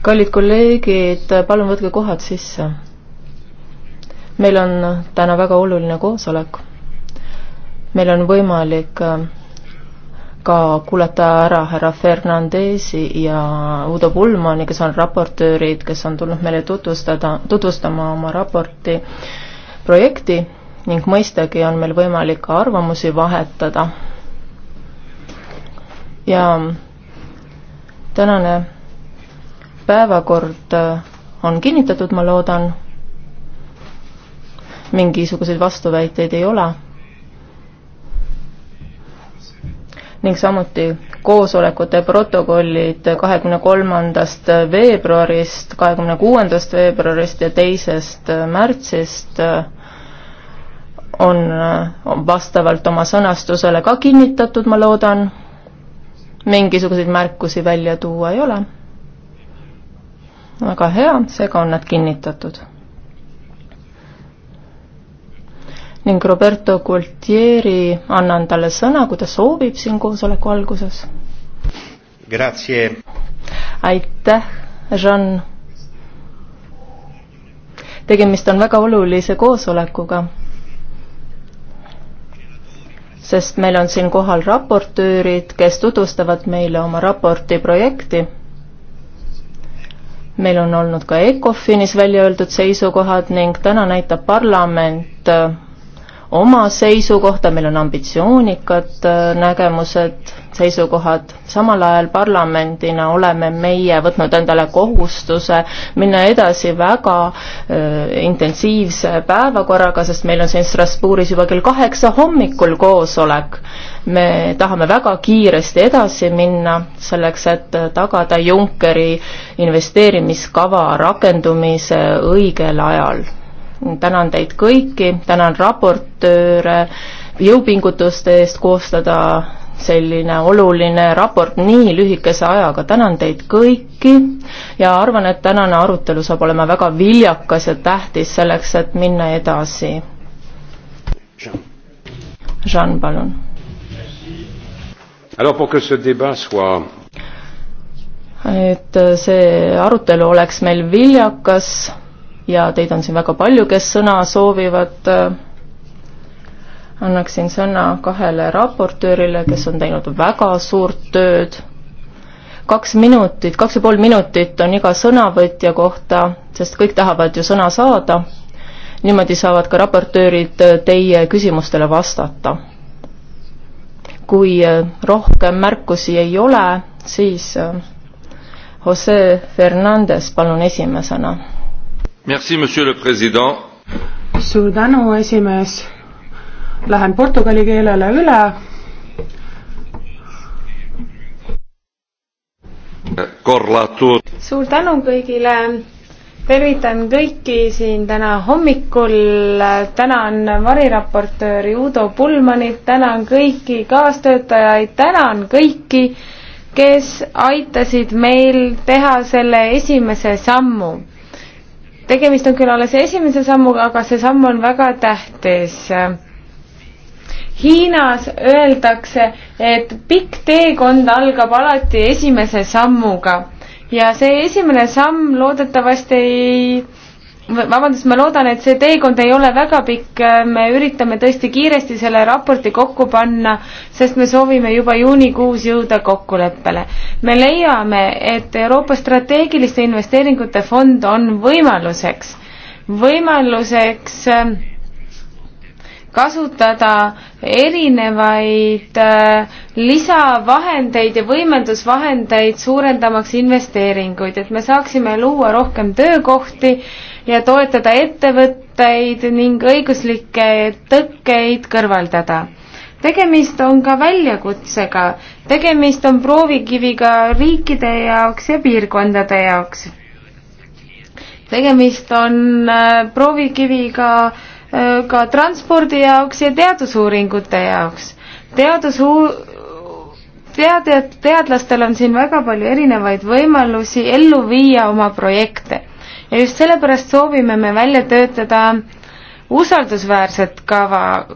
kallid kolleegid, palun võtke kohad sisse. meil on täna väga oluline koosolek. meil on võimalik äh, ka kuulata ära härra Fernandesi ja Udo Pulmani, kes on raportöörid, kes on tulnud meile tutvustada, tutvustama oma raporti projekti ning mõistagi on meil võimalik ka arvamusi vahetada. ja tänane päevakord äh, on kinnitatud, ma loodan. mingisuguseid vastuväiteid ei ole. ning samuti koosolekute protokollid kahekümne kolmandast veebruarist, kahekümne kuuendast veebruarist ja teisest äh, märtsist äh, Äh, on vastavalt oma sõnastusele ka kinnitatud, ma loodan, mingisuguseid märkusi välja tuua ei ole. väga hea, seega on nad kinnitatud. ning Roberto Gualtieri, annan talle sõna, kui ta soovib siin koosoleku alguses. aitäh, Jean tegemist on väga olulise koosolekuga sest meil on siin kohal raportöörid, kes tutvustavad meile oma raporti projekti. meil on olnud ka ECOFINis välja öeldud seisukohad ning täna näitab parlament oma seisukohta, meil on ambitsioonikad äh, nägemused, seisukohad, samal ajal parlamendina oleme meie võtnud endale kohustuse minna edasi väga äh, intensiivse päevakorraga, sest meil on siin Strasbourgis juba kell kaheksa hommikul koosolek. me tahame väga kiiresti edasi minna, selleks et äh, tagada Junckeri investeerimiskava rakendumise õigel ajal tänan teid kõiki, tänan raportööre jõupingutuste eest koostada selline oluline raport nii lühikese ajaga, tänan teid kõiki ja arvan, et tänane arutelu saab olema väga viljakas ja tähtis selleks, et minna edasi. Jean, palun. et äh, see arutelu oleks meil viljakas ja teid on siin väga palju, kes sõna soovivad. annaksin sõna kahele raportöörile, kes on teinud väga suurt tööd. kaks minutit, kaks ja pool minutit on iga sõnavõtja kohta, sest kõik tahavad ju sõna saada. niimoodi saavad ka raportöörid teie küsimustele vastata. kui rohkem märkusi ei ole, siis Jose Fernandez, palun esimesena suur tänu, esimees. Lähen portugali keelele üle. suur tänu kõigile tervitan kõiki siin täna hommikul, tänan variraportööri Udo Pulmanit, tänan kõiki kaastöötajaid, tänan kõiki, kes aitasid meil teha selle esimese sammu tegemist on küll alles esimese sammuga, aga see samm on väga tähtis. Hiinas öeldakse, et pikk teekond algab alati esimese sammuga ja see esimene samm loodetavasti ei vabandust, ma loodan, et see teekond ei ole väga pikk, me üritame tõesti kiiresti selle raporti kokku panna, sest me soovime juba juunikuus jõuda kokkuleppele. me leiame, et Euroopa strateegiliste investeeringute fond on võimaluseks, võimaluseks äh, kasutada erinevaid äh, lisavahendeid ja võimendusvahendeid, suurendamaks investeeringuid, et me saaksime luua rohkem töökohti ja toetada ettevõtteid ning õiguslikke tõkkeid kõrvaldada. tegemist on ka väljakutsega, tegemist on proovikiviga riikide jaoks ja piirkondade jaoks. tegemist on äh, proovikiviga äh, Äh, ka transpordi jaoks ja teadusuuringute jaoks. teadusuu-, teadjad, teadlastel on siin väga palju erinevaid võimalusi ellu viia oma projekte. ja just sellepärast soovime me välja töötada usaldusväärset kava,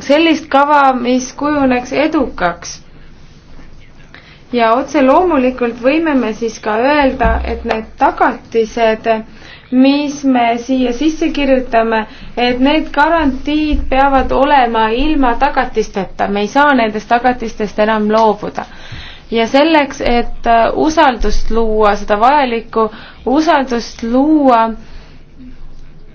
sellist kava, mis kujuneks edukaks. ja otse loomulikult võime me siis ka öelda, et need tagatised mis me siia sisse kirjutame, et need garantiid peavad olema ilma tagatisteta, me ei saa nendest tagatistest enam loobuda. ja selleks, et äh, usaldust luua, seda vajalikku usaldust luua,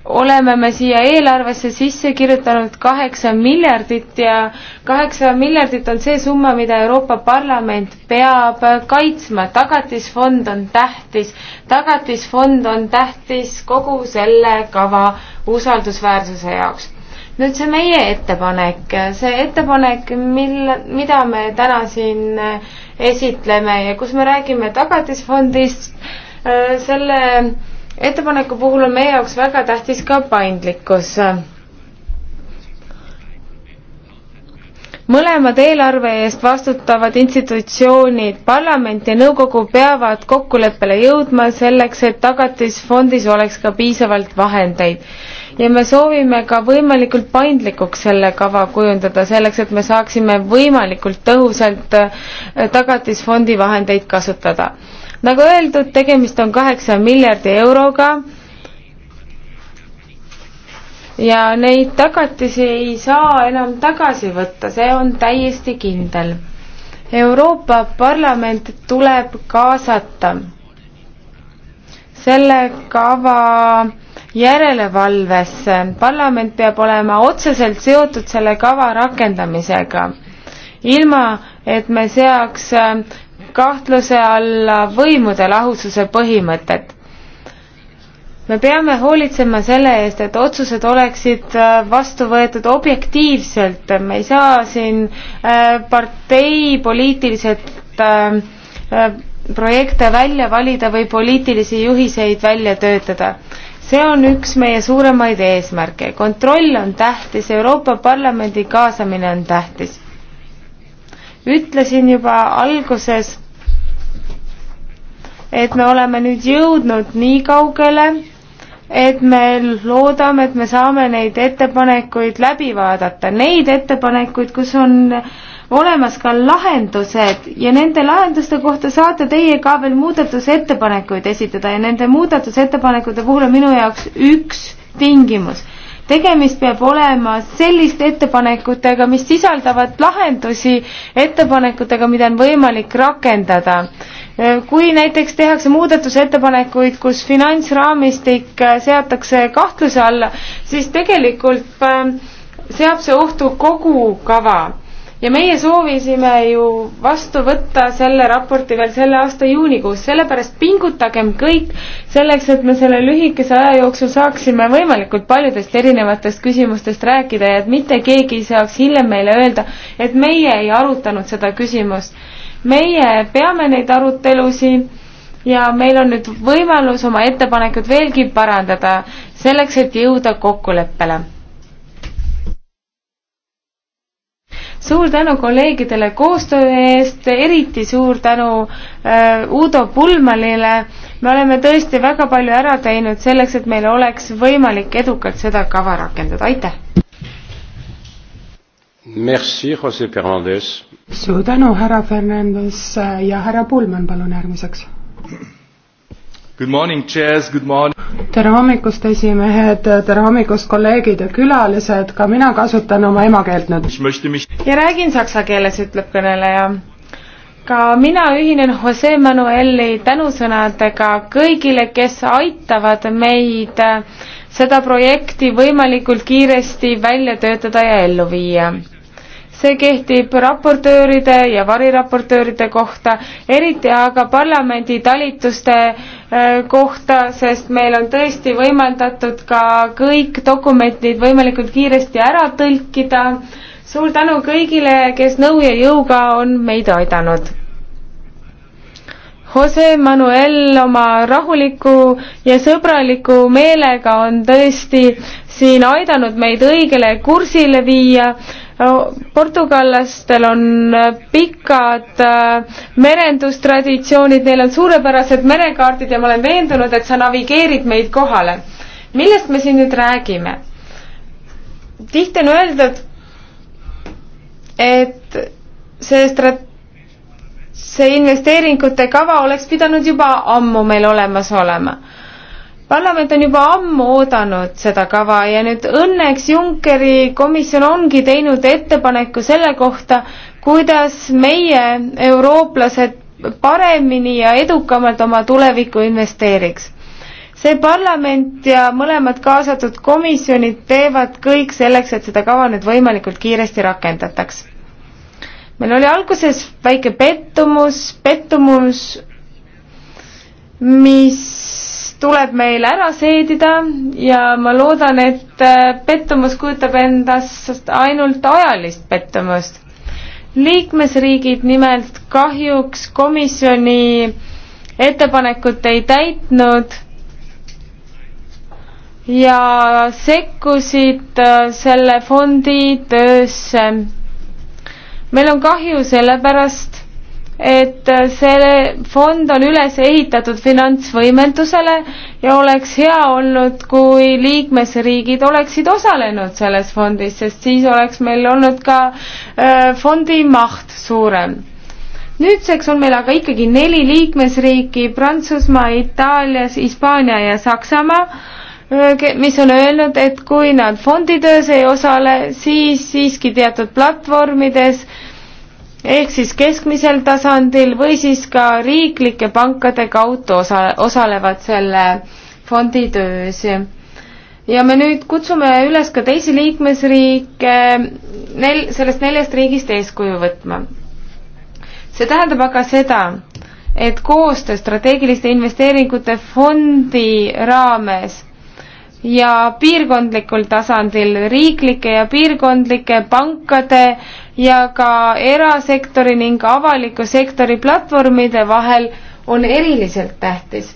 oleme me siia eelarvesse sisse kirjutanud kaheksa miljardit ja kaheksa miljardit on see summa, mida Euroopa Parlament peab kaitsma. tagatisfond on tähtis, tagatisfond on tähtis kogu selle kava usaldusväärsuse jaoks. nüüd see meie ettepanek, see ettepanek, mil, mida me täna siin esitleme ja kus me räägime tagatisfondist, selle ettepaneku puhul on meie jaoks väga tähtis ka paindlikkus. mõlemad eelarve eest vastutavad institutsioonid, parlament ja nõukogu peavad kokkuleppele jõudma selleks, et tagatisfondis oleks ka piisavalt vahendeid. ja me soovime ka võimalikult paindlikuks selle kava kujundada, selleks et me saaksime võimalikult tõhusalt tagatisfondi vahendeid kasutada nagu öeldud, tegemist on kaheksa miljardi euroga ja neid tagatisi ei saa enam tagasi võtta, see on täiesti kindel. Euroopa Parlament tuleb kaasata selle kava järelevalvesse. parlament peab olema otseselt seotud selle kava rakendamisega, ilma et me seaks kahtluse alla võimude lahususe põhimõtet. me peame hoolitsema selle eest, et otsused oleksid äh, vastu võetud objektiivselt, me ei saa siin äh, partei poliitiliselt äh, projekte välja valida või poliitilisi juhiseid välja töötada. see on üks meie suuremaid eesmärke. kontroll on tähtis, Euroopa Parlamendi kaasamine on tähtis. ütlesin juba alguses, et me oleme nüüd jõudnud nii kaugele, et me loodame, et me saame neid ettepanekuid läbi vaadata, neid ettepanekuid, kus on olemas ka lahendused ja nende lahenduste kohta saate teie ka veel muudatusettepanekuid esitada ja nende muudatusettepanekute puhul on minu jaoks üks tingimus tegemist peab olema selliste ettepanekutega, mis sisaldavad lahendusi, ettepanekutega, mida on võimalik rakendada kui näiteks tehakse muudatusettepanekuid, kus finantsraamistik seatakse kahtluse alla, siis tegelikult äh, seab see ohtu kogu kava ja meie soovisime ju vastu võtta selle raporti veel selle aasta juunikuus, sellepärast pingutagem kõik selleks, et me selle lühikese aja jooksul saaksime võimalikult paljudest erinevatest küsimustest rääkida ja et mitte keegi ei saaks hiljem meile öelda, et meie ei arutanud seda küsimust. meie peame neid arutelusid ja meil on nüüd võimalus oma ettepanekut veelgi parandada selleks, et jõuda kokkuleppele suur tänu kolleegidele koostöö eest, eriti suur tänu äh, Uudo Pulmanile. me oleme tõesti väga palju ära teinud selleks, et meil oleks võimalik edukalt seda kava rakendada, aitäh! Merci, Jose Fernandez. suur tänu, härra Fernandes ja härra Pulman, palun järgmiseks Good morning, chairs, good morning. tere hommikust, esimehed, tere hommikust, kolleegid ja külalised, ka mina kasutan oma emakeelt nüüd. ja räägin saksa keeles, ütleb kõneleja. ka mina ühinen Jose Manueli tänusõnadega kõigile, kes aitavad meid seda projekti võimalikult kiiresti välja töötada ja ellu viia see kehtib raportööride ja variraportööride kohta, eriti aga parlamendi talituste äh, kohta, sest meil on tõesti võimaldatud ka kõik dokumendid võimalikult kiiresti ära tõlkida. suur tänu kõigile, kes nõu ja jõuga on meid aidanud. Jose Manuel oma rahuliku ja sõbraliku meelega on tõesti siin aidanud meid õigele kursile viia portugallastel on äh, pikad äh, merendustraditsioonid, neil on suurepärased merekaardid ja ma olen veendunud, et sa navigeerid meid kohale. millest me siin nüüd räägime? tihti on öeldud, et see strat-, see investeeringute kava oleks pidanud juba ammu meil olemas olema parlament on juba ammu oodanud seda kava ja nüüd õnneks Junckeri komisjon ongi teinud ettepaneku selle kohta, kuidas meie, eurooplased, paremini ja edukamalt oma tulevikku investeeriks. see parlament ja mõlemad kaasatud komisjonid teevad kõik selleks, et seda kava nüüd võimalikult kiiresti rakendataks. meil oli alguses väike pettumus, pettumus, mis tuleb meil ära seedida ja ma loodan, et äh, pettumus kujutab endast ainult ajalist pettumust. liikmesriigid nimelt kahjuks komisjoni ettepanekut ei täitnud ja sekkusid äh, selle fondi töösse. meil on kahju sellepärast et äh, see fond on üles ehitatud finantsvõimendusele ja oleks hea olnud, kui liikmesriigid oleksid osalenud selles fondis, sest siis oleks meil olnud ka äh, fondi maht suurem. nüüdseks on meil aga ikkagi neli liikmesriiki Prantsusmaa, Itaalias, Hispaania ja Saksamaa, äh, mis on öelnud, et kui nad fonditöös ei osale, siis siiski teatud platvormides äh, ehk siis keskmisel tasandil või siis ka riiklike pankade kaudu osa, osalevad selle fondi töös. ja me nüüd kutsume üles ka teisi liikmesriike nel-, sellest neljast riigist eeskuju võtma. see tähendab aga seda, et koostöö strateegiliste investeeringute fondi raames ja piirkondlikul tasandil riiklike ja piirkondlike pankade ja ka erasektori ning avaliku sektori platvormide vahel on eriliselt tähtis.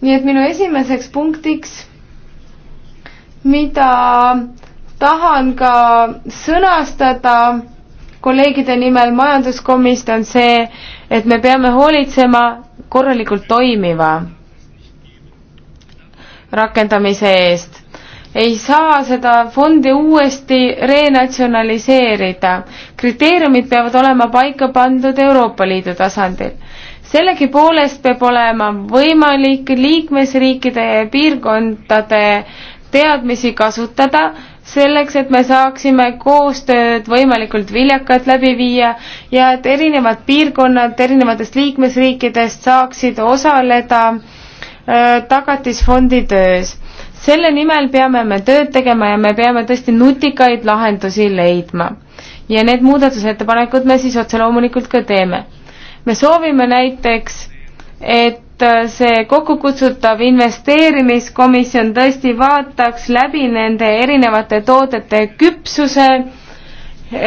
nii et minu esimeseks punktiks, mida tahan ka sõnastada kolleegide nimel majanduskomisjon, on see, et me peame hoolitsema korralikult toimiva rakendamise eest ei saa seda fondi uuesti renatsionaliseerida. kriteeriumid peavad olema paika pandud Euroopa Liidu tasandil. sellegipoolest peab olema võimalik liikmesriikide ja piirkondade teadmisi kasutada, selleks, et me saaksime koostööd võimalikult viljakalt läbi viia ja et erinevad piirkonnad erinevatest liikmesriikidest saaksid osaleda äh, tagatisfondi töös selle nimel peame me tööd tegema ja me peame tõesti nutikaid lahendusi leidma. ja need muudatusettepanekud me siis otse loomulikult ka teeme. me soovime näiteks, et see kokkukutsutav investeerimiskomisjon tõesti vaataks läbi nende erinevate toodete küpsuse,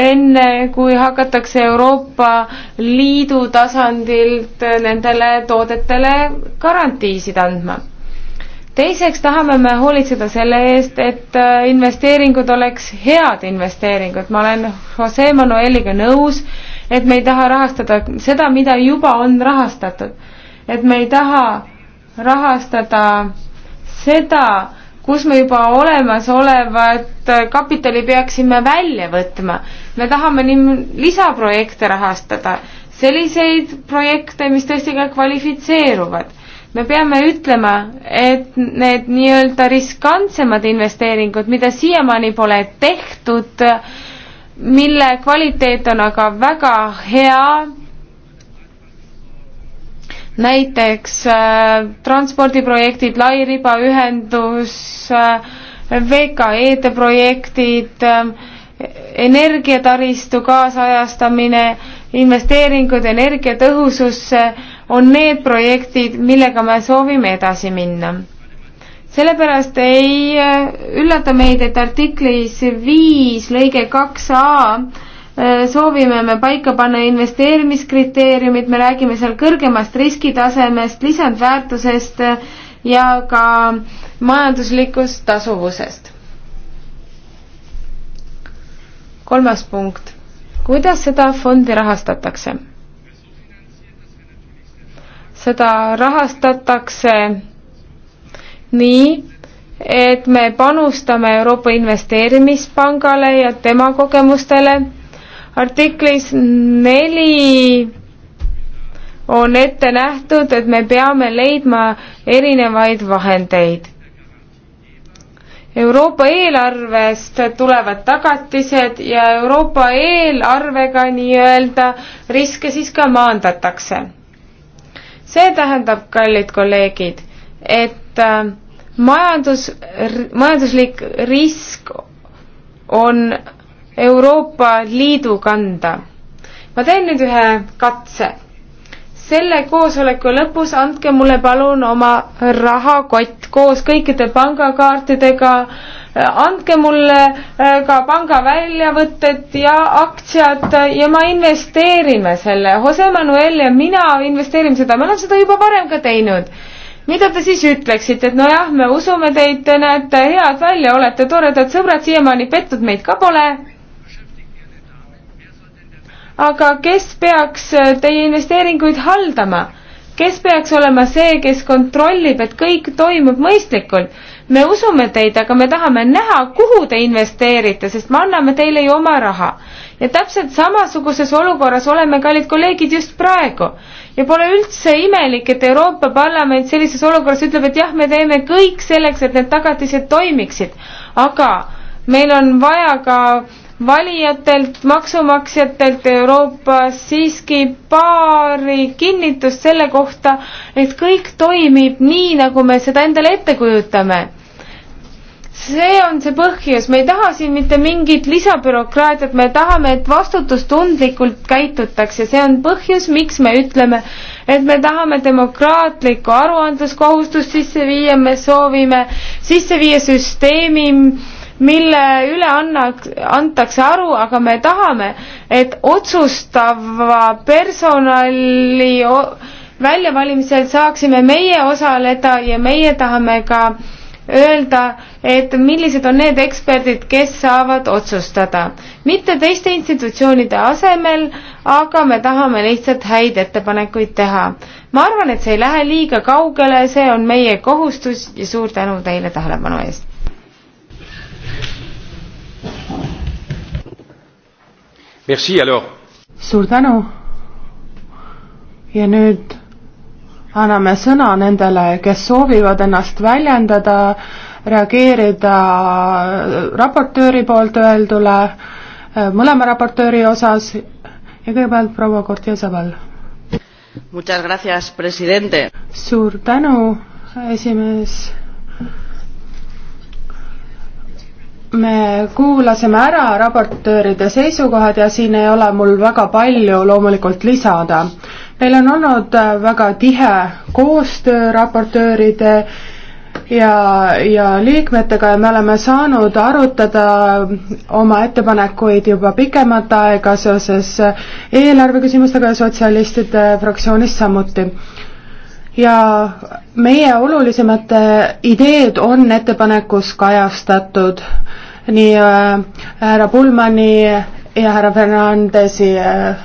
enne kui hakatakse Euroopa Liidu tasandilt nendele toodetele garantiisid andma teiseks tahame me hoolitseda selle eest, et äh, investeeringud oleks head investeeringud, ma olen Jose Manueliga nõus, et me ei taha rahastada seda, mida juba on rahastatud. et me ei taha rahastada seda, kus me juba olemasolevat äh, kapitali peaksime välja võtma. me tahame nii lisaprojekte rahastada, selliseid projekte, mis tõesti ka kvalifitseeruvad me peame ütlema, et need nii-öelda riskantsemad investeeringud, mida siiamaani pole tehtud, mille kvaliteet on aga väga hea, näiteks äh, transpordiprojektid, lairibaühendus äh,, VKE-de projektid äh,, energiataristu kaasajastamine, investeeringud energiatõhususse äh,, on need projektid, millega me soovime edasi minna. sellepärast ei äh, üllata meid, et artiklis viis lõige kaks A äh, soovime me paika panna investeerimiskriteeriumid, me räägime seal kõrgemast riskitasemest, lisandväärtusest äh, ja ka majanduslikust tasuvusest. kolmas punkt, kuidas seda fondi rahastatakse? seda rahastatakse nii, et me panustame Euroopa Investeerimispangale ja tema kogemustele. artiklis neli on ette nähtud, et me peame leidma erinevaid vahendeid. Euroopa eelarvest tulevad tagatised ja Euroopa eelarvega nii-öelda riske siis ka maandatakse see tähendab, kallid kolleegid, et äh, majandus, majanduslik risk on Euroopa Liidu kanda. ma teen nüüd ühe katse selle koosoleku lõpus andke mulle palun oma rahakott koos kõikide pangakaartidega, andke mulle äh, ka pangaväljavõtted ja aktsiad ja ma investeerime selle. Jose Manuel ja mina investeerime seda, me oleme seda juba varem ka teinud mida te siis ütleksite, et nojah, me usume teid, te näete head välja, olete toredad sõbrad, siiamaani pettud meid ka pole aga kes peaks äh, teie investeeringuid haldama? kes peaks olema see, kes kontrollib, et kõik toimub mõistlikult? me usume teid, aga me tahame näha, kuhu te investeerite, sest me anname teile ju oma raha. ja täpselt samasuguses olukorras oleme, kallid kolleegid, just praegu. ja pole üldse imelik, et Euroopa Parlament sellises olukorras ütleb, et jah, me teeme kõik selleks, et need tagatised toimiksid, aga meil on vaja ka äh, valijatelt, maksumaksjatelt Euroopas siiski paari kinnitust selle kohta, et kõik toimib nii, nagu me seda endale ette kujutame see on see põhjus, me ei taha siin mitte mingit lisabürokraatiat, me tahame, et vastutustundlikult käitutaks ja see on põhjus, miks me ütleme, et me tahame demokraatlikku aruandluskohustust sisse viia, me soovime sisse viia süsteemi, mille üle annaks, antakse aru, aga me tahame, et otsustava personali väljavalimisel saaksime meie osaleda ja meie tahame ka öelda, et millised on need eksperdid, kes saavad otsustada. mitte teiste institutsioonide asemel, aga me tahame lihtsalt häid ettepanekuid teha. ma arvan, et see ei lähe liiga kaugele, see on meie kohustus ja suur tänu teile tähelepanu eest suur tänu. ja nüüd anname sõna nendele, kes soovivad ennast väljendada, reageerida raportööri poolt öeldule, mõlema raportööri osas ja kõigepealt proua Kortjõsaval. suur tänu, esimees me kuulasime ära raportööride seisukohad ja siin ei ole mul väga palju loomulikult lisada. meil on olnud äh, väga tihe koostöö raportööride ja, ja liikmetega ja me oleme saanud arutada oma ettepanekuid juba pikemat aega seoses äh, eelarve küsimustega ja sotsialistide fraktsioonist samuti ja meie olulisemad ideed on ettepanekus kajastatud nii äh, härra Pulmani ja härra Fernandesi äh,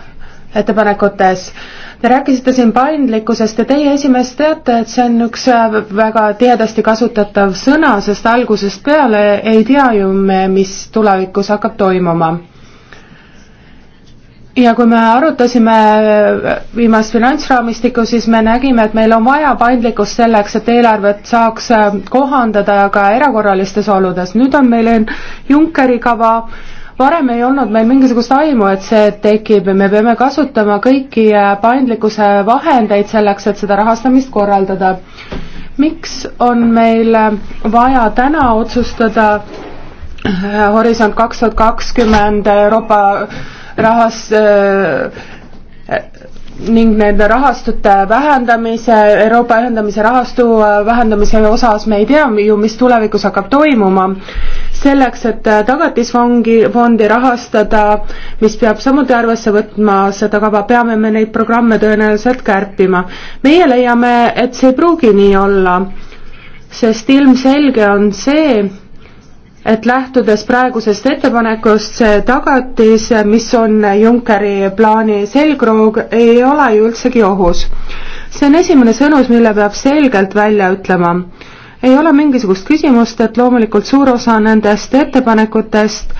ettepanekutes. Te rääkisite siin paindlikkusest ja teie esimees teate, et see on üks äh, väga tihedasti kasutatav sõna, sest algusest peale ei tea ju me, mis tulevikus hakkab toimuma ja kui me arutasime viimast finantsraamistikku, siis me nägime, et meil on vaja paindlikkust selleks, et eelarvet saaks äh, kohandada ka erakorralistes oludes. nüüd on meil Junckeri kava, varem ei olnud meil mingisugust aimu, et see tekib ja me peame kasutama kõiki äh, paindlikkuse vahendeid selleks, et seda rahastamist korraldada. miks on meil äh, vaja täna otsustada Horisont kaks tuhat kakskümmend Euroopa rahas äh, ning nende rahastute vähendamise, Euroopa ühendamise rahastu vähendamise osas me ei tea ju, mis tulevikus hakkab toimuma. selleks, et äh, tagatisfongi, fondi rahastada, mis peab samuti arvesse võtma seda kava, peame me neid programme tõenäoliselt kärpima. meie leiame, et see ei pruugi nii olla, sest ilmselge on see, et lähtudes praegusest ettepanekust, see tagatis, mis on Junckeri plaani selgroog, ei ole ju üldsegi ohus. see on esimene sõnus, mille peab selgelt välja ütlema. ei ole mingisugust küsimust, et loomulikult suur osa nendest ettepanekutest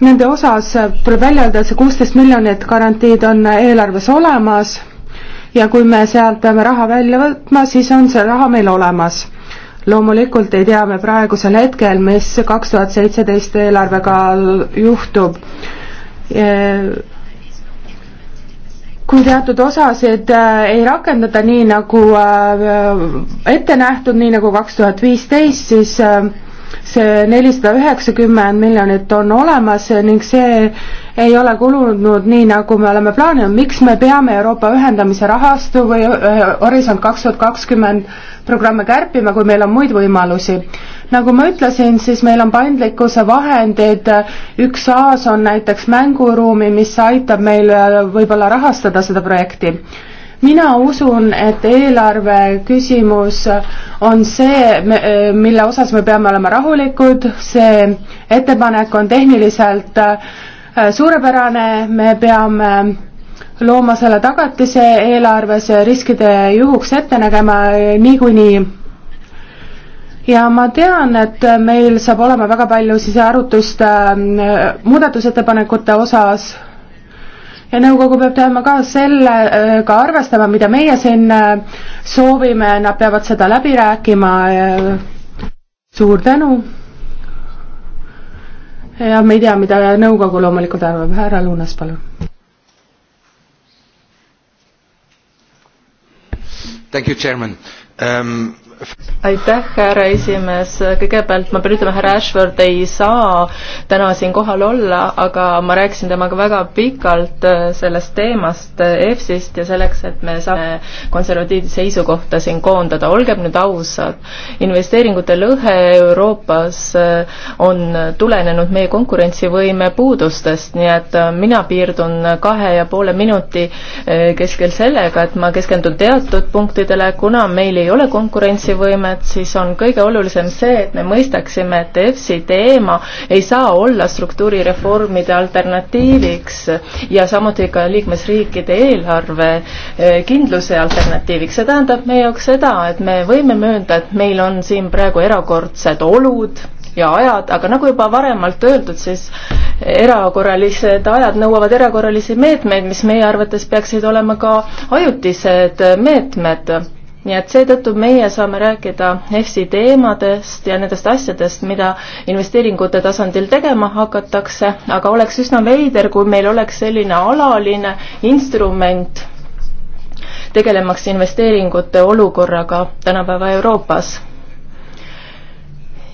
Nende osas tuleb välja öelda, et see kuusteist miljonit garantiid on eelarves olemas ja kui me sealt peame raha välja võtma, siis on see raha meil olemas loomulikult ei tea me praegusel hetkel, mis kaks tuhat seitseteist eelarvega juhtub kui teatud osasid äh, ei rakendata nii nagu äh, ette nähtud, nii nagu kaks tuhat viisteist, siis äh, see nelisada üheksakümmend miljonit on olemas ning see ei ole kulunud nii, nagu me oleme plaaninud, miks me peame Euroopa ühendamise rahastu või äh, Horisont kaks tuhat kakskümmend programme kärpima, kui meil on muid võimalusi. nagu ma ütlesin, siis meil on paindlikkuse vahendid, üks A-s on näiteks mänguruumi, mis aitab meil äh, võib-olla rahastada seda projekti mina usun, et eelarve küsimus on see, mille osas me peame olema rahulikud, see ettepanek on tehniliselt äh, suurepärane, me peame looma selle tagatise eelarves riskide juhuks ette nägema niikuinii. ja ma tean, et meil saab olema väga palju siis arutust äh, muudatusettepanekute osas ja nõukogu peab teadma ka sellega äh, arvestama, mida meie siin äh, soovime, nad peavad seda läbi rääkima. suur tänu. ja me ei tea, mida nõukogu loomulikult arvab, härra Luunas, palun. Thank you, chairman um, aitäh, härra esimees, kõigepealt ma pean ütlema, härra Ashford ei saa täna siin kohal olla, aga ma rääkisin temaga väga pikalt äh, sellest teemast, äh, EFSist ja selleks, et me saame konservatiivide seisukohta siin koondada, olgem nüüd ausad, investeeringute lõhe Euroopas äh, on tulenenud meie konkurentsivõime puudustest, nii et mina piirdun kahe ja poole minuti keskel sellega, et ma keskendun teatud punktidele, kuna meil ei ole konkurentsi, konkurentsivõimet, siis on kõige olulisem see, et me mõistaksime, et EFSI teema ei saa olla struktuurireformide alternatiiviks ja samuti ka liikmesriikide eelarve eh, kindluse alternatiiviks. see tähendab meie jaoks seda, et me võime möönda, et meil on siin praegu erakordsed olud, ja ajad, aga nagu juba varemalt öeldud, siis erakorralised ajad nõuavad erakorralisi meetmeid, mis meie arvates peaksid olema ka ajutised meetmed nii et seetõttu meie saame rääkida EFSI teemadest ja nendest asjadest, mida investeeringute tasandil tegema hakatakse, aga oleks üsna veider, kui meil oleks selline alaline instrument, tegelemaks investeeringute olukorraga tänapäeva Euroopas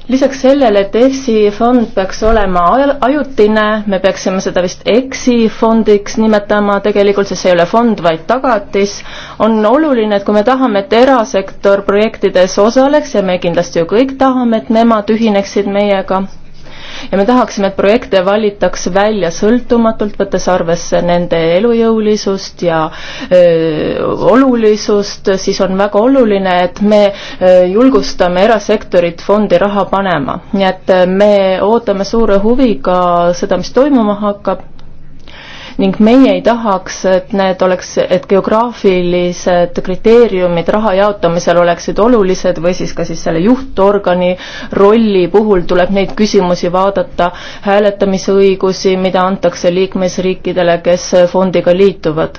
lisaks sellele, et EFSI fond peaks olema ajutine, me peaksime seda vist EXI fondiks nimetama tegelikult, sest see ei ole fond, vaid tagatis, on oluline, et kui me tahame, et erasektor projektides osaleks ja me kindlasti ju kõik tahame, et nemad ühineksid meiega ja me tahaksime, et projekte valitaks välja sõltumatult, võttes arvesse nende elujõulisust ja öö, olulisust, siis on väga oluline, et me öö, julgustame erasektorit fondi raha panema. nii et me ootame suure huviga seda, mis toimuma hakkab ning meie ei tahaks, et need oleks, et geograafilised kriteeriumid raha jaotamisel oleksid olulised või siis ka siis selle juhtorgani rolli puhul tuleb neid küsimusi vaadata, hääletamisõigusi, mida antakse liikmesriikidele, kes fondiga liituvad.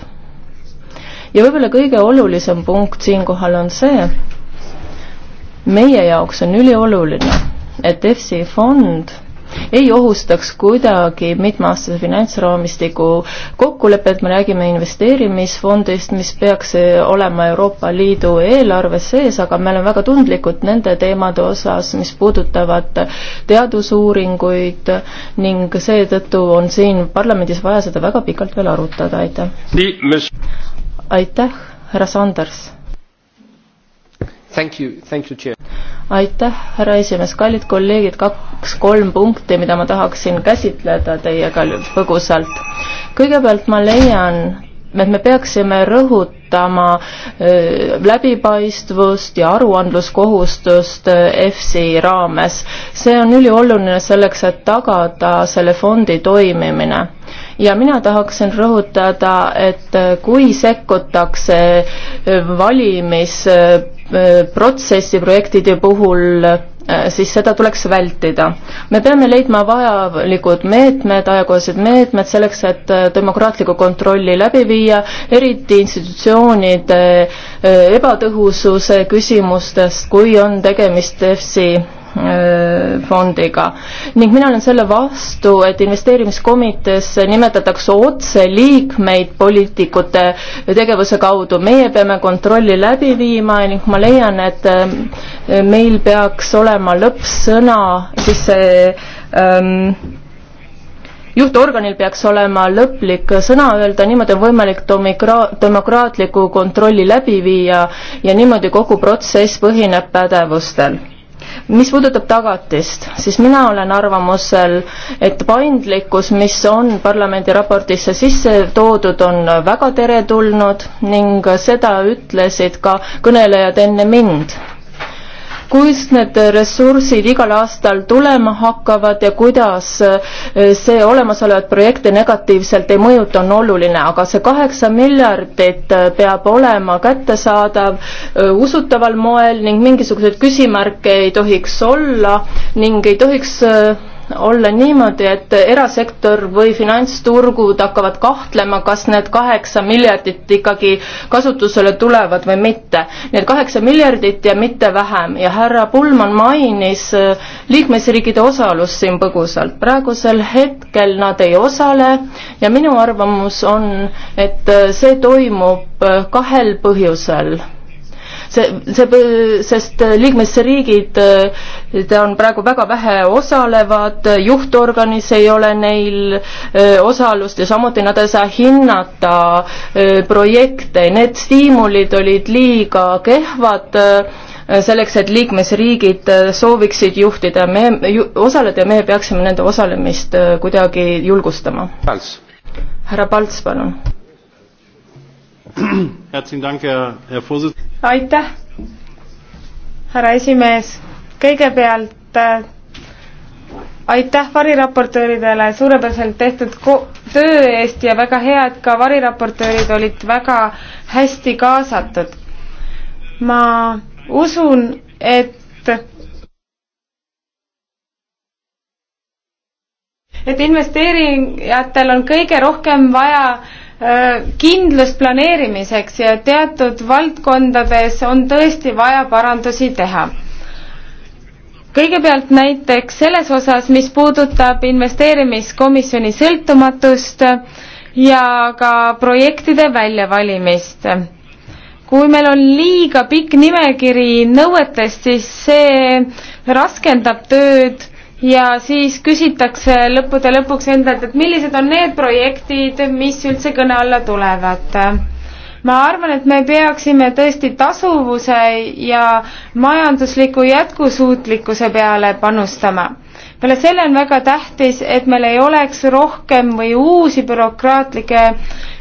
ja võib-olla kõige olulisem punkt siinkohal on see, meie jaoks on ülioluline, et EFSI fond ei ohustaks kuidagi mitmeaastase finantsraamistiku kokkulepet, me räägime investeerimisfondist, mis peaks olema Euroopa Liidu eelarves sees, aga me oleme väga tundlikud nende teemade osas, mis puudutavad teadusuuringuid ning seetõttu on siin parlamendis vaja seda väga pikalt veel arutada, aitäh. aitäh, härra Sanders. Thank you, thank you, Chair aitäh, härra esimees, kallid kolleegid, kaks-kolm punkti, mida ma tahaksin käsitleda teiega põgusalt. kõigepealt ma leian, et me peaksime rõhutama öö, läbipaistvust ja aruandluskohustust EFSI raames. see on ülioluline selleks, et tagada selle fondi toimimine ja mina tahaksin rõhutada, et kui sekkutakse valimis Äh, protsessi projektide puhul äh, siis seda tuleks vältida. me peame leidma vajalikud meetmed, ajakohased meetmed selleks, et äh, demokraatlikku kontrolli läbi viia, eriti institutsioonide ebatõhususe küsimustest, kui on tegemist EFSi fondiga. ning mina olen selle vastu, et investeerimiskomiteesse nimetatakse otse liikmeid poliitikute tegevuse kaudu, meie peame kontrolli läbi viima ning ma leian, et äh, meil peaks olema lõppsõna siis see ähm, juhtorganil peaks olema lõplik sõna öelda, niimoodi on võimalik domikra-, demokraatliku kontrolli läbi viia ja niimoodi kogu protsess põhineb pädevustel mis puudutab tagatist, siis mina olen arvamusel, et paindlikkus, mis on parlamendi raportisse sisse toodud, on väga teretulnud ning seda ütlesid ka kõnelejad enne mind kust need ressursid igal aastal tulema hakkavad ja kuidas eh, see olemasolevaid projekte negatiivselt ei mõjuta, on oluline, aga see kaheksa miljardit eh, peab olema kättesaadav eh, usutaval moel ning mingisuguseid küsimärke ei tohiks olla ning ei tohiks olla niimoodi, et erasektor või finantsturgud hakkavad kahtlema, kas need kaheksa miljardit ikkagi kasutusele tulevad või mitte. Need kaheksa miljardit ja mitte vähem ja härra Pullmann mainis äh, liikmesriigide osalust siin põgusalt. praegusel hetkel nad ei osale ja minu arvamus on, et äh, see toimub äh, kahel põhjusel see, see, sest äh, liikmesriigid äh, on praegu väga vähe osalevad, juhtorganis ei ole neil äh, osalust ja samuti nad ei saa hinnata projekte, need stiimulid olid liiga kehvad selleks, et liikmesriigid sooviksid juhtida, me ju, osaleda ja me peaksime nende osalemist kuidagi julgustama. härra Palts, palun aitäh, härra esimees. kõigepealt äh, aitäh variraportööridele suurepäraselt tehtud töö eest ja väga hea, et ka variraportöörid olid väga hästi kaasatud. ma usun, et et investeerijatel on kõige rohkem vaja Äh, kindlust planeerimiseks ja teatud valdkondades on tõesti vaja parandusi teha kõigepealt näiteks selles osas, mis puudutab investeerimiskomisjoni sõltumatust ja ka projektide väljavalimist. kui meil on liiga pikk nimekiri nõuetest, siis see raskendab tööd ja siis küsitakse lõppude lõpuks endalt, et millised on need projektid, mis üldse kõne alla tulevad. ma arvan, et me peaksime tõesti tasuvuse ja majandusliku jätkusuutlikkuse peale panustama. peale selle on väga tähtis, et meil ei oleks rohkem või uusi bürokraatlikke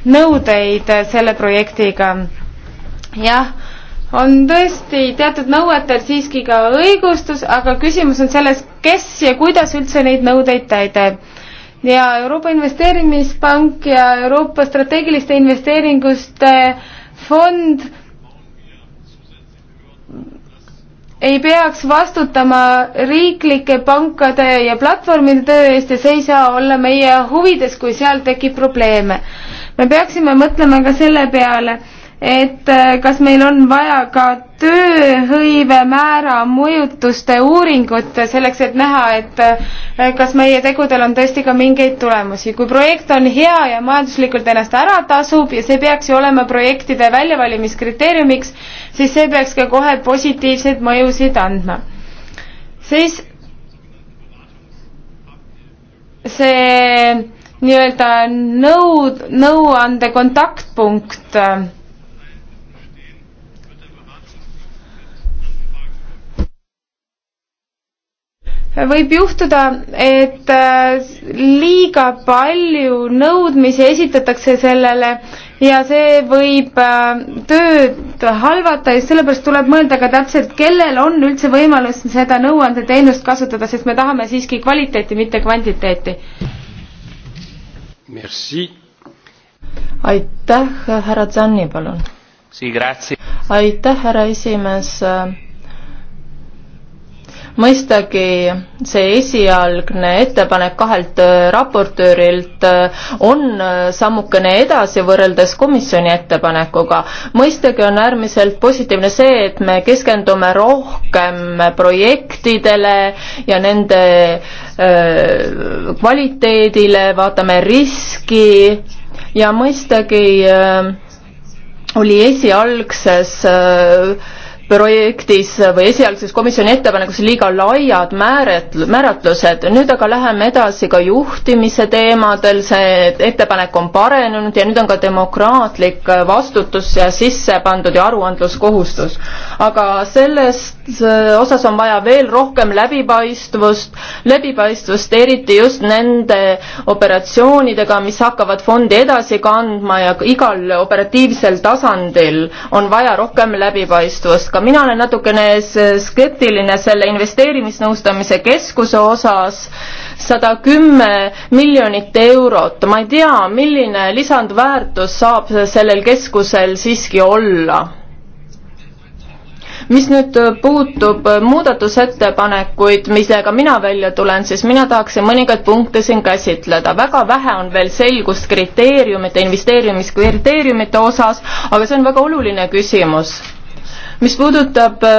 nõudeid selle projektiga. jah on tõesti teatud nõuetel siiski ka õigustus, aga küsimus on selles, kes ja kuidas üldse neid nõudeid täidab. ja Euroopa Investeerimispank ja Euroopa strateegiliste investeeringuste fond ei peaks vastutama riiklike pankade ja platvormide töö eest ja see ei saa olla meie huvides, kui seal tekib probleeme. me peaksime mõtlema ka selle peale et äh, kas meil on vaja ka tööhõive määra mõjutuste uuringut selleks, et näha, et äh, kas meie tegudel on tõesti ka mingeid tulemusi. kui projekt on hea ja majanduslikult ennast ära tasub ja see peaks ju olema projektide väljavalimiskriteeriumiks, siis see peaks ka kohe positiivseid mõjusid andma. siis see nii-öelda nõu, nõuande kontaktpunkt võib juhtuda, et äh, liiga palju nõudmisi esitatakse sellele ja see võib äh, tööd halvata ja sellepärast tuleb mõelda ka täpselt, kellel on üldse võimalus seda nõuandeteenust kasutada, sest me tahame siiski kvaliteeti, mitte kvantiteeti. aitäh, härra Zanni, palun. aitäh, härra esimees mõistagi see esialgne ettepanek kahelt äh, raportöörilt äh, on äh, sammukene edasi võrreldes komisjoni ettepanekuga. mõistagi on äärmiselt positiivne see, et me keskendume rohkem projektidele ja nende öö, kvaliteedile, vaatame riski ja mõistagi öö, oli esialgses öö, projektis või esialgses komisjoni ettepanekus liiga laiad määratl-, määratlused, nüüd aga läheme edasi ka juhtimise teemadel, see ettepanek on parenenud ja nüüd on ka demokraatlik vastutus ja sisse pandud ja aruandluskohustus. aga sellest äh, osas on vaja veel rohkem läbipaistvust, läbipaistvust eriti just nende operatsioonidega, mis hakkavad fondi edasi kandma ja igal operatiivsel tasandil on vaja rohkem läbipaistvust ka mina olen natukene skeptiline selle investeerimisnõustamise keskuse osas, sada kümme miljonit eurot, ma ei tea, milline lisandväärtus saab sellel keskusel siiski olla mis nüüd puutub muudatusettepanekuid, millega mina välja tulen, siis mina tahaksin mõningaid punkte siin käsitleda. väga vähe on veel selgust kriteeriumite, investeerimiskriteeriumite osas, aga see on väga oluline küsimus mis puudutab äh,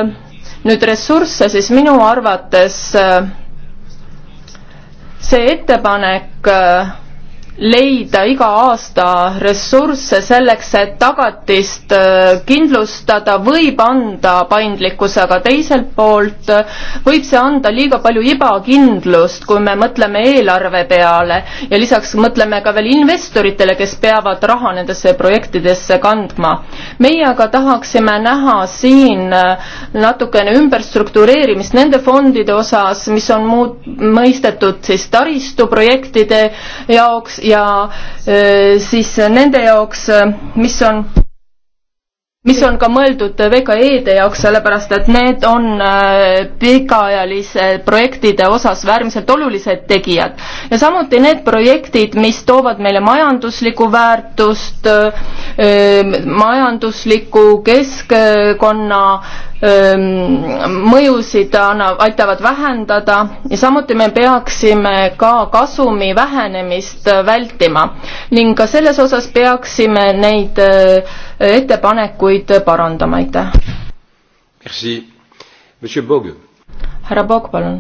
nüüd ressursse, siis minu arvates äh, see ettepanek äh, leida iga aasta ressursse selleks, et tagatist äh, kindlustada, võib anda paindlikkuse, aga teiselt poolt äh, võib see anda liiga palju ebakindlust, kui me mõtleme eelarve peale ja lisaks mõtleme ka veel investoritele, kes peavad raha nendesse projektidesse kandma. meie aga tahaksime näha siin äh, natukene ümberstruktureerimist nende fondide osas, mis on muud, mõistetud siis taristuprojektide jaoks ja siis nende jaoks, mis on mis on ka mõeldud VKE-de jaoks, sellepärast et need on pikaajalise projektide osas äärmiselt olulised tegijad. ja samuti need projektid, mis toovad meile majanduslikku väärtust, majandusliku keskkonna mõjusid annab, aitavad vähendada ja samuti me peaksime ka kasumi vähenemist äh, vältima ning ka selles osas peaksime neid äh, ettepanekuid parandama, aitäh. härra Boog, palun.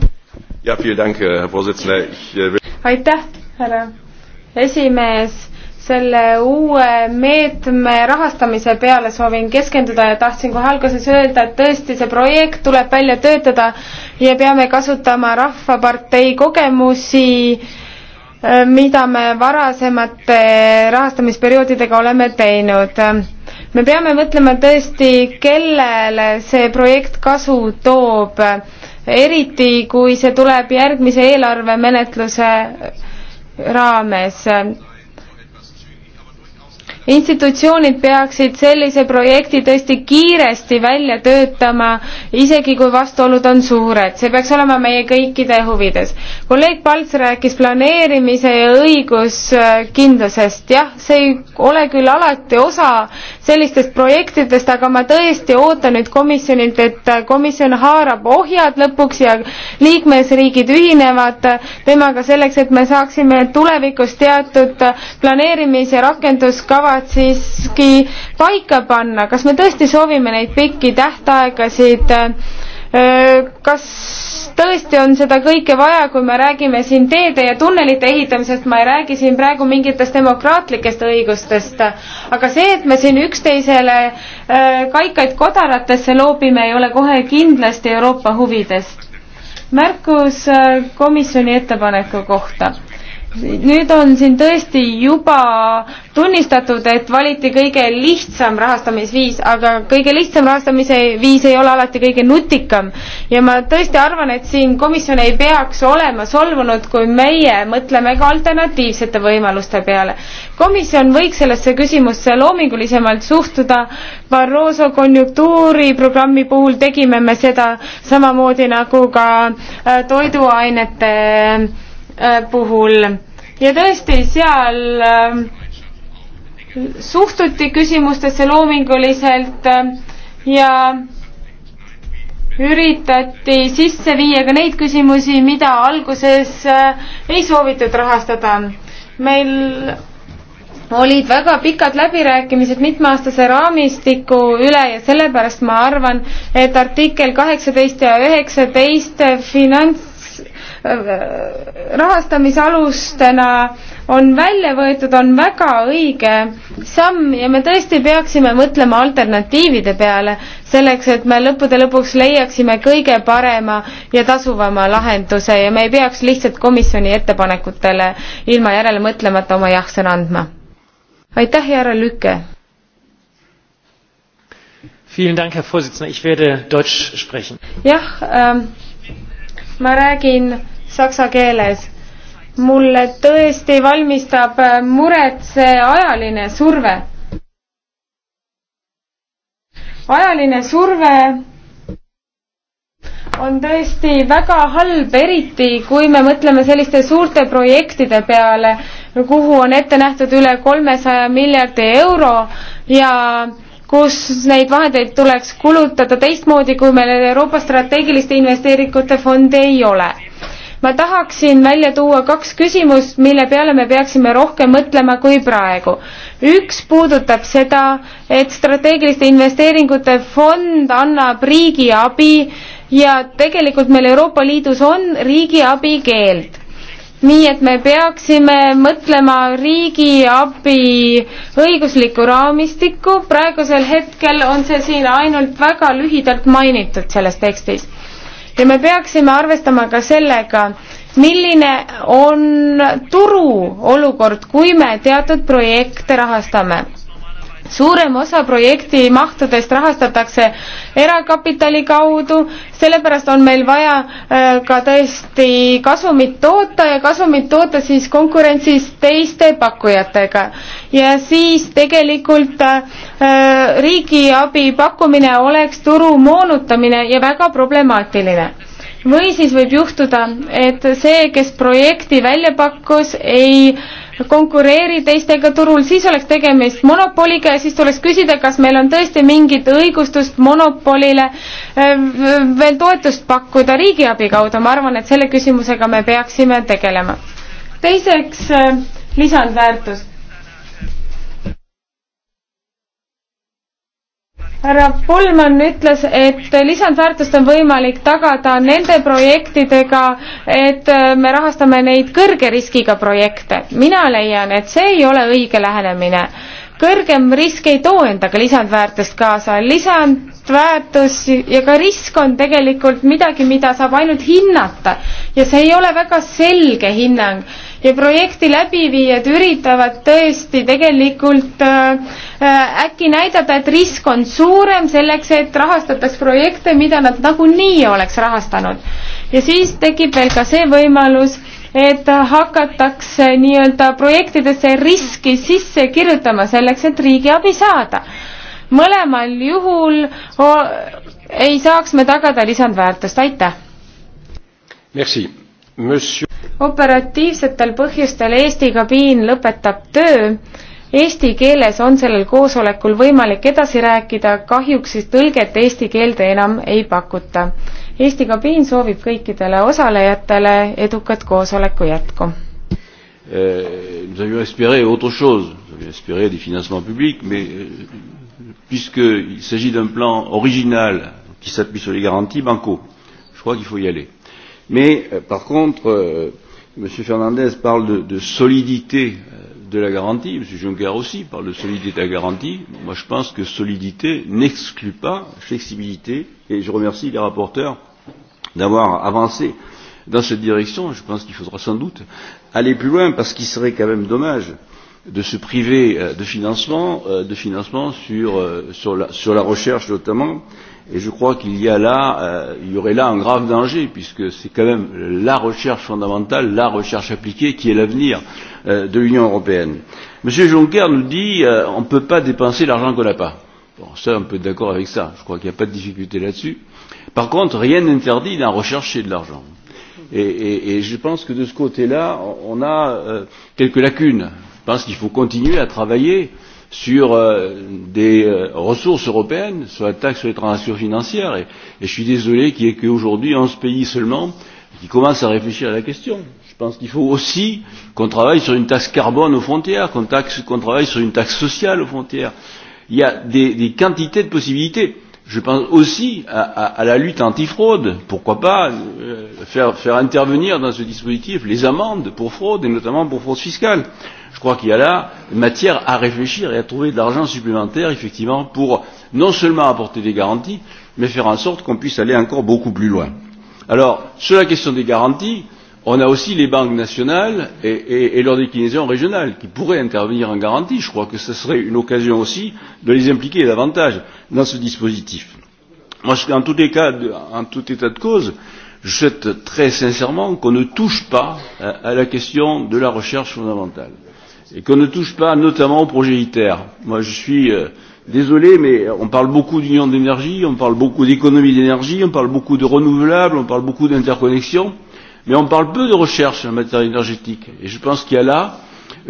Äh, aitäh, härra esimees selle uue meetme rahastamise peale soovin keskenduda ja tahtsin kohe alguses öelda, et tõesti, see projekt tuleb välja töötada ja peame kasutama Rahvapartei kogemusi, äh, mida me varasemate rahastamisperioodidega oleme teinud. me peame mõtlema tõesti, kellele see projekt kasu toob, eriti kui see tuleb järgmise eelarvemenetluse raames institutsioonid peaksid sellise projekti tõesti kiiresti välja töötama, isegi kui vastuolud on suured, see peaks olema meie kõikide huvides. kolleeg Palts rääkis planeerimise ja õiguskindlusest, jah, see ei ole küll alati osa sellistest projektidest, aga ma tõesti ootan nüüd komisjonilt, et komisjon haarab ohjad lõpuks ja liikmesriigid ühinevad temaga selleks, et me saaksime tulevikus teatud planeerimis- ja rakenduskava päevad siiski paika panna, kas me tõesti soovime neid pikki tähtaegasid kas tõesti on seda kõike vaja, kui me räägime siin teede ja tunnelite ehitamisest, ma ei räägi siin praegu mingitest demokraatlikest õigustest, aga see, et me siin üksteisele kaikaid kodaratesse loobime, ei ole kohe kindlasti Euroopa huvides. märkus komisjoni ettepaneku kohta nüüd on siin tõesti juba tunnistatud, et valiti kõige lihtsam rahastamisviis, aga kõige lihtsam rahastamise viis ei ole alati kõige nutikam. ja ma tõesti arvan, et siin komisjon ei peaks olema solvunud, kui meie mõtleme ka alternatiivsete võimaluste peale. komisjon võiks sellesse küsimusse loomingulisemalt suhtuda. Barroso konjunktuuriprogrammi puhul tegime me seda samamoodi nagu ka äh, toiduainete Äh, puhul ja tõesti, seal ähm, suhtuti küsimustesse loominguliselt äh, ja üritati sisse viia ka neid küsimusi, mida alguses äh, ei soovitud rahastada. meil olid väga pikad läbirääkimised mitmeaastase raamistiku üle ja sellepärast ma arvan, et artikkel kaheksateist ja üheksateist finants rahastamisalustena on välja võetud, on väga õige samm ja me tõesti peaksime mõtlema alternatiivide peale, selleks et me lõppude lõpuks leiaksime kõige parema ja tasuvama lahenduse ja me ei peaks lihtsalt komisjoni ettepanekutele ilma järele mõtlemata oma jah-sõna andma. aitäh, härra Lüke! jah ähm,, ma räägin saksa keeles. mulle tõesti valmistab äh, muret see ajaline surve. ajaline surve on tõesti väga halb, eriti kui me mõtleme selliste suurte projektide peale, kuhu on ette nähtud üle kolmesaja miljardi euro ja kus neid vahendeid tuleks kulutada teistmoodi, kui meil Euroopa strateegiliste investeeringute fondi ei ole ma tahaksin välja tuua kaks küsimust, mille peale me peaksime rohkem mõtlema kui praegu. üks puudutab seda, et strateegiliste investeeringute fond annab riigiabi ja tegelikult meil Euroopa Liidus on riigiabi keeld nii et me peaksime mõtlema riigiabi õiguslikku raamistikku, praegusel hetkel on see siin ainult väga lühidalt mainitud selles tekstis ja me peaksime arvestama ka sellega, milline on turu olukord, kui me teatud projekte rahastame suurem osa projekti mahtudest rahastatakse erakapitali kaudu, sellepärast on meil vaja äh, ka tõesti kasumit toota ja kasumit toota siis konkurentsis teiste pakkujatega. ja siis tegelikult äh, riigiabi pakkumine oleks turu moonutamine ja väga problemaatiline või siis võib juhtuda, et see, kes projekti välja pakkus, ei äh, konkureeri teistega turul, siis oleks tegemist monopoliga ja siis tuleks küsida, kas meil on tõesti mingit õigustust monopolile äh, veel toetust pakkuda riigiabi kaudu, ma arvan, et selle küsimusega me peaksime tegelema. teiseks, äh, lisandväärtus härra Pullmann ütles, et lisandväärtust on võimalik tagada nende projektidega, et äh, me rahastame neid kõrge riskiga projekte. mina leian, et see ei ole õige lähenemine. kõrgem risk ei too endaga lisandväärtust kaasa, lisandväärtus ja ka risk on tegelikult midagi, mida saab ainult hinnata ja see ei ole väga selge hinnang ja projekti läbiviijad üritavad tõesti tegelikult äh, äh, äkki näidata, et risk on suurem selleks, et rahastataks projekte, mida nad nagunii oleks rahastanud. ja siis tekib veel ka see võimalus, et hakatakse nii-öelda projektidesse riski sisse kirjutama selleks, et riigiabi saada. mõlemal juhul ei saaks me tagada lisandväärtust, aitäh! Merci operatiivsetel põhjustel Eesti kabiin lõpetab töö. Eesti keeles on sellel koosolekul võimalik edasi rääkida, kahjuks siis tõlget eesti keelde enam ei pakuta. Eesti kabiin soovib kõikidele osalejatele edukat koosoleku jätku euh, nous avions espéré autre chose. Nous avions espéré des financements publics, mais euh, puisqu'il s'agit d'un plan original qui s'appuie sur les garanties banco, je crois qu'il faut y aller. Mais euh, par contre, euh, M. Fernandez parle de, de solidité euh, de la garantie, M. Juncker aussi parle de solidité de la garantie. Moi, je pense que solidité n'exclut pas flexibilité et je remercie les rapporteurs d'avoir avancé dans cette direction. Je pense qu'il faudra sans doute aller plus loin parce qu'il serait quand même dommage de se priver euh, de financement, euh, de financement sur, sur, la, sur la recherche notamment, euh, Et je crois qu'il y a là, euh, il y aurait là un grave danger, puisque c'est quand même la recherche fondamentale, la recherche appliquée qui est l'avenir euh, de l'Union européenne. Monsieur Juncker nous dit euh, on ne peut pas dépenser l'argent qu'on n'a pas. Bon, ça, on peut être d'accord avec ça. Je crois qu'il n'y a pas de difficulté là-dessus. Par contre, rien n'interdit d'en rechercher de l'argent. Et, et, et je pense que de ce côté-là, on a euh, quelques lacunes. Je pense qu'il faut continuer à travailler euh, sur euh, des euh, ressources européennes, sur la taxe sur les transactions financières. Et, et je suis désolé qu'il n'y ait qu'aujourd'hui 11 pays seulement qui commencent à réfléchir à la question. Je pense qu'il faut aussi qu'on travaille sur une taxe carbone aux frontières, qu'on qu, qu travaille sur une taxe sociale aux frontières. Il y a des, des quantités de possibilités. Je pense aussi à, à, à la lutte antifraude. Pourquoi pas euh, faire, faire intervenir dans ce dispositif les amendes pour fraude et notamment pour fraude fiscale. Euh, je crois qu'il y a là matière à réfléchir et à trouver de l'argent supplémentaire, effectivement, pour non seulement apporter des garanties, mais faire en sorte qu'on puisse aller encore beaucoup plus loin. Alors, sur la question des garanties, on a aussi les banques nationales et, et, et leur déclinaison régionale qui pourraient intervenir en garantie. Je crois que ce serait une occasion aussi de les impliquer davantage dans ce dispositif. Moi, en tout, état de, en tout état de cause, je souhaite très sincèrement qu'on ne touche pas à, à la question de la recherche fondamentale. Euh, et qu'on ne touche pas notamment au projet ITER. Moi, je suis euh, désolé, mais euh, on parle beaucoup d'union d'énergie, on parle beaucoup d'économie d'énergie, on parle beaucoup de renouvelables, on parle beaucoup d'interconnexion, mais on parle peu de recherche en matière énergétique. Et je pense qu'il y a là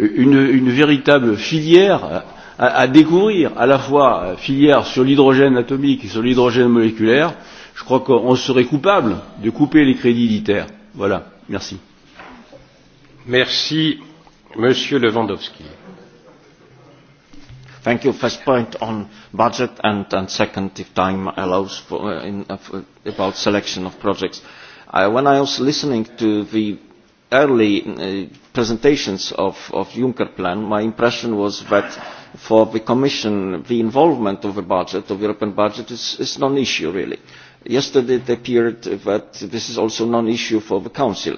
euh, une, une véritable filière à, à découvrir, à la fois euh, filière sur l'hydrogène atomique et sur l'hydrogène moléculaire. Je crois qu'on serait coupable de couper les crédits d'ITER. Voilà. Merci. Merci Monsieur Lewandowski. Thank you. First point on budget and, and second, if time allows, for, uh, in, uh, for, about selection of projects. I, uh, when I was listening to the early uh, presentations of, of Juncker plan, my impression was that for the Commission, the involvement of the budget, of the European budget, is, is non-issue really yesterday it appeared that this is also a non issue for the council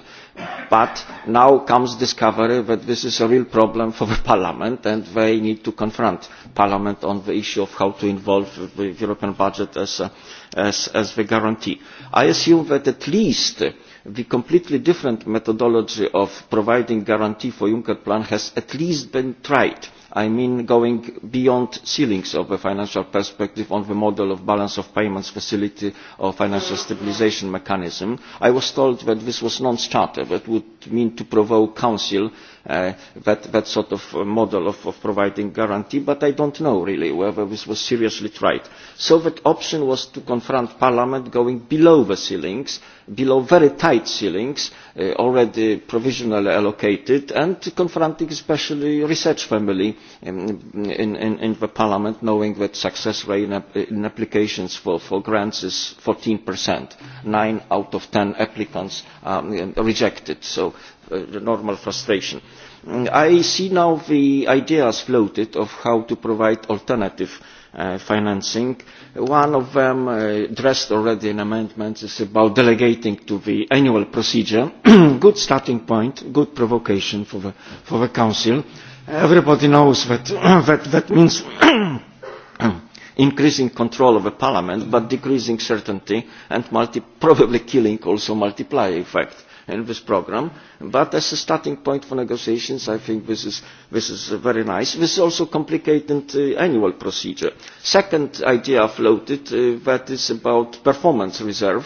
but now comes the discovery that this is a real problem for parliament and they need to confront parliament on the issue of how to involve the european budget as, a, as, as the guarantee. i assume that at least the completely different methodology of providing guarantee for juncker plan has at least been tried I mean going beyond ceilings of a financial perspective on the model of balance of payments facility or financial stabilization mechanism. I was told that this was non-starter, that would mean to provoke Council uh, that, that sort of model of, of providing guarantee, but I don't know really whether this was seriously tried. So that option was to confront Parliament going below the ceilings, below very tight ceilings, uh, already provisionally allocated, and confronting especially research family in, in, in, in the Parliament, knowing that success rate in, in applications for, for grants is 14%. Nine out of ten applicants um, rejected. So uh, normal frustration. Mm, I see now the ideas floated of how to provide alternative uh, financing. One of them, uh, dressed already in amendments, is about delegating to the annual procedure. good starting point, good provocation for the, for the Council. Everybody knows that that, that means increasing control of the parliament but decreasing certainty and multi, probably killing also multiplier effect in this program. But as a starting point for negotiations, I think this is, this is very nice. This is also complicated uh, annual procedure. Second idea floated, uh, that is about performance reserve.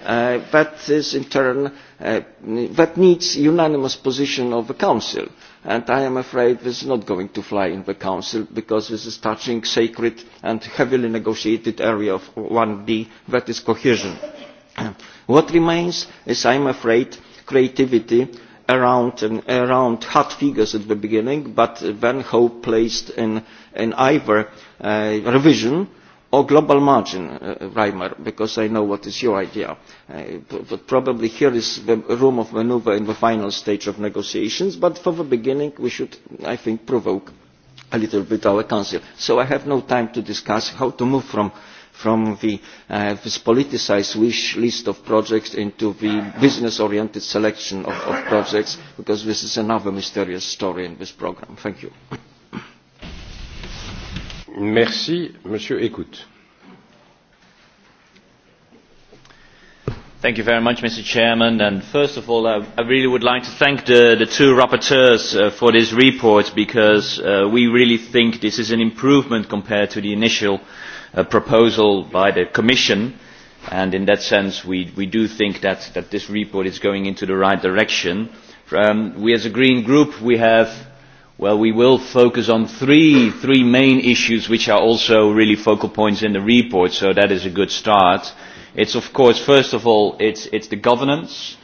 Uh, that is in turn, uh, that needs unanimous position of the Council. And I am afraid this is not going to fly in the Council because this is touching sacred and heavily negotiated area of 1B, that is cohesion. what remains is i am afraid creativity around, um, around hard figures at the beginning but then hope placed in, in either uh, revision or global margin, uh, Reimer, because I know what is your idea. Uh, but probably here is the room of maneuver in the final stage of negotiations, but for the beginning we should, I think, provoke a little bit our council. So I have no time to discuss how to move from uh, from the, uh, this politicised wish list of projects into the business oriented selection of, of projects because this is another mysterious story in this programme. Thank you. Merci, Monsieur Écoute. Thank you very much, Mr. Chairman. And first of all, I, I really would like to thank the, the two rapporteurs uh, for this report because uh, we really think this is an improvement compared to the initial uh, uh, proposal by the Commission. And in that sense, we, we do think that, that this report is going into the right direction. Um, we as a Green Group, we have, well, we will focus on three, three main issues which are also really focal points in the report, so that is a good start. It's, of course, first of all, it's, it's the governance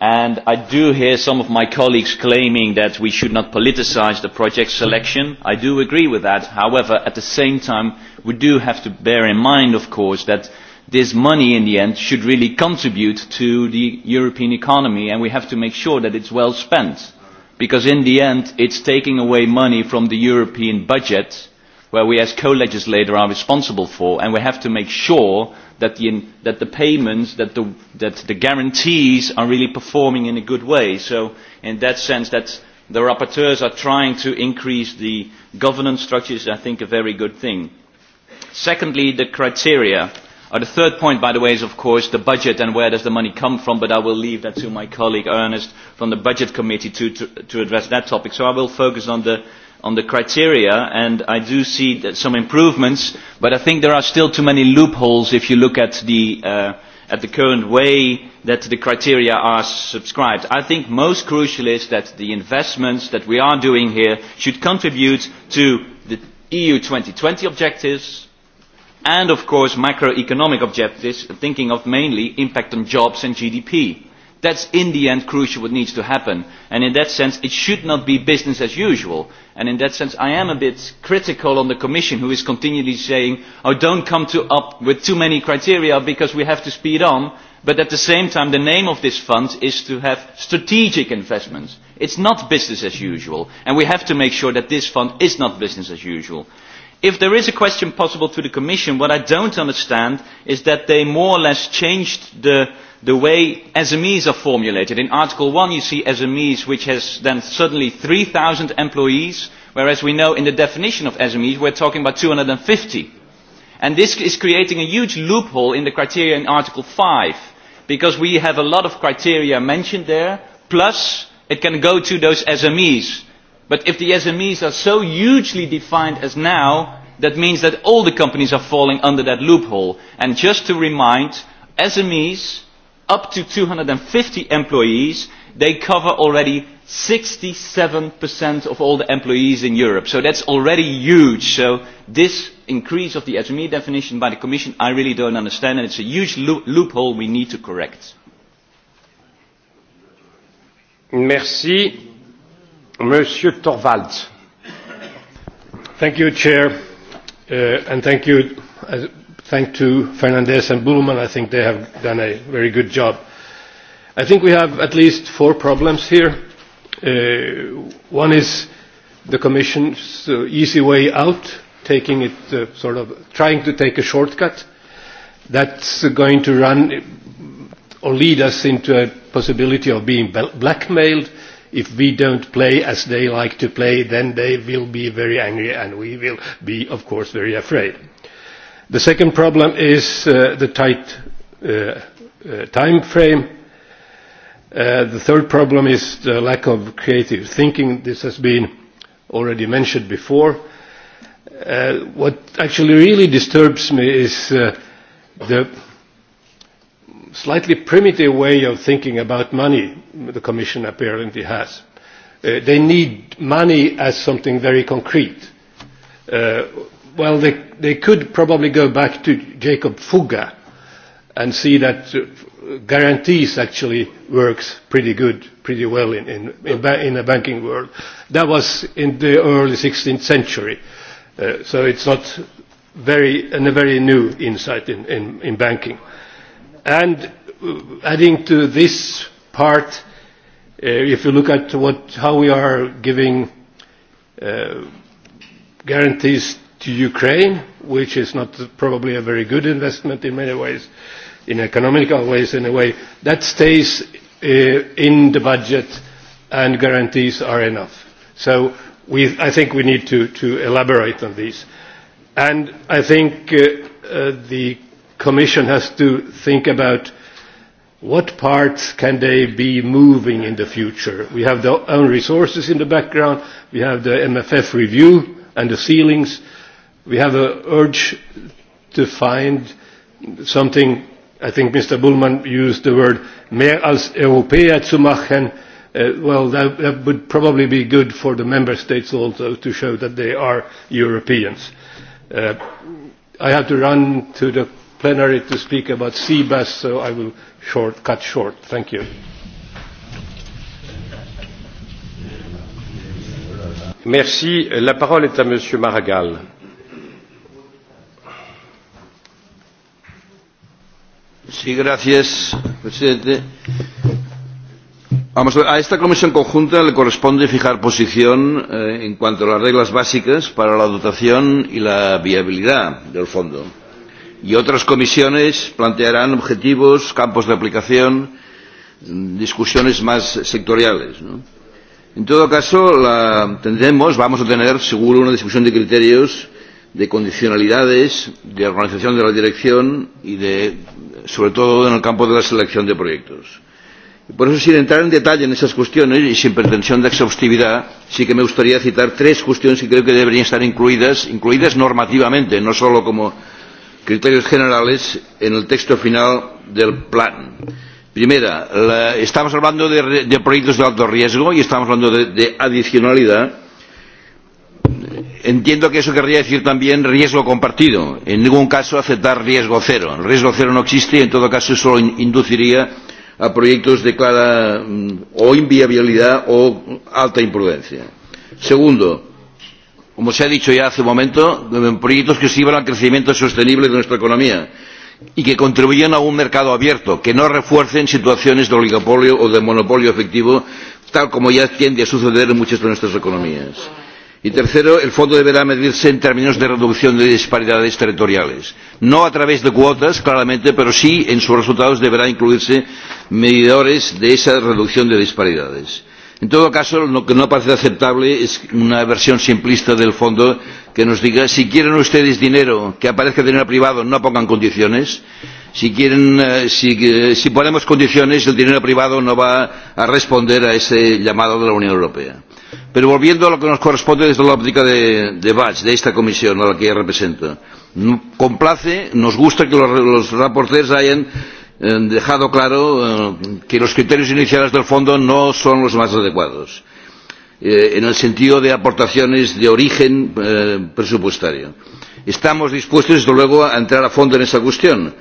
and i do hear some of my colleagues claiming that we should not politicise the project selection. i do agree with that. however at the same time we do have to bear in mind of course that this money in the end should really contribute to the european economy and we have to make sure that it is well spent because in the end it is taking away money from the european budget where we as co-legislator are responsible for and we have to make sure that the, that the payments, that the, that the guarantees are really performing in a good way. So in that sense, that's, the rapporteurs are trying to increase the governance structure is, I think, a very good thing. Secondly, the criteria. Uh, the third point, by the way, is, of course, the budget and where does the money come from, but I will leave that to my colleague Ernest from the Budget Committee to, to, to address that topic. So I will focus on the on the criteria and I do see that some improvements but I think there are still too many loopholes if you look at the, uh, at the current way that the criteria are subscribed. I think most crucial is that the investments that we are doing here should contribute to the EU 2020 objectives and of course macroeconomic objectives thinking of mainly impact on jobs and GDP that is in the end crucially what needs to happen and in that sense it should not be business as usual and in that sense i am a bit critical on the commission who is continually saying oh don't come to up with too many criteria because we have to speed on but at the same time the name of this fund is to have strategic investments. it is not business as usual and we have to make sure that this fund is not business as usual. if there is a question possible to the commission what i do not understand is that they more or less changed the the way SMEs are formulated. In Article 1 you see SMEs which has then suddenly 3,000 employees, whereas we know in the definition of SMEs we're talking about 250. And this is creating a huge loophole in the criteria in Article 5, because we have a lot of criteria mentioned there, plus it can go to those SMEs. But if the SMEs are so hugely defined as now, that means that all the companies are falling under that loophole. And just to remind, SMEs up to 250 employees, they cover already 67% of all the employees in Europe. So that's already huge. So this increase of the SME definition by the Commission, I really don't understand, and it's a huge lo loophole we need to correct. Merci. Monsieur Torvalds. Thank you, Chair, uh, and thank you, thanks to fernandes and bullmann i think they have done a very good job. i think we have at least four problems here. Uh, one is the commission's uh, easy way out taking it uh, sort of trying to take a shortcut that's going to run or lead us into a possibility of being blackmailed if we don't play as they like to play then they will be very angry and we will be of course very afraid the second problem is uh, the tight uh, uh, time frame. Uh, the third problem is the lack of creative thinking. This has been already mentioned before. Uh, what actually really disturbs me is uh, the slightly primitive way of thinking about money the Commission apparently has. Uh, they need money as something very concrete. Uh, well, they, they could probably go back to Jacob Fugger and see that uh, guarantees actually works pretty good, pretty well in, in, in, ba in the banking world. That was in the early 16th century, uh, so it's not very, a very new insight in, in, in banking. And uh, adding to this part, uh, if you look at what, how we are giving uh, guarantees to Ukraine, which is not probably a very good investment in many ways, in economical ways in a way, that stays uh, in the budget and guarantees are enough. So we, I think we need to, to elaborate on these. And I think uh, uh, the Commission has to think about what parts can they be moving in the future. We have their own resources in the background, we have the MFF review and the ceilings, uh, we have an urge to find something i think mr bullmann used the word mehr als europäer zu machen uh, well that, that would probably be good for the member states also to show that they are europeans uh, i have to run to the plenary to speak about sea bass so i will short, cut short thank you Merci. La parole est à Monsieur Maragall. Sí, gracias, presidente. Vamos a, ver, a esta comisión conjunta le corresponde fijar posición eh, en cuanto a las reglas básicas para la dotación y la viabilidad del fondo. Y otras comisiones plantearán objetivos, campos de aplicación, discusiones más sectoriales. ¿no? En todo caso, la, tendremos, vamos a tener seguro una discusión de criterios eh, de condicionalidades, de organización de la dirección y de, sobre todo en el campo de la selección de proyectos. Por eso, sin entrar en detalle en esas cuestiones y sin pretensión de exhaustividad, sí que me gustaría citar tres cuestiones que creo que deberían estar incluidas, incluidas normativamente, no solo como criterios generales, en el texto final del plan. Primera, la, estamos hablando de, de proyectos de alto riesgo y estamos hablando de, de adicionalidad Entiendo que eso querría decir también riesgo compartido. En ningún caso aceptar riesgo cero. El riesgo cero no existe y en todo caso solo induciría a proyectos de clara mm, o inviabilidad o alta imprudencia. Segundo, como se ha dicho ya hace un momento, proyectos que sirvan al crecimiento sostenible de nuestra economía y que contribuyan a un mercado abierto, que no refuercen situaciones de oligopolio o de monopolio efectivo, tal como ya tiende a suceder en muchas de nuestras economías. Y tercero, el fondo deberá medirse en términos de reducción de disparidades territoriales. No a través de cuotas, claramente, pero sí en sus resultados deberá incluirse medidores de esa reducción de disparidades. En todo caso, lo que no parece aceptable es una versión simplista del fondo que nos diga si quieren ustedes dinero, que aparezca dinero privado, no pongan condiciones. Si, quieren, eh, si, eh, si ponemos condiciones, el dinero privado no va a responder a ese llamado de la Unión Europea Pero volviendo a lo que nos corresponde desde la óptica de, de Bach, de esta comisión a la que ya represento, complace, nos gusta que los, los reporteros hayan eh, dejado claro eh, que los criterios iniciales del fondo no son los más adecuados, eh, en el sentido de aportaciones de origen eh, presupuestario. Estamos dispuestos, desde luego, a entrar a fondo en esa cuestión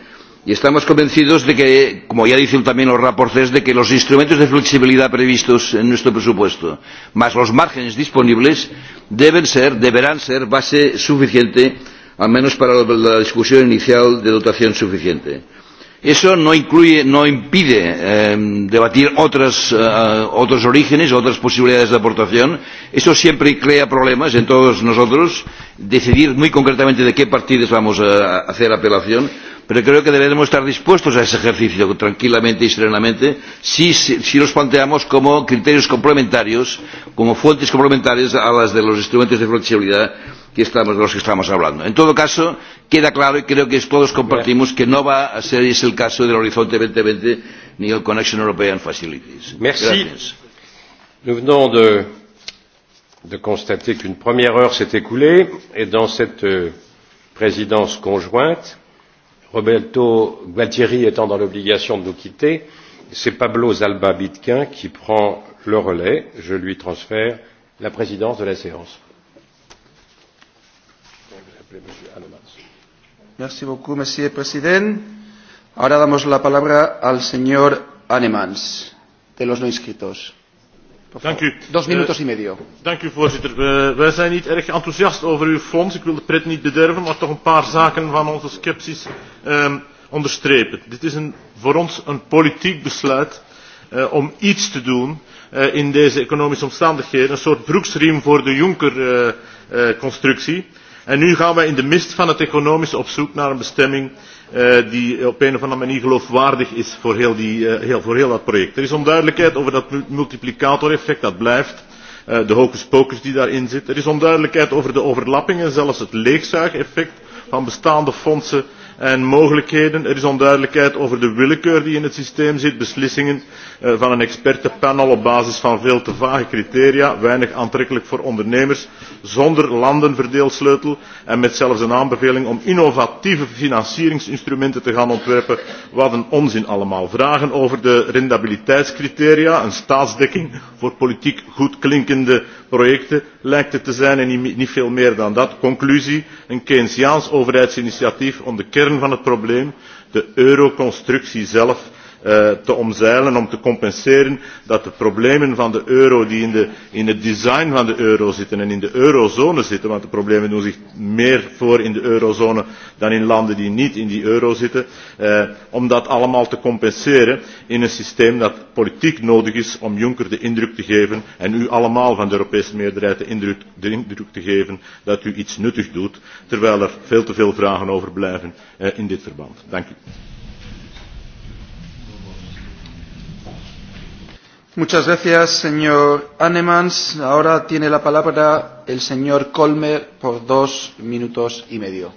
y estamos convencidos de que, como ya dicen también los reportes, de que los instrumentos de flexibilidad previstos en nuestro presupuesto, más los márgenes disponibles, deben ser, deberán ser base suficiente, al menos para la discusión inicial de dotación suficiente. Eso no, incluye, no impide eh, debatir otras, eh, otros orígenes, otras posibilidades de aportación. Eso siempre crea problemas en todos nosotros, decidir muy concretamente de qué partidos vamos a hacer apelación pero creo que deberemos estar dispuestos a ese ejercicio tranquilamente y serenamente si, si, si los planteamos como criterios complementarios, como fuentes complementarias a las de los instrumentos de flexibilidad que estamos, de los que estamos hablando. En todo caso, queda claro y creo que todos compartimos que no va a ser, y es el caso del Horizonte 2020 ni el Connection European Facilities. Merci. Gracias. Nous venons de, de constater qu'une première heure s'est écoulée et dans cette euh, présidence conjointe, roberto gualtieri étant dans l'obligation de nous quitter c'est pablo zalba bidquin qui prend le relais je lui transfère la présidence de la séance. Merci beaucoup, Monsieur le Président. Ahora damos la palabra al señor Anemans, de los no inscritos. Eh, voorzitter wij zijn niet erg enthousiast over uw fonds. ik wil de pret niet bederven maar toch een paar zaken van onze scepsis ehm, onderstrepen. dit is voor ons een politiek besluit eh, om iets te doen eh, in deze economische omstandigheden een soort broeksriem voor de juncker constructie en nu gaan wij in de mist van het economische op zoek naar een bestemming uh, die op een of andere manier geloofwaardig is voor heel, die, uh, heel, voor heel dat project. Er is onduidelijkheid over dat multiplicatoreffect, dat blijft. Uh, de hocus pocus die daarin zit. Er is onduidelijkheid over de overlappingen, zelfs het leegzuigeffect van bestaande fondsen en mogelijkheden. Er is onduidelijkheid over de willekeur die in het systeem zit, beslissingen uh, van een expertenpanel op basis van veel te vage criteria, weinig aantrekkelijk voor ondernemers zonder landenverdeelsleutel en met zelfs een aanbeveling om innovatieve financieringsinstrumenten te gaan ontwerpen. wat een onzin allemaal. vragen over de rendabiliteitscriteria een staatsdekking voor politiek goedklinkende projecten lijkt het te zijn en niet veel meer dan dat. conclusie een keynesiaans overheidsinitiatief om de kern van het probleem de euroconstructie zelf Eh, te omzeilen om te compenseren dat de problemen van de euro die in, de, in het design van de euro zitten en in de eurozone zitten want de problemen doen zich meer voor in de eurozone dan in landen die niet in die euro zitten eh, om dat allemaal te compenseren in een systeem dat politiek nodig is om juncker de indruk te geven en u allemaal van de europese meerderheid de indruk, de indruk te geven dat u iets nuttigs doet terwijl er veel te veel vragen overblijven eh, in dit verband. dank u. Muchas gracias, señor Annemans. Ahora tiene la palabra el señor Colmer por dos minutos y medio.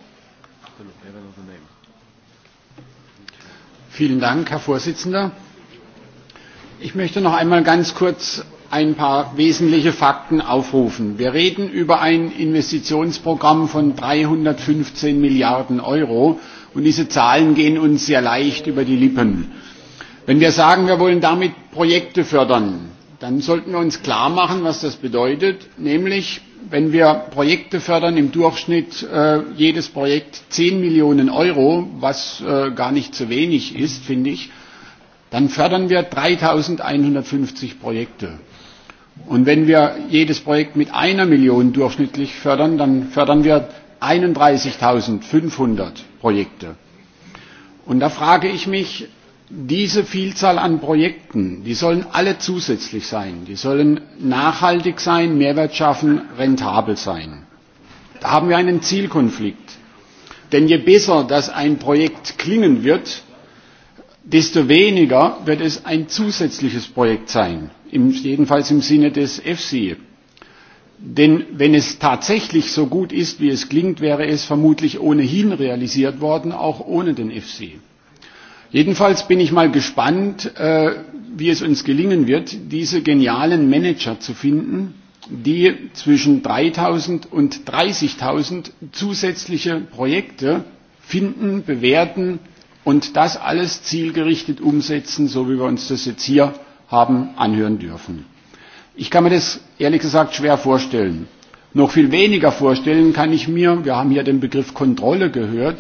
Vielen Dank, Herr Vorsitzender. Ich möchte noch einmal ganz kurz ein paar wesentliche Fakten aufrufen. Wir reden über ein Investitionsprogramm von 315 Milliarden Euro und diese Zahlen gehen uns sehr leicht über die Lippen wenn wir sagen wir wollen damit projekte fördern dann sollten wir uns klar machen was das bedeutet nämlich wenn wir projekte fördern im durchschnitt äh, jedes projekt zehn millionen euro was äh, gar nicht zu wenig ist finde ich dann fördern wir dreitausendeinhundertfünfzig projekte. Und wenn wir jedes Projekt mit einer Million durchschnittlich fördern, dann fördern wir 31.500 Projekte. Und da frage ich mich, diese Vielzahl an Projekten, die sollen alle zusätzlich sein, die sollen nachhaltig sein, Mehrwert schaffen, rentabel sein. Da haben wir einen Zielkonflikt. Denn je besser das ein Projekt klingen wird, desto weniger wird es ein zusätzliches Projekt sein, im, jedenfalls im Sinne des EFSI. Denn wenn es tatsächlich so gut ist, wie es klingt, wäre es vermutlich ohnehin realisiert worden, auch ohne den EFSI. Jedenfalls bin ich mal gespannt, äh, wie es uns gelingen wird, diese genialen Manager zu finden, die zwischen 3.000 und 30.000 zusätzliche Projekte finden, bewerten und das alles zielgerichtet umsetzen, so wie wir uns das jetzt hier haben anhören dürfen. Ich kann mir das ehrlich gesagt schwer vorstellen. Noch viel weniger vorstellen kann ich mir, wir haben hier den Begriff Kontrolle gehört,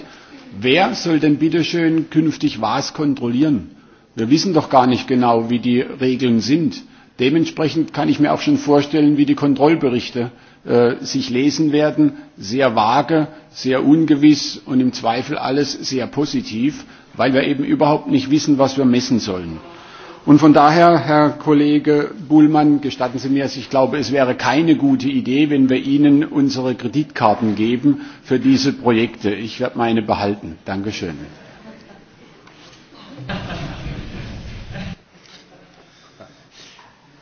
wer soll denn bitte schön künftig was kontrollieren? Wir wissen doch gar nicht genau, wie die Regeln sind. Dementsprechend kann ich mir auch schon vorstellen, wie die Kontrollberichte äh, sich lesen werden. Sehr vage, sehr ungewiss und im Zweifel alles sehr positiv, weil wir eben überhaupt nicht wissen, was wir messen sollen. Und von daher, Herr Kollege Buhlmann, gestatten Sie mir es, ich glaube, es wäre keine gute Idee, wenn wir Ihnen unsere Kreditkarten geben für diese Projekte. Ich werde meine behalten. Dankeschön.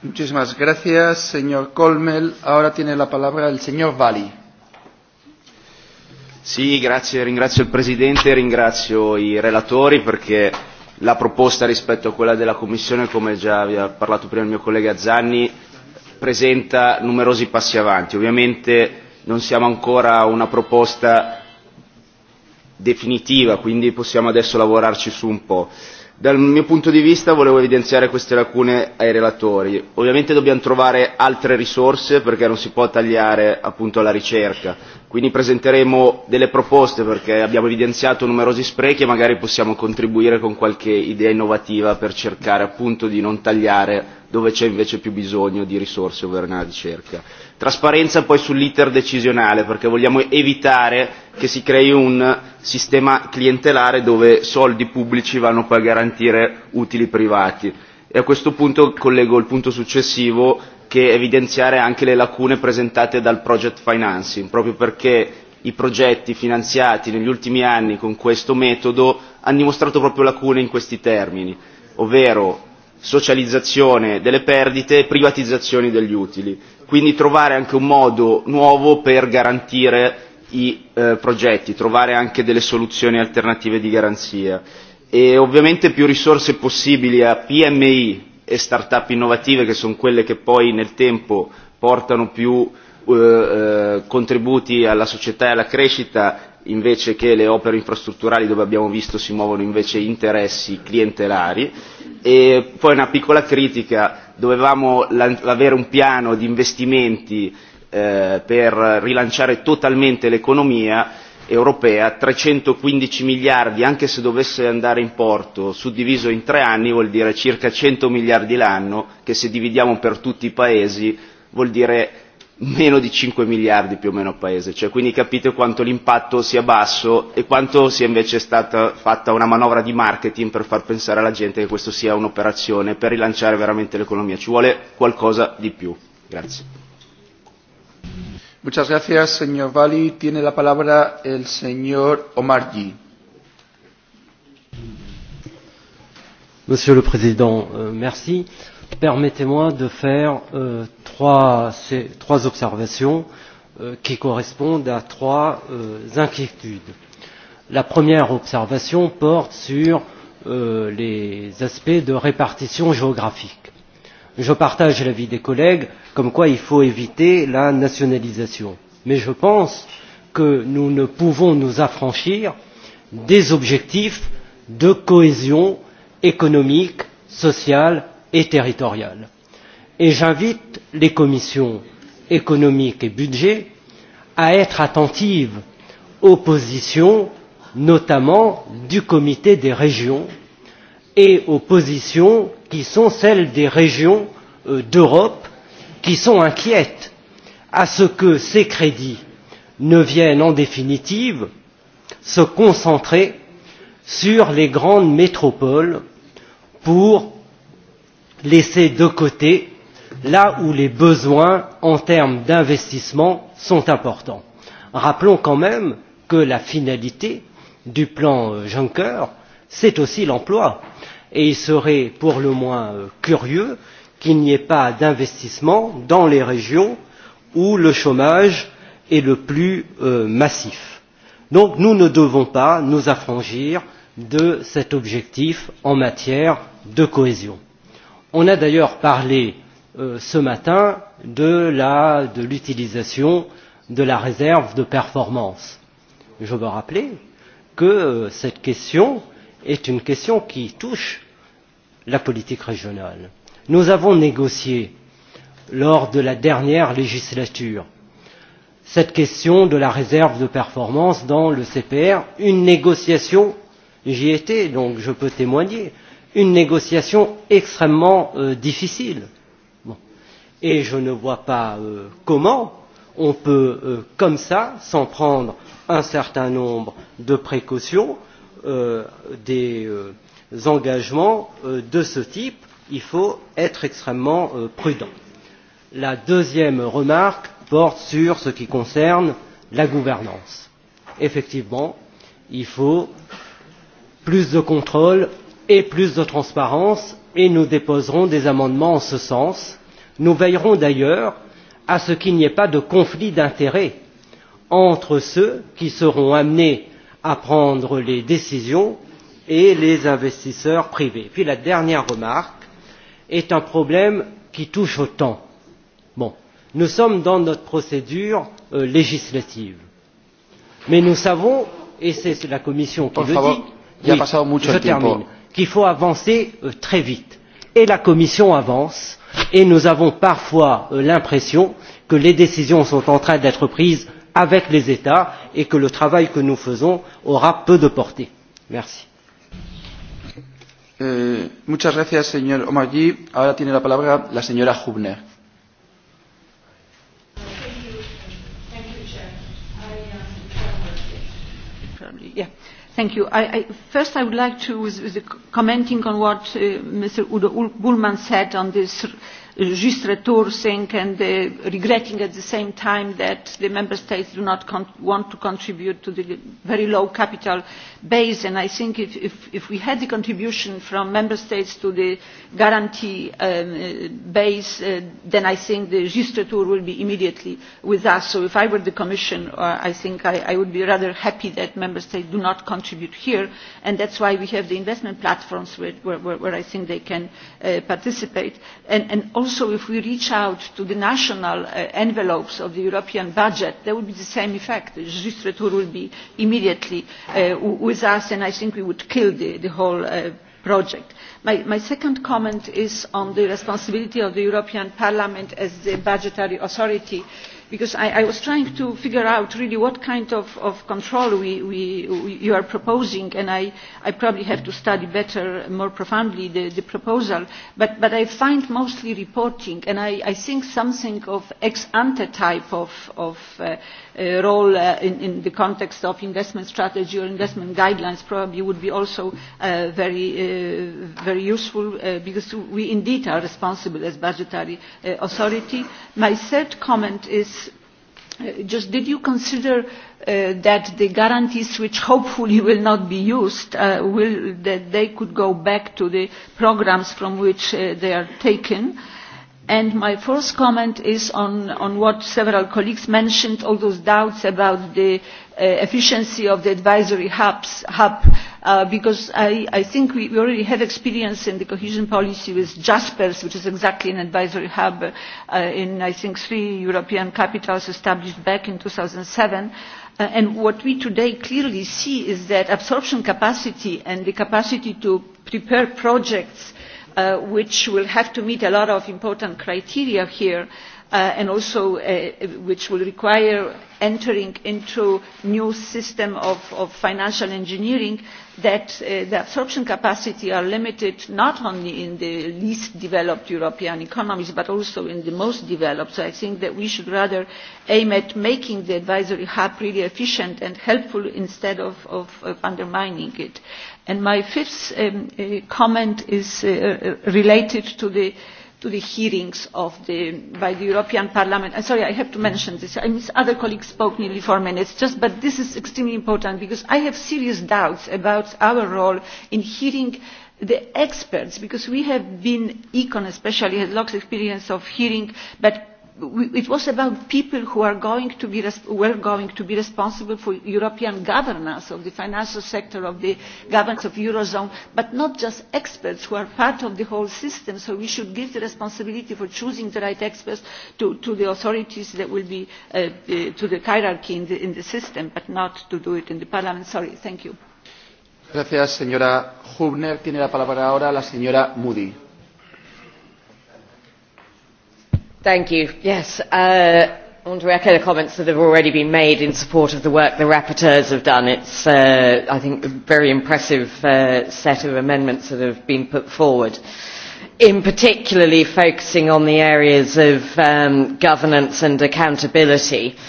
Muchísimas gracias, señor Colmel. Ahora tiene la palabra el señor Valli. Sì, grazie, ringrazio il Presidente, ringrazio i relatori perché la proposta rispetto a quella della Commissione, come già vi ha parlato prima il mio collega Zanni, presenta numerosi passi avanti. Ovviamente non siamo ancora a una proposta definitiva, quindi possiamo adesso lavorarci su un po' Dal mio punto di vista volevo evidenziare queste lacune ai relatori. Ovviamente dobbiamo trovare altre risorse perché non si può tagliare appunto alla ricerca. Quindi presenteremo delle proposte perché abbiamo evidenziato numerosi sprechi e magari possiamo contribuire con qualche idea innovativa per cercare appunto di non tagliare dove c'è invece più bisogno di risorse, ovvero nella ricerca trasparenza poi sull'iter decisionale perché vogliamo evitare che si crei un sistema clientelare dove soldi pubblici vanno poi a garantire utili privati e a questo punto collego il punto successivo che è evidenziare anche le lacune presentate dal project financing proprio perché i progetti finanziati negli ultimi anni con questo metodo hanno dimostrato proprio lacune in questi termini ovvero socializzazione delle perdite e privatizzazione degli utili quindi trovare anche un modo nuovo per garantire i eh, progetti trovare anche delle soluzioni alternative di garanzia e ovviamente più risorse possibili a PMI e start up innovative che sono quelle che poi nel tempo portano più eh, eh contributi alla società e alla crescita invece che le opere infrastrutturali dove abbiamo visto si muovono invece interessi clientelari e poi una piccola critica dovevamo avere un piano di investimenti eh, per rilanciare totalmente l'economia europea trecentoquindici miliardi anche se dovesse andare in porto suddiviso in tre anni vuol dire circa cento miliardi l'anno che se dividiamo per tutti i paesi vuol dire meno di 5 miliardi più o meno a paese, cioè quindi capite quanto l'impatto sia basso e quanto sia invece stata fatta una manovra di marketing per far pensare alla gente che questa sia un'operazione per rilanciare veramente l'economia, ci vuole qualcosa di più. Grazie. Muchas gracias, señor Valli. Tiene la palabra el señor Omarji. Monsieur le Président, euh, merci. Euh, Permettez-moi de faire euh, trois, ces, trois observations euh, qui correspondent à trois euh, inquiétudes. La première observation porte sur euh, les aspects de répartition géographique. Je partage l'avis des collègues comme quoi il faut éviter la nationalisation. Mais je pense que nous ne pouvons nous affranchir des objectifs de cohésion économique, sociale et territoriale. Et j'invite les commissions économiques et budget à être attentives aux positions, notamment du comité des régions et aux positions qui sont celles des régions euh, d'Europe qui sont inquiètes à ce que ces crédits ne viennent en définitive se concentrer sur les grandes métropoles pour laissés de côté là où les besoins en termes d'investissement sont importants. Rappelons quand même que la finalité du plan euh, Juncker, c'est aussi l'emploi. Et il serait pour le moins euh, curieux qu'il n'y ait pas d'investissement dans les régions où le chômage est le plus euh, massif. Donc nous ne devons pas nous affranchir de cet objectif en matière de cohésion on a d'ailleurs parlé euh, ce matin de l'utilisation de, de la réserve de performance. je veux rappeler que euh, cette question est une question qui touche la politique régionale. nous avons négocié lors de la dernière législature cette question de la réserve de performance dans le cpr une négociation j'y étais donc je peux témoigner une négociation extrêmement euh, difficile. Bon. Et je ne vois pas euh, comment on peut, euh, comme ça, sans prendre un certain nombre de précautions, euh, des euh, engagements euh, de ce type, il faut être extrêmement euh, prudent. La deuxième remarque porte sur ce qui concerne la gouvernance. Effectivement, il faut plus de contrôle et plus de transparence et nous déposerons des amendements en ce sens. nous veillerons d'ailleurs à ce qu'il n'y ait pas de conflit d'intérêts entre ceux qui seront amenés à prendre les décisions et les investisseurs privés. puis la dernière remarque est un problème qui touche au temps. Bon, nous sommes dans notre procédure euh, législative mais nous savons et c'est la commission qui Por le favor, dit ya oui, ha pasado mucho je el tiempo. termine qu'il faut avancer euh, très vite et la commission avance et nous avons parfois euh, l'impression que les décisions sont en train d'être prises avec les états et que le travail que nous faisons aura peu de portée. merci. Eh, muchas gracias señor omarjee. ahora tiene la palabra la señora hübner. Thank you. I, I, first, I would like to, with, with commenting on what uh, Mr. Udo Bullman said on this juste retour thing and uh, regretting at the same time that the member states do not want to contribute to the very low capital base and i think if, if, if we had the contribution from member states to the guarantee um, uh, base uh, then i think the juste retour will be immediately with us so if i were the commission uh, i think I, i would be rather happy that member states do not contribute here and that's why we have the investment platforms where, where, where i think they can uh, participate and, and also also if we reach out to the national uh, envelopes of the european budget there will be the same effect the registratur will be immediately uh, with us and i think we would kill the, the whole uh, project. My, my second comment is on the responsibility of the european parliament as the budgetary authority. Uh, because I, I was trying to figure out really what kind of, of control we, we, we, you are proposing, and I, I probably have to study better, more profoundly, the, the proposal. But, but I find mostly reporting, and I, I think something of ex-ante type of, of uh, uh, role uh, in, in the context of investment strategy or investment guidelines probably would be also uh, very, uh, very useful, uh, because we indeed are responsible as budgetary uh, authority. My third comment is just did you consider uh, that the guarantees which hopefully will not be used uh, will that they could go back to the programs from which uh, they are taken and my first comment is on, on what several colleagues mentioned all those doubts about the Uh, efficiency of the advisory hubs, hub uh, because I, I think we, we already have experience in the cohesion policy with JASPERS, which is exactly an advisory hub uh, in, I think, three European capitals established back in 2007. Uh, and what we today clearly see is that absorption capacity and the capacity to prepare projects uh, which will have to meet a lot of important criteria here uh, uh, and also uh, which will require entering into new system of, of financial engineering that uh, the absorption capacity are limited not only in the least developed European economies but also in the most developed. So I think that we should rather aim at making the advisory hub really efficient and helpful instead of, of, of undermining it. And my fifth um, uh, comment is uh, uh related to the uh, to the hearings of the, by the European Parliament. I'm sorry, I have to mention this. I mean, other colleagues spoke nearly four minutes, just, but this is extremely important because I have serious doubts about our role in hearing the experts because we have been econ especially has lots of experience of hearing but it was about people who are going to be were going to be responsible for European governance of the financial sector of the governance of eurozone, but not just experts who are part of the whole system. So we should give the responsibility for choosing the right experts to, to the authorities that will be uh, uh, to the hierarchy in the, in the system, but not to do it in the parliament. Sorry. Thank you. Gracias, señora Hubner. Tiene la palabra ahora la señora Moody. Thank you. Yes, uh, I want to echo the comments that have already been made in support of the work the rapporteurs have done. It's, uh, I think, a very impressive uh, set of amendments that have been put forward, in particularly focusing on the areas of um, governance and accountability. Uh,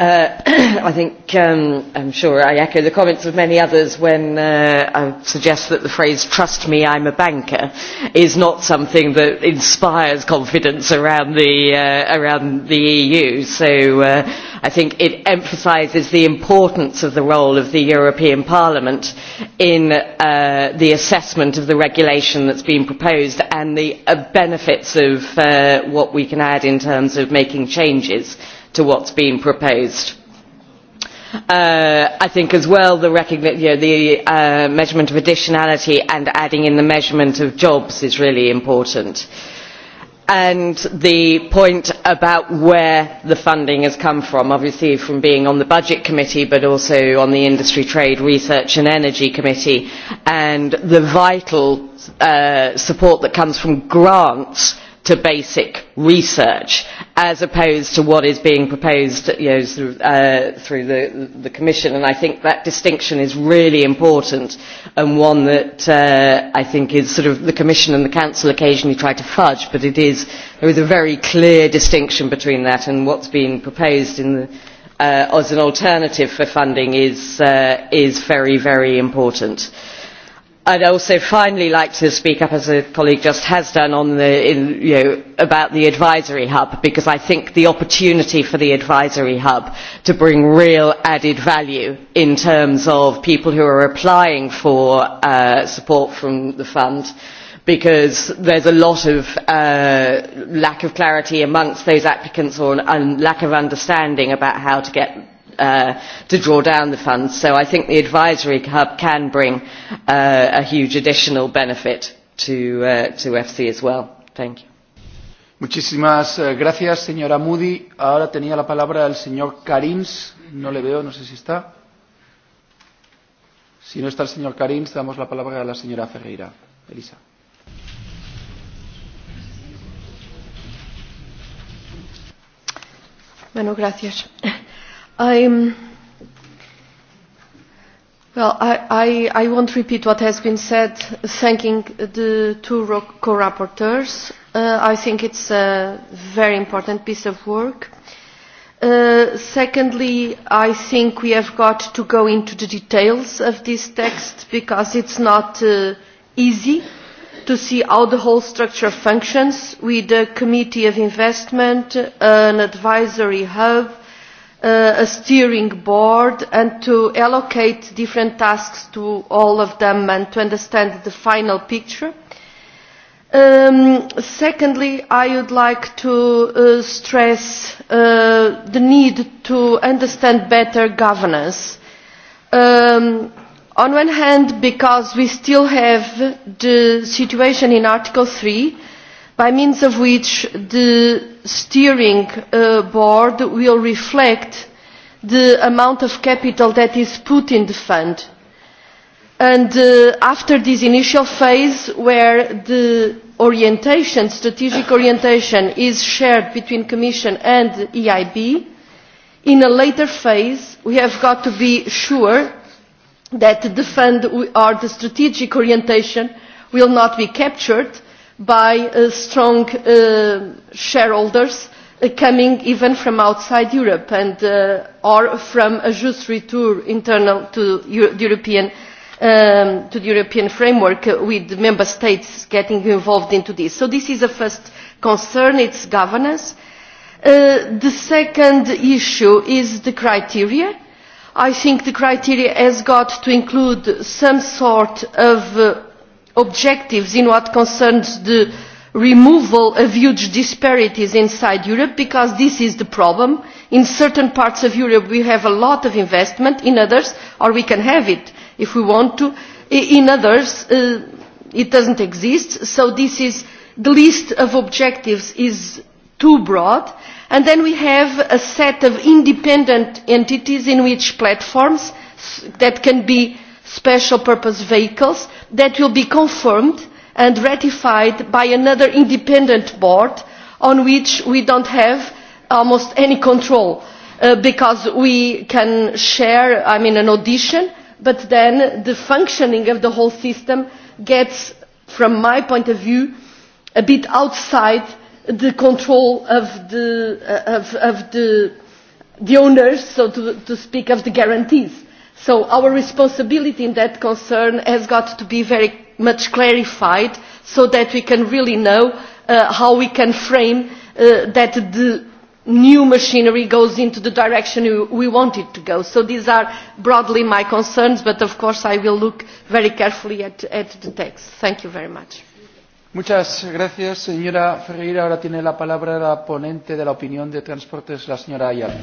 Uh, I think um, I'm sure I echo the comments of many others when uh, I suggest that the phrase "trust me, I'm a banker" is not something that inspires confidence around the uh, around the EU. So uh, I think it emphasises the importance of the role of the European Parliament in uh, the assessment of the regulation that's been proposed and the uh, benefits of uh, what we can add in terms of making changes. Uh, to what's been proposed. Uh, I think as well the, recogni- you know, the uh, measurement of additionality and adding in the measurement of jobs is really important. And the point about where the funding has come from, obviously from being on the Budget Committee but also on the Industry, Trade, Research and Energy Committee and the vital uh, support that comes from grants to basic research as opposed to what is being proposed you know, through, uh, through the, the Commission. And I think that distinction is really important and one that uh, I think is sort of the Commission and the Council occasionally try to fudge, but it is, there is a very clear distinction between that and what's being proposed in the, uh, as an alternative for funding is, uh, is very, very important. Uh, i would also finally like to speak up as a colleague just has done the, in, you know, about the advisory hub because i think the opportunity for the advisory hub to bring real added value in terms of people who are applying for uh, support from the fund because there is a lot of uh, lack of clarity amongst those applicants or, and lack of understanding about how to get uh, to draw down the funds. So I think the advisory hub can bring uh, a huge additional benefit to, uh, to FC as well. Thank you. Muchísimas eh, gracias, señora Moody. Ahora tenía la palabra el señor Karims. No le veo, no sé si está. Si no está el señor Karims, damos la palabra a la señora Ferreira. Elisa. Bueno, gracias. I'm, um, well, I, I, I won't repeat what has been said, thanking the two co-rapporteurs. Uh, I think it's a very important piece of work. Uh, secondly, I think we have got to go into the details of this text because it's not uh, easy to see how the whole structure functions with the Committee of Investment, an advisory hub, uh, a steering board and to allocate different tasks to all of them and to understand the final picture. Um, secondly, I would like to uh, stress uh, the need to understand better governance. Um, on one hand, because we still have the situation in Article 3, by means of which the steering uh, board will reflect the amount of capital that is put in the fund. And uh, after this initial phase where the orientation, strategic orientation is shared between Commission and EIB, in a later phase we have got to be sure that the fund or the strategic orientation will not be captured by uh, strong uh, shareholders uh, coming even from outside Europe and, uh, or from a just retour internal to Euro the European um, to the European framework uh, with member states getting involved into this. So this is a first concern, it's governance. Uh, the second issue is the criteria. I think the criteria has got to include some sort of uh, objectives in what concerns the removal of huge disparities inside europe because this is the problem in certain parts of europe we have a lot of investment in others or we can have it if we want to in others uh, it does not exist so this is the list of objectives is too broad and then we have a set of independent entities in which platforms that can be special purpose vehicles that will be confirmed and ratified by another independent board on which we do not have almost any control uh, because we can share I mean, an audition but then the functioning of the whole system gets from my point of view a bit outside the control of the, uh, of, of the, the owners so to, to speak of the guarantees so our responsibility in that concern has got to be very much clarified so that we can really know uh, how we can frame uh, that the new machinery goes in the direction we want it to go. so these are broadly my concerns but of course i will look very carefully at, at the text. thank you very much. Muchas gracias, señora Ferreira. Ahora tiene la palabra la ponente de la opinión de transportes, la señora Ayala.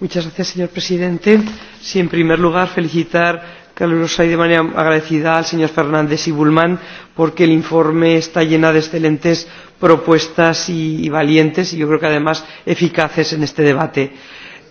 Gracias, señor presidente sí, en primer lugar felicitar calurosa y de manera agradecida al señor fernández y bullmann porque el informe está lleno de excelentes propuestas y, y valientes y yo creo que además eficaces en este debate.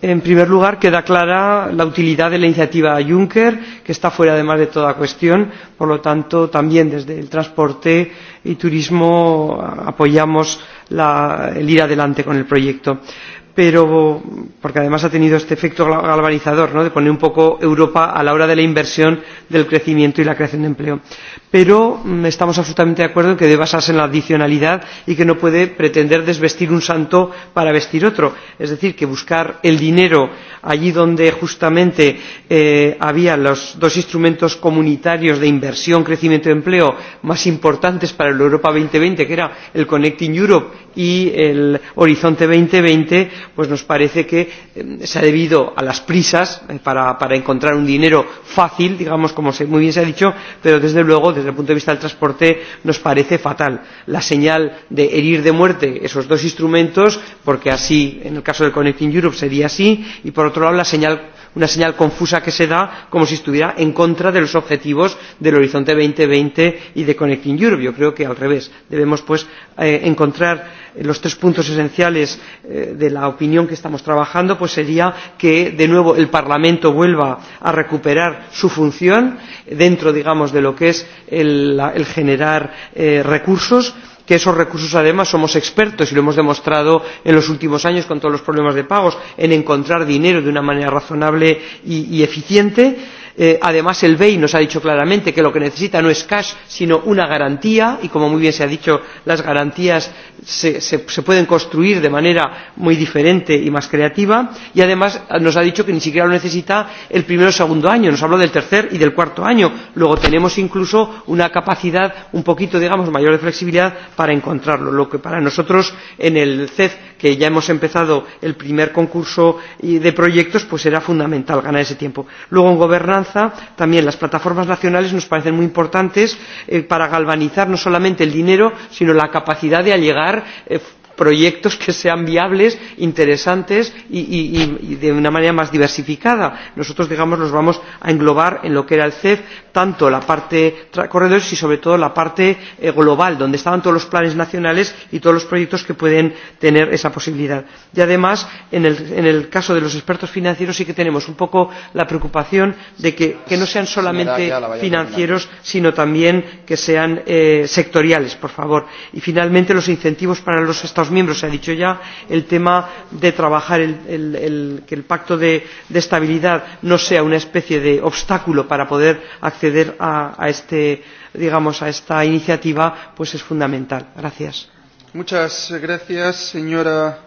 en primer lugar queda clara la utilidad de la iniciativa juncker que está fuera además de toda cuestión por lo tanto también desde el transporte y turismo apoyamos la, el ir adelante con el proyecto. en pero porque además ha tenido este efecto galvanizador ¿no? de poner un poco Europa a la hora de la inversión, del crecimiento y la creación de empleo pero mm, estamos absolutamente de acuerdo en que debe basarse en la adicionalidad y que no puede pretender desvestir un santo para vestir otro es decir que buscar el dinero allí donde justamente eh, había los dos instrumentos comunitarios de inversión crecimiento y empleo más importantes para el europa dos mil veinte que eran el connecting europe y el horizonte dos mil veinte pues nos parece que eh, se ha debido a las prisas eh, para, para encontrar un dinero fácil digamos como se, muy bien se ha dicho pero desde luego desde el punto de vista del transporte nos parece fatal la señal de herir de muerte esos dos instrumentos porque así en el caso del conectar europa sería así y por otro lado la señal una señal confusa que se da como si estuviera en contra de los objetivos del horizonte dos mil veinte y de conectar europa. yo creo que al revés debemos pues, eh, encontrar eh, los tres puntos esenciales eh, de la opinión que estamos trabajando pues sería que de nuevo el parlamento vuelva a recuperar su función dentro digamos de lo que es el, el generar eh, recursos y que esos recursos además somos expertos y lo hemos demostrado en los últimos años con todos los problemas de pagos en encontrar dinero de una manera razonable y, y eficiente. Eh, además el bei nos ha dicho claramente que lo que necesita no es cash sino una garantía y como muy bien se ha dicho las garantías se, se, se pueden construir de manera muy diferente y más creativa y además nos ha dicho que ni siquiera lo necesita el primero o segundo año nos habló del tercer y del cuarto año luego tenemos incluso una capacidad un poquito digamos mayor de flexibilidad para encontrarlo lo que para nosotros en el CEF que ya hemos empezado el primer concurso de proyectos pues será fundamental ganar ese tiempo luego en gobernanza también las plataformas nacionales nos parecen muy importantes eh, para galvanizar no solamente el dinero sino la capacidad de allegar mejorar eh, proyectos que sean viables, interesantes y, y, y de una manera más diversificada. Nosotros, digamos, los vamos a englobar en lo que era el CEF, tanto la parte corredores y sobre todo la parte eh, global, donde estaban todos los planes nacionales y todos los proyectos que pueden tener esa posibilidad. Y además, en el, en el caso de los expertos financieros sí que tenemos un poco la preocupación de que, que no sean solamente financieros, sino también que sean eh, sectoriales, por favor. Y finalmente, los incentivos para los Estados estados miembros se ha dicho ya el tema de trabajar el, el, el, que el pacto de, de estabilidad no sea una especie de obstáculo para poder acceder a, a, este, digamos, a esta iniciativa pues es fundamental. Gracias. Muchas gracias, señora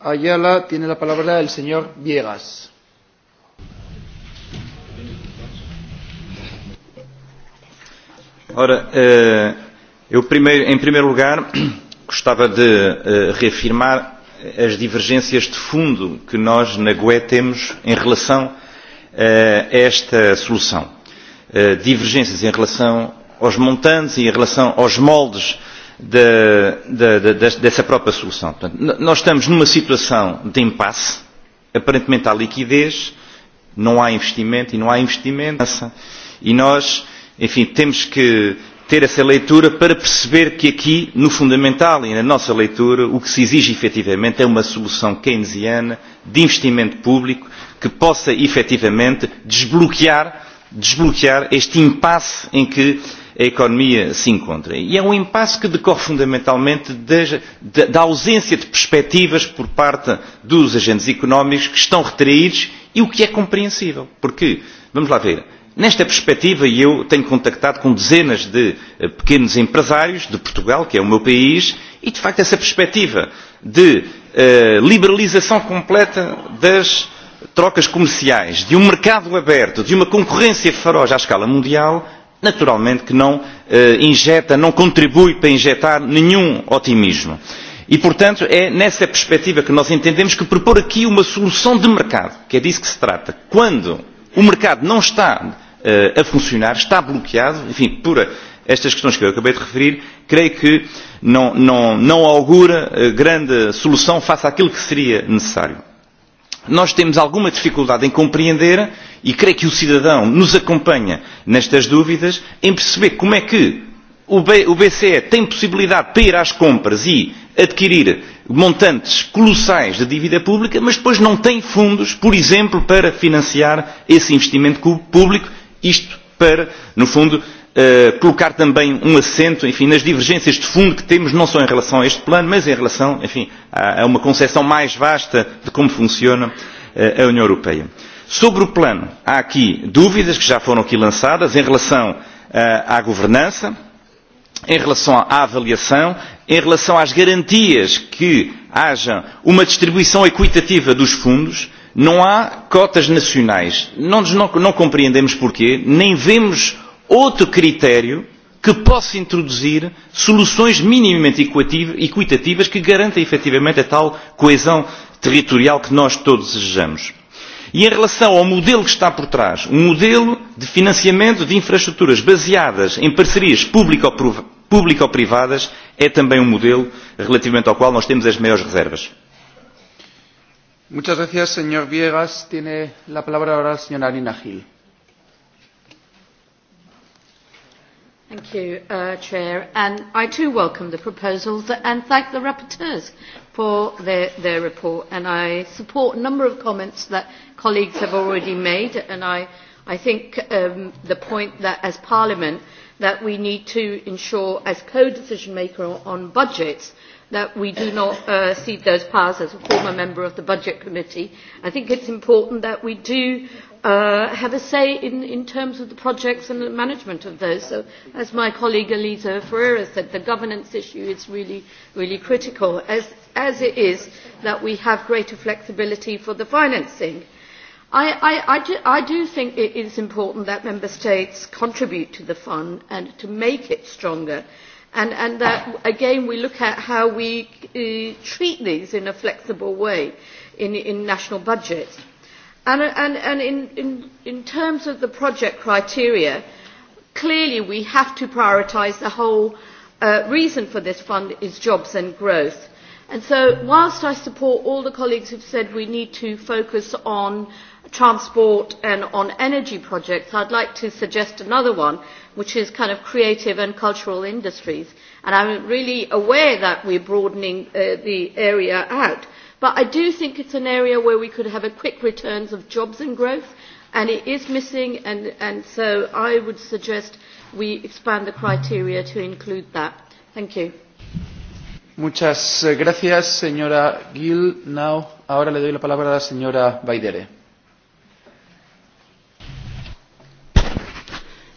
Ayala. Tiene la palabra el señor Viegas. Ora, eh, eu primeiro, em primeiro lugar, gostava de uh, reafirmar as divergências de fundo que nós na GUE temos em relação uh, a esta solução. Uh, divergências em relação aos montantes e em relação aos moldes de, de, de, de, dessa própria solução. Portanto, nós estamos numa situação de impasse, aparentemente há liquidez, não há investimento e não há investimento. E nós, enfim, temos que ter essa leitura para perceber que aqui, no fundamental e na nossa leitura, o que se exige efetivamente é uma solução keynesiana de investimento público que possa efetivamente desbloquear, desbloquear este impasse em que a economia se encontra. E é um impasse que decorre fundamentalmente de, de, da ausência de perspectivas por parte dos agentes económicos que estão retraídos e o que é compreensível. Porque, vamos lá ver, Nesta perspectiva, eu tenho contactado com dezenas de eh, pequenos empresários de Portugal, que é o meu país, e de facto essa perspectiva de eh, liberalização completa das trocas comerciais, de um mercado aberto, de uma concorrência feroz à escala mundial, naturalmente que não eh, injeta, não contribui para injetar nenhum otimismo. E, portanto, é nessa perspectiva que nós entendemos que propor aqui uma solução de mercado, que é disso que se trata. Quando o mercado não está uh, a funcionar, está bloqueado, enfim, por estas questões que eu acabei de referir, creio que não, não, não augura uh, grande solução face àquilo que seria necessário. Nós temos alguma dificuldade em compreender, e creio que o cidadão nos acompanha nestas dúvidas, em perceber como é que o, B, o BCE tem possibilidade para ir às compras e adquirir montantes colossais de dívida pública, mas depois não tem fundos, por exemplo, para financiar esse investimento público Isto para, no fundo, uh, colocar também um acento, enfim, nas divergências de fundo que temos, não só em relação a este plano, mas em relação, enfim, a, a uma concepção mais vasta de como funciona uh, a União Europeia. Sobre o plano, há aqui dúvidas que já foram aqui lançadas em relação uh, à governança, em relação à avaliação, em relação às garantias que haja uma distribuição equitativa dos fundos, não há cotas nacionais. Não, não, não compreendemos porquê, nem vemos outro critério que possa introduzir soluções minimamente equitativas que garantam efetivamente a tal coesão territorial que nós todos desejamos. E em relação ao modelo que está por trás, um modelo de financiamento de infraestruturas baseadas em parcerias público-privadas, é também um modelo relativamente ao qual nós temos as maiores reservas. Muchas gracias, señor Viegas. Tiene la palabra ahora la señora Nina Gil. Thank you, uh, Chair. And I too welcome the proposals and thank the rapporteurs for their, their report. And I support a number of comments that colleagues have already made. And I, I think um, the point that as Parliament that we need to ensure as co-decision maker on budgets uh, that we do not uh, cede those powers as a former member of the Budget Committee. I think it's important that we do uh, have a say in, in terms of the projects and the management of those. So as my colleague Elisa Ferreira said, the governance issue is really, really critical, as, as it is that we have greater flexibility for the financing. I, I, I, do, I do think it is important that member states contribute to the fund and to make it stronger. Uh, and, and that again we look at how we uh, treat these in a flexible way in, in national budgets. And, and, and in, in, in terms of the project criteria, clearly we have to prioritise the whole uh, reason for this fund is jobs and growth. And so whilst I support all the colleagues who've said we need to focus on uh, transport and on energy projects, I'd like to suggest another one, which is kind of creative and cultural industries. And I'm really aware that we're broadening uh, the area out. But I do think it's an area where we could have a quick returns of jobs and growth, and it is missing, and, and so I would suggest we expand the criteria to include that. Thank you. Muchas eh, gracias, señora Gill. Now, ahora le doy la palabra a la señora Baidere.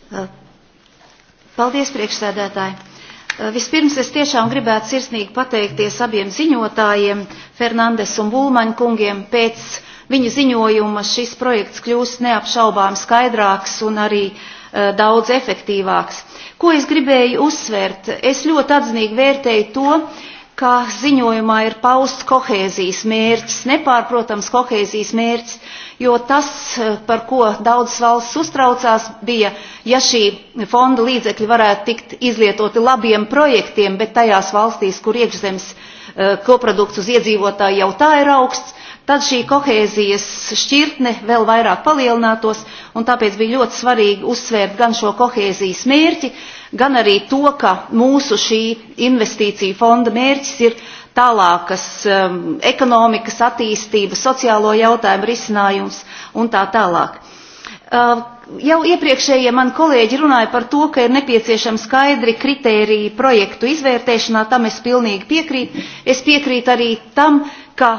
Eh, paldies, priekšsēdētāji! Eh, vispirms es tiešām gribētu sirsnīgi pateikties abiem ziņotājiem, Fernandes un Bulmaņa kungiem. Pēc viņa ziņojuma šis projekts kļūst neapšaubām skaidrāks un arī uh, daudz efektīvāks. Ko es gribēju uzsvērt? Es ļoti atzinīgi vērtēju to, uh, ka ziņojumā ir pausts kohēzijas mērķis, nepārprotams kohēzijas mērķis, jo tas, eh, par ko daudzas valsts uztraucās, bija, ja šī fonda līdzekļi varētu tikt izlietoti labiem projektiem, bet tajās valstīs, kur iekšzemes eh, koprodukts uz iedzīvotāju jau tā ir augsts, tad šī kohēzijas šķirtne vēl vairāk palielinātos, un tāpēc bija ļoti svarīgi uzsvērt gan šo kohēzijas mērķi, gan arī to, ka mūsu šī investīcija fonda mērķis ir tālākas um, ekonomikas attīstības, sociālo jautājumu risinājums un tā tālāk. Uh, jau iepriekšējie mani kolēģi runāja par to, ka ir nepieciešama skaidri kritērija projektu izvērtēšanā, tam es pilnīgi piekrītu. Es piekrītu arī tam, ka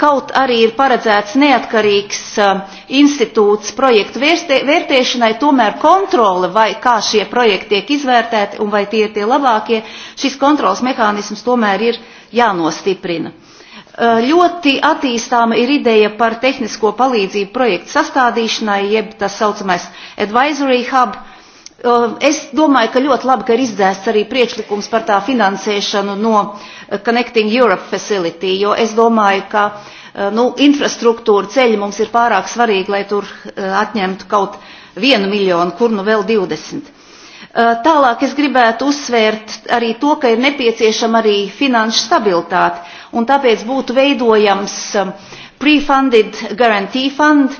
kaut arī ir paredzēts neatkarīgs eh, institūts projektu vērtēšanai, tomēr kontrole vai kā šie projekti tiek izvērtēti un vai tie ir tie labākie, šis kontrols mehānisms tomēr ir jānostiprina. Eh, ļoti attīstāma ir ideja par tehnisko palīdzību projektu sastādīšanai, jeb tas saucamais advisory hub, Eh, es domāju, ka ļoti labi, ka ir izdzēsts arī priekšlikums par tā finansēšanu no eh, Connecting Europe Facility, jo es domāju, ka eh, nu, infrastruktūra ceļi mums ir pārāk svarīgi, lai tur atņemtu kaut vienu miljonu, kur nu vēl 20. Tālāk es gribētu uzsvērt arī to, ka ir nepieciešama arī finanšu stabilitāte, un tāpēc būtu veidojams pre-funded guarantee fund,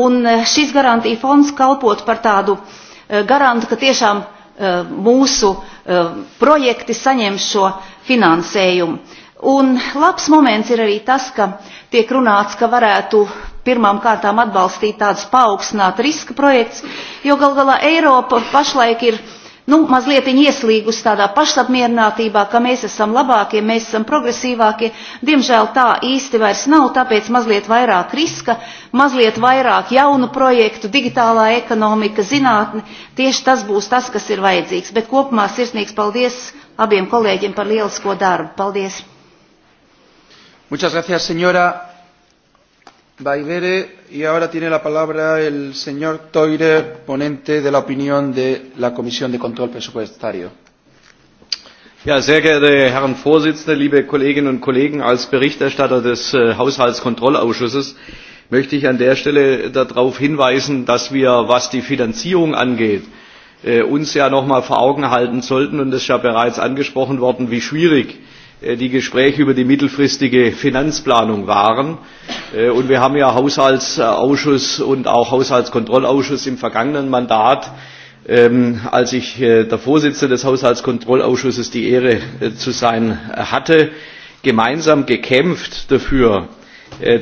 un šis garantija fonds kalpot par tādu uh, Eh, garantu, ka tiešām eh, mūsu eh, projekti saņem šo finansējumu. Un labs moments ir arī tas, ka tiek runāts, ka varētu pirmām kārtām atbalstīt tādus paaugstināt riska projekts, jo gal galā Eiropa pašlaik ir uh, nu, mazliet ieslīgus tādā pašapmierinātībā, ka mēs esam labākie, mēs esam progresīvākie. Diemžēl tā īsti vairs nav, tāpēc mazliet vairāk riska, mazliet vairāk jaunu projektu, digitālā ekonomika, zinātne. Tieši tas būs tas, kas ir vajadzīgs. Bet kopumā sirsnīgs paldies abiem kolēģiem par lielisko darbu. Paldies! Muchas gracias, señora. Baivere y ahora tiene la palabra el señor Toire, ponente de la opinión de la Comisión de Control Presupuestario. Ja, sehr geehrte Herren Vorsitzende, liebe Kolleginnen und Kollegen, als Berichterstatter des äh, Haushaltskontrollausschusses möchte ich an der Stelle darauf hinweisen, dass wir, was die Finanzierung angeht, äh, uns ja noch mal vor Augen halten sollten, und das ist ja bereits angesprochen worden, wie schwierig äh, Äh, die Gespräche über die mittelfristige Finanzplanung waren. Äh, und wir haben ja Haushaltsausschuss und auch Haushaltskontrollausschuss im vergangenen Mandat, ähm, als ich äh, der Vorsitzende des Haushaltskontrollausschusses die Ehre zu sein hatte, gemeinsam gekämpft dafür,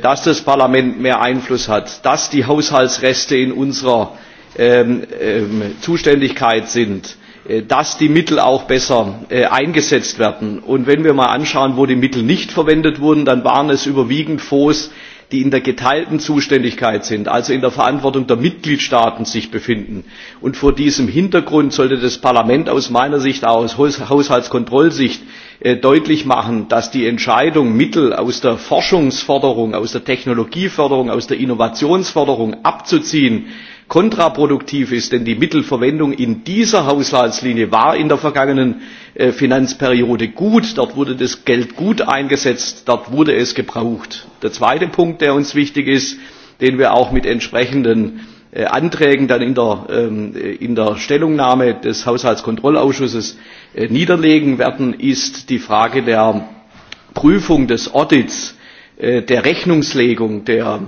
dass das Parlament mehr Einfluss hat, dass die Haushaltsreste in unserer ähm, ähm, Zuständigkeit sind Äh, dass die Mittel auch besser äh, eingesetzt werden. Und wenn wir mal anschauen, wo die Mittel nicht verwendet wurden, dann waren es überwiegend Fonds, die in der geteilten Zuständigkeit sind, also in der Verantwortung der Mitgliedstaaten sich befinden. Und vor diesem Hintergrund sollte das Parlament aus meiner Sicht, auch aus Haushaltskontrollsicht, äh, deutlich machen, dass die Entscheidung, Mittel aus der Forschungsförderung, aus der Technologieförderung, aus der Innovationsförderung abzuziehen, kontraproduktiv ist denn die mittelverwendung in dieser haushaltslinie war in der vergangenen äh, finanzperiode gut dort wurde das geld gut eingesetzt dort wurde es gebraucht. der zweite punkt der uns wichtig ist den wir auch mit entsprechenden äh, anträgen dann in der, ähm, äh, in der stellungnahme des haushaltskontrollausschusses äh, niederlegen werden ist die frage der prüfung des audits äh, der rechnungslegung der,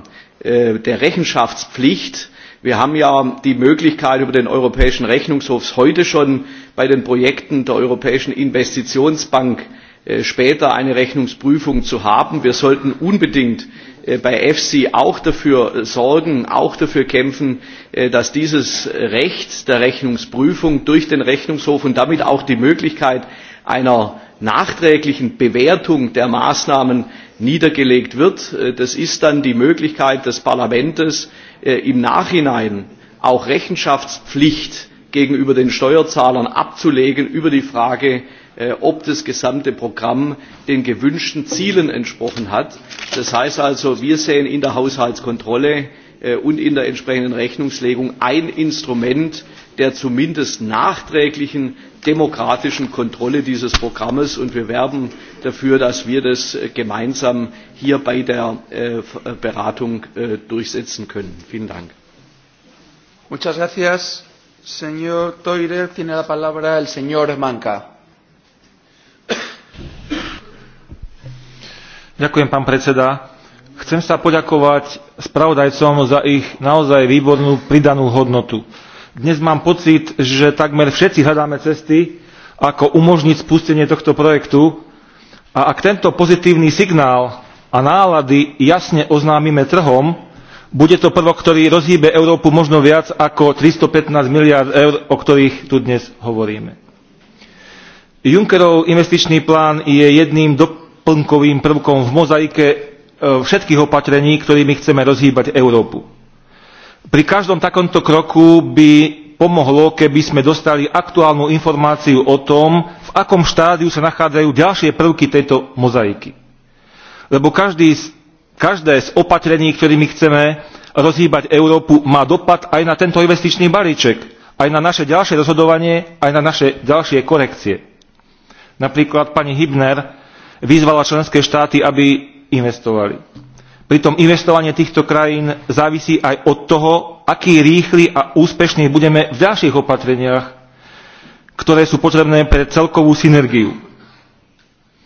äh, der rechenschaftspflicht wir haben ja die möglichkeit über den europäischen rechnungshof heute schon bei den projekten der europäischen investitionsbank äh, später eine rechnungsprüfung zu haben. wir sollten unbedingt äh, bei efsi auch dafür äh, sorgen auch dafür kämpfen dass dieses recht der rechnungsprüfung durch den rechnungshof und damit auch die möglichkeit einer nachträglichen bewertung der maßnahmen niedergelegt wird. das ist dann die möglichkeit des parlaments äh, im Nachhinein auch Rechenschaftspflicht gegenüber den Steuerzahlern abzulegen über die Frage, äh, ob das gesamte Programm den gewünschten Zielen entsprochen hat. Das heißt also, wir sehen in der Haushaltskontrolle Äh, und in der entsprechenden rechnungslegung ein instrument der zumindest nachträglichen demokratischen kontrolle dieses programms und wir werben dafür dass wir das äh, gemeinsam hier bei der äh, beratung durchsetzen können. vielen dank! Muchas gracias, señor Toire. Tiene la palabra el señor Manka. Ďakujem, pán predseda Chcem sa poďakovať spravodajcom za ich naozaj výbornú pridanú hodnotu. Dnes mám pocit, že takmer všetci hľadáme cesty, ako umožniť spustenie tohto projektu a ak tento pozitívny signál a nálady jasne oznámime trhom, bude to prvok, ktorý rozhýbe Európu možno viac ako 315 miliard eur, o ktorých tu dnes hovoríme. Junckerov investičný plán je jedným doplnkovým prvkom v mozaike E, všetkých opatrení, ktorými chceme rozhýbať Európu. Pri každom takomto kroku by pomohlo, keby sme dostali aktuálnu informáciu o tom, v akom štádiu sa nachádzajú ďalšie prvky tejto mozaiky. Lebo každý, každé z opatrení, ktorými chceme rozhýbať Európu, má dopad aj na tento investičný balíček, aj na naše ďalšie rozhodovanie, aj na naše ďalšie korekcie. Napríklad pani Hibner vyzvala členské štáty, aby investovali. Pritom investovanie týchto krajín závisí aj od toho, aký rýchly a úspešný budeme v ďalších opatreniach, ktoré sú potrebné pre celkovú synergiu.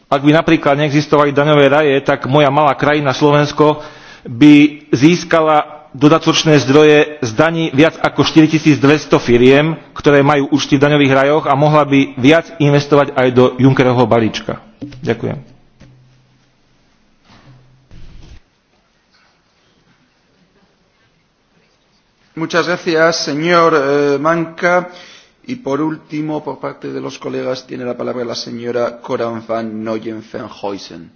Ak by napríklad neexistovali daňové raje, tak moja malá krajina Slovensko by získala dodatočné zdroje z daní viac ako 4200 firiem, ktoré majú účty v daňových rajoch a mohla by viac investovať aj do Junckerovho balíčka. Ďakujem. Muchas gracias, señor eh, Manca. Y por último, por parte de los colegas, tiene la palabra la señora Coran van Nooyen-Verheusen.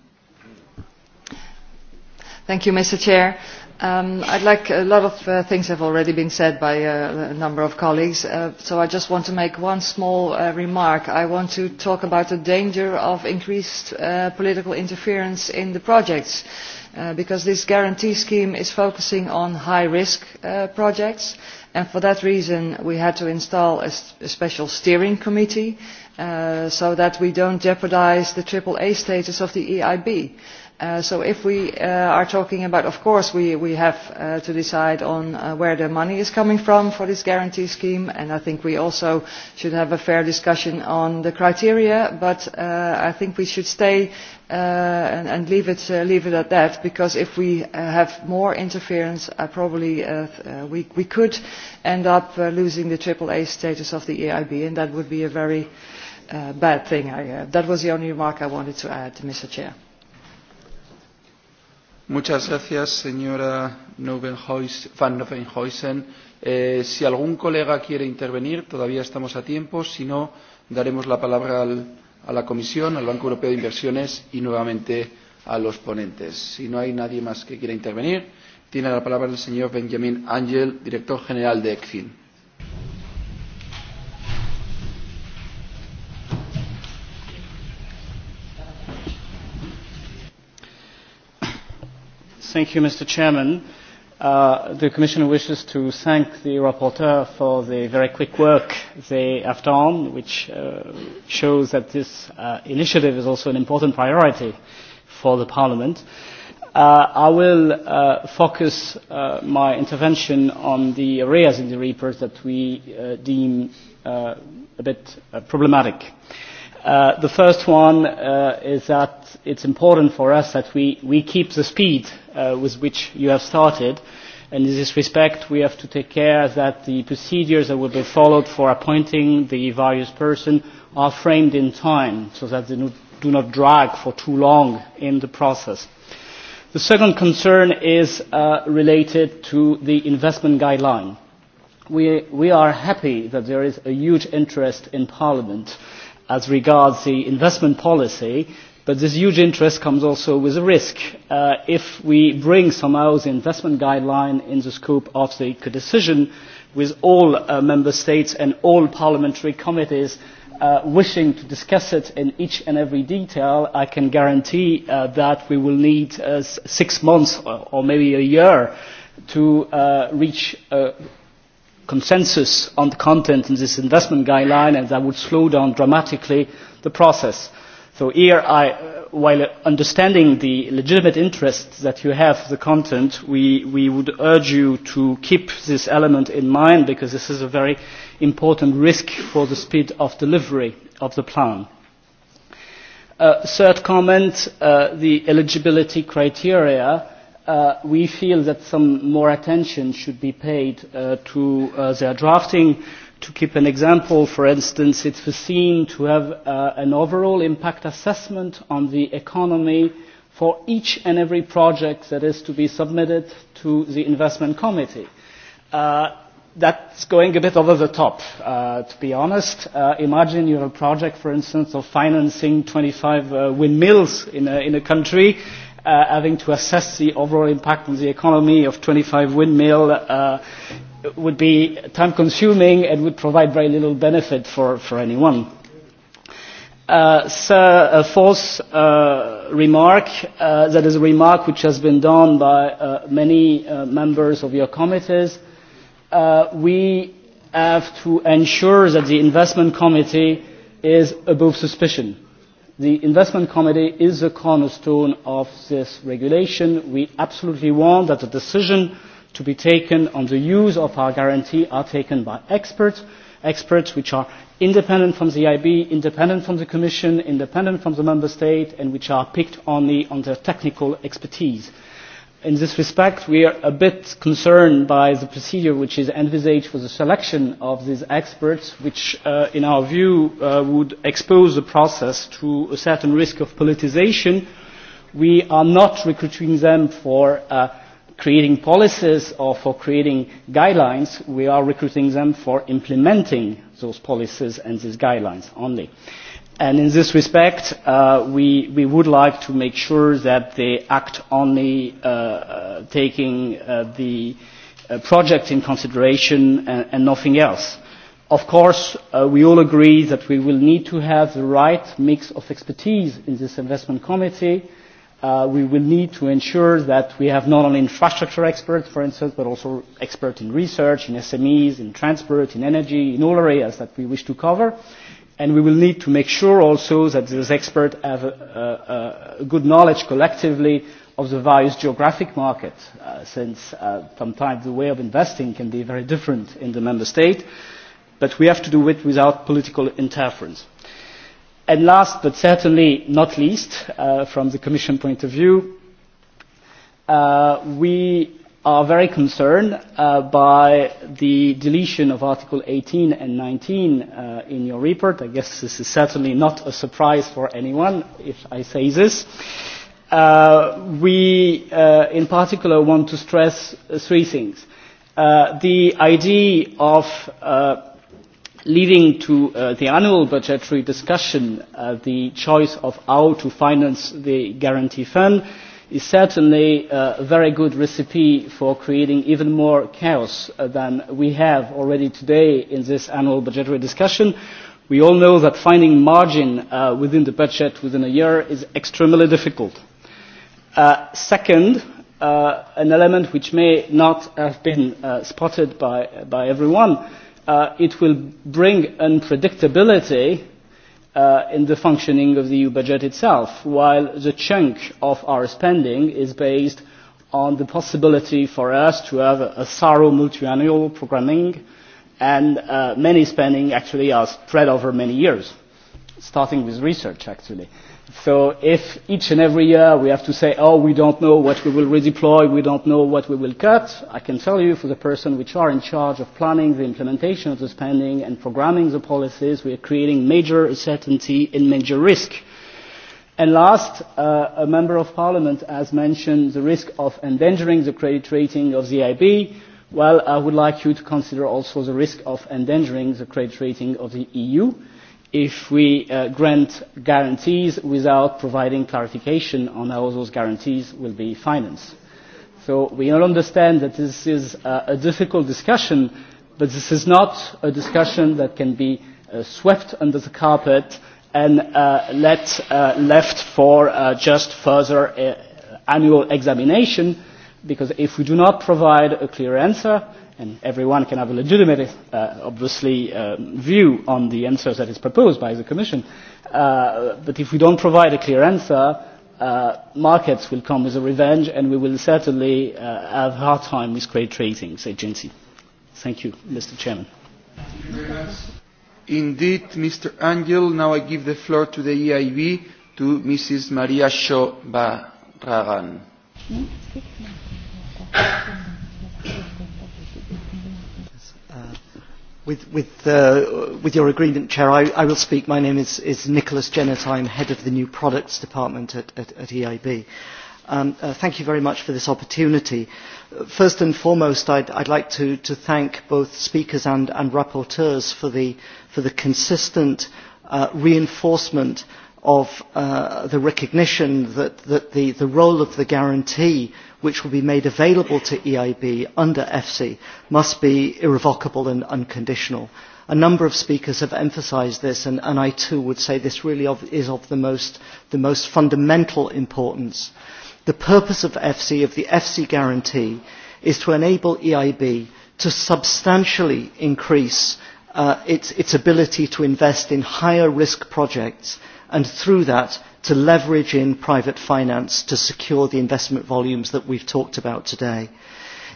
Thank you, Mr. Chair. Um, I'd like a lot of uh, things have already been said by uh, a number of colleagues, uh, so I just want to make one small uh, remark. I want to talk about the danger of increased uh, political interference in the projects. Uh, uh, because this guarantee scheme is focusing on high risk uh, projects and for that reason we had to install a, a special steering committee uh, so that we don't jeopardize the AAA status of the EIB. Uh, Uh, so if we uh, are talking about, of course, we, we have uh, to decide on uh, where the money is coming from for this guarantee scheme, and I think we also should have a fair discussion on the criteria, but uh, I think we should stay uh, and, and leave, it, uh, leave it at that, because if we uh, have more interference, uh, probably uh, uh, we, we could end up uh, losing the AAA status of the EIB, and that would be a very uh, bad thing. I, uh, that was the only remark I wanted to add, Mr. Chair. Muchas gracias, señora Van Novenhuizen. Eh, si algún colega quiere intervenir, todavía estamos a tiempo. Si no, daremos la palabra al, a la Comisión, al Banco Europeo de Inversiones y nuevamente a los ponentes. Si no hay nadie más que quiera intervenir, tiene la palabra el señor Benjamin Angel, director general de ECFIN. Thank you, Mr. Chairman. Uh, the Commission wishes to thank the rapporteur for the very quick work they have done, which uh, shows that this uh, initiative is also an important priority for the Parliament. Uh, I will uh, focus uh, my intervention on the areas in the report that we uh, deem uh, a bit uh, problematic. Uh, the first one uh, is that it's important for us that we, we keep the speed uh, with which you have started. And in this respect, we have to take care that the procedures that will be followed for appointing the various person are framed in time so that they do not drag for too long in the process. The second concern is uh, related to the investment guideline. We, we are happy that there is a huge interest in Parliament as regards the investment policy But this huge interest comes also with a risk. Uh, if we bring somehow the investment guideline in the scope of the co-decision with all uh, member states and all parliamentary committees uh, wishing to discuss it in each and every detail, I can guarantee uh, that we will need uh, six months or, or maybe a year to uh, reach a consensus on the content in this investment guideline and that would slow down dramatically the process So here, I, while understanding the legitimate interest that you have for the content, we, we would urge you to keep this element in mind because this is a very important risk for the speed of delivery of the plan. Uh, third comment, uh, the eligibility criteria. Uh, we feel that some more attention should be paid uh, to uh, their drafting. Uh, to keep an example, for instance, it's foreseen to have uh, an overall impact assessment on the economy for each and every project that is to be submitted to the investment committee. Uh, that's going a bit over the top, uh, to be honest. Uh, imagine you have a project, for instance, of financing 25 uh, windmills in a, in a country, uh, having to assess the overall impact on the economy of 25 windmills. Uh, would be time consuming and would provide very little benefit for, for anyone. Uh, so a fourth uh, remark, uh, that is a remark which has been done by uh, many uh, members of your committees. Uh, we have to ensure that the investment committee is above suspicion. The investment committee is the cornerstone of this regulation. We absolutely want that the decision uh, to be taken on the use of our guarantee are taken by experts, experts which are independent from the EIB, independent from the Commission, independent from the Member State, and which are picked only on their technical expertise. In this respect, we are a bit concerned by the procedure which is envisaged for the selection of these experts, which, uh, in our view, uh, would expose the process to a certain risk of politicization. We are not recruiting them for uh, creating policies or for creating guidelines, we are recruiting them for implementing those policies and these guidelines only. And in this respect, uh, we, we would like to make sure that they act only uh, uh, taking uh, the uh, project in consideration and, and nothing else. Of course, uh, we all agree that we will need to have the right mix of expertise in this investment committee. Uh, uh, we will need to ensure that we have not only infrastructure experts, for instance, but also experts in research, in SMEs, in transport, in energy, in all areas that we wish to cover. And we will need to make sure also that those experts have a, a, a good knowledge collectively of the various geographic markets, uh, since uh, sometimes the way of investing can be very different in the member state. But we have to do it without political interference And last but certainly not least, uh, from the Commission point of view, uh, we are very concerned uh, by the deletion of Article 18 and 19 uh, in your report. I guess this is certainly not a surprise for anyone if I say this. Uh, we, uh, in particular, want to stress three things. Uh, the idea of uh, leading to uh, the annual budgetary discussion, uh, the choice of how to finance the guarantee fund is certainly uh, a very good recipe for creating even more chaos uh, than we have already today in this annual budgetary discussion. We all know that finding margin uh, within the budget within a year is extremely difficult. Uh, second, uh, an element which may not have been uh, spotted by, by everyone uh, uh, it will bring unpredictability uh, in the functioning of the EU budget itself, while the chunk of our spending is based on the possibility for us to have a, a thorough multi-annual programming and uh, many spending actually are spread over many years, starting with research actually. Uh, So if each and every year we have to say, oh, we don't know what we will redeploy, we don't know what we will cut, I can tell you for the person which are in charge of planning the implementation of the spending and programming the policies, we are creating major uncertainty and major risk. And last, uh, a member of parliament has mentioned the risk of endangering the credit rating of the EIB. Well, I would like you to consider also the risk of endangering the credit rating of the EU if we uh, grant guarantees without providing clarification on how those guarantees will be financed. So we all understand that this is uh, a difficult discussion, but this is not a discussion that can be uh, swept under the carpet and uh, let, uh, left for uh, just further uh, annual examination, because if we do not provide a clear answer, and everyone can have a legitimate, uh, obviously, um, view on the answers that is proposed by the Commission. Uh, but if we don't provide a clear answer, uh, markets will come with a revenge and we will certainly uh, have a hard time with credit ratings agency. Thank you, Mr. Chairman. Thank you very much. Indeed, Mr. Angel, now I give the floor to the EIB, to Mrs. Maria Shaw-Baragan. Hmm? With, with, uh, with your agreement, Chair, I, I will speak. My name is, is Nicholas Jennett. I'm head of the New Products Department at, at, at EIB. Um, uh, thank you very much for this opportunity. First and foremost, I'd, I'd like to, to thank both speakers and, and rapporteurs for the, for the consistent uh, reinforcement of uh, the recognition that, that the, the role of the guarantee uh, which will be made available to EIB under EFSI must be irrevocable and unconditional. A number of speakers have emphasized this, and, and I too would say this really of, is of the most, the most fundamental importance. The purpose of EFSI, of the EFSI guarantee, is to enable EIB to substantially increase uh, its, its ability to invest in higher risk projects and through that to leverage in private finance to secure the investment volumes that we've talked about today.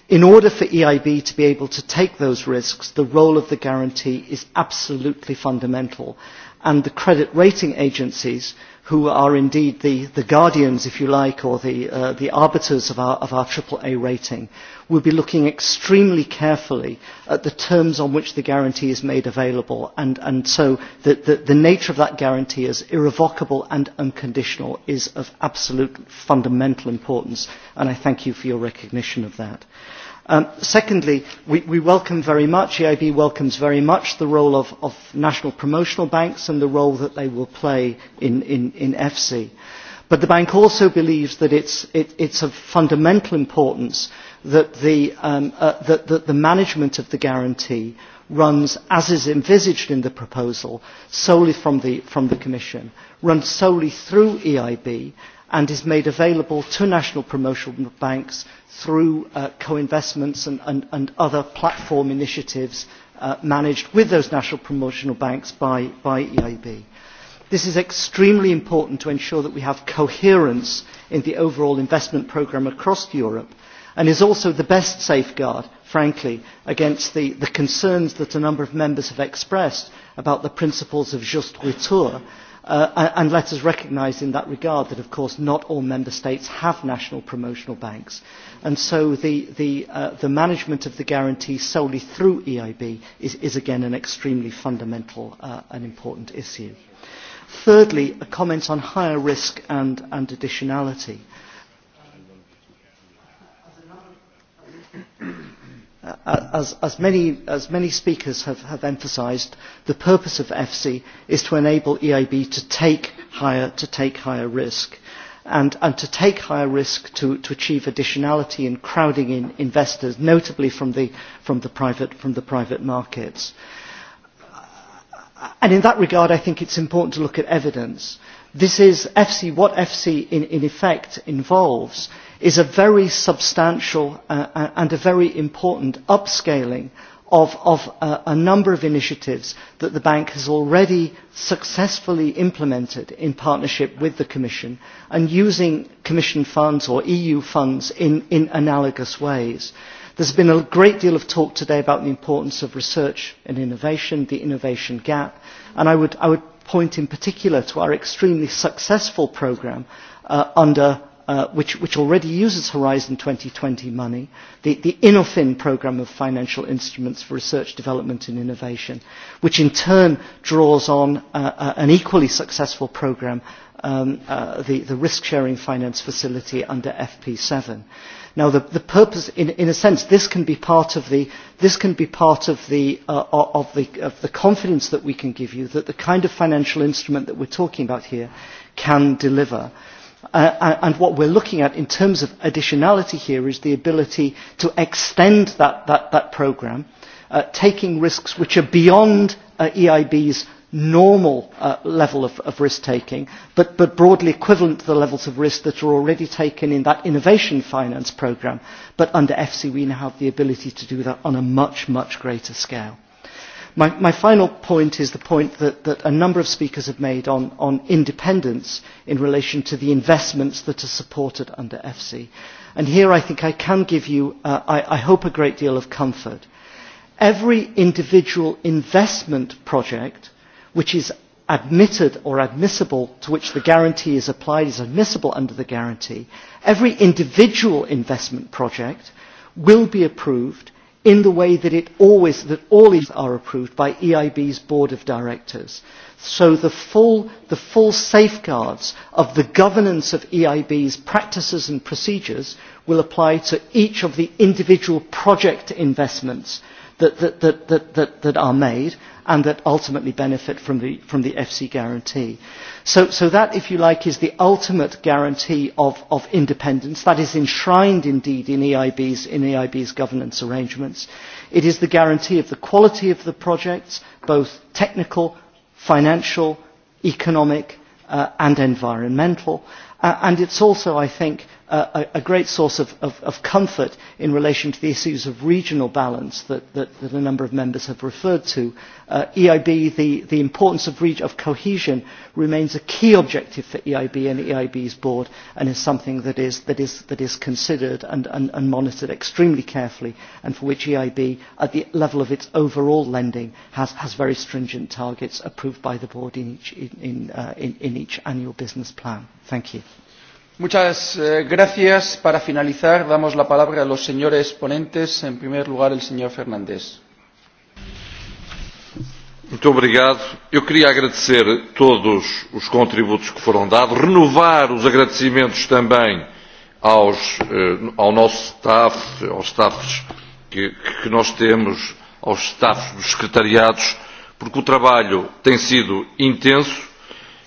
In order for EIB to be able to take those risks, the role of the guarantee is absolutely fundamental. And the credit rating agencies who are indeed the, the guardians, if you like, or the, uh, the arbiters of our, of our AAA rating, will be looking extremely carefully at the terms on which the guarantee is made available. And, and so the, the, the nature of that guarantee as irrevocable and unconditional is of absolute fundamental importance, and I thank you for your recognition of that. Um, secondly, we, we welcome very much, EIB welcomes very much the role of, of national promotional banks and the role that they will play in, in, in EFSI. But the bank also believes that it's, it, it's of fundamental importance that the, um, uh, that, that the management of the guarantee runs as is envisaged in the proposal solely from the, from the Commission, runs solely through EIB and is made available to national promotional banks through uh, co-investments and, and, and other platform initiatives uh, managed with those national promotional banks by, by EIB. This is extremely important to ensure that we have coherence in the overall investment programme across Europe and is also the best safeguard, frankly, against the, the concerns that a number of members have expressed about the principles of just retour Uh, and let us recognise in that regard that, of course, not all member states have national promotional banks. And so the, the, uh, the management of the guarantee solely through EIB is, is again, an extremely fundamental uh, and important issue. Thirdly, a comment on higher risk and, and additionality. Uh, as, as, many, as many speakers have, have emphasised, the purpose of EFSI is to enable EIB to take higher, to take higher risk and, and to take higher risk to, to achieve additionality in crowding in investors, notably from the, from the, private, from the private markets. And in that regard, I think it's important to look at evidence. This is FC, what FC in, in effect involves is a very substantial uh, uh, and a very important upscaling of, of uh, a number of initiatives that the bank has already successfully implemented in partnership with the Commission and using Commission funds or EU funds in, in analogous ways. There's been a great deal of talk today about the importance of research and innovation, the innovation gap, and I would, I would point in particular to our extremely successful programme uh, under uh, which, which already uses Horizon 2020 money, the, the INOFIN program of financial instruments for research, development and innovation, which in turn draws on uh, uh, an equally successful program, um, uh, the, the risk-sharing finance facility under FP7. Now, the, the purpose, in, in a sense, this can be part of the, this can be part of the, uh, of, the, of the confidence that we can give you that the kind of financial instrument that we're talking about here can deliver. Uh, Uh, uh, and what we're looking at in terms of additionality here is the ability to extend that, that, that programme, uh, taking risks which are beyond uh, EIB's normal uh, level of, of risk taking, but, but broadly equivalent to the levels of risk that are already taken in that innovation finance programme. But under EFSI, we now have the ability to do that on a much, much greater scale. My, my final point is the point that, that a number of speakers have made on, on independence in relation to the investments that are supported under EFSI. And here I think I can give you, uh, I, I hope, a great deal of comfort. Every individual investment project which is admitted or admissible to which the guarantee is applied is admissible under the guarantee, every individual investment project will be approved in the way that it always that all is are approved by EIB's board of directors. So the full the full safeguards of the governance of EIB's practices and procedures will apply to each of the individual project investments that, that, that, that, that, that are made and that ultimately benefit from the, from the FC guarantee. So, so that, if you like, is the ultimate guarantee of, of independence. That is enshrined indeed in EIB's, in EIB's governance arrangements. It is the guarantee of the quality of the projects, both technical, financial, economic, uh, and environmental. Uh, and it's also, I think, uh, a, a great source of, of, of comfort in relation to the issues of regional balance that, that, that a number of members have referred to. Uh, EIB, the, the importance of, reg- of cohesion remains a key objective for EIB and the EIB's board and is something that is, that is, that is considered and, and, and monitored extremely carefully and for which EIB, at the level of its overall lending, has, has very stringent targets approved by the board in each, in, in, uh, in, in each annual business plan. Thank you. Muchas eh, gracias. Para finalizar, damos la palabra a los señores ponentes. En primer lugar, el señor Fernández. Muito obrigado. Eu queria agradecer todos os contributos que foram dados, renovar os agradecimentos também aos, eh, ao nosso staff, aos staffs que, que nós temos, aos staffs dos secretariados, porque o trabalho tem sido intenso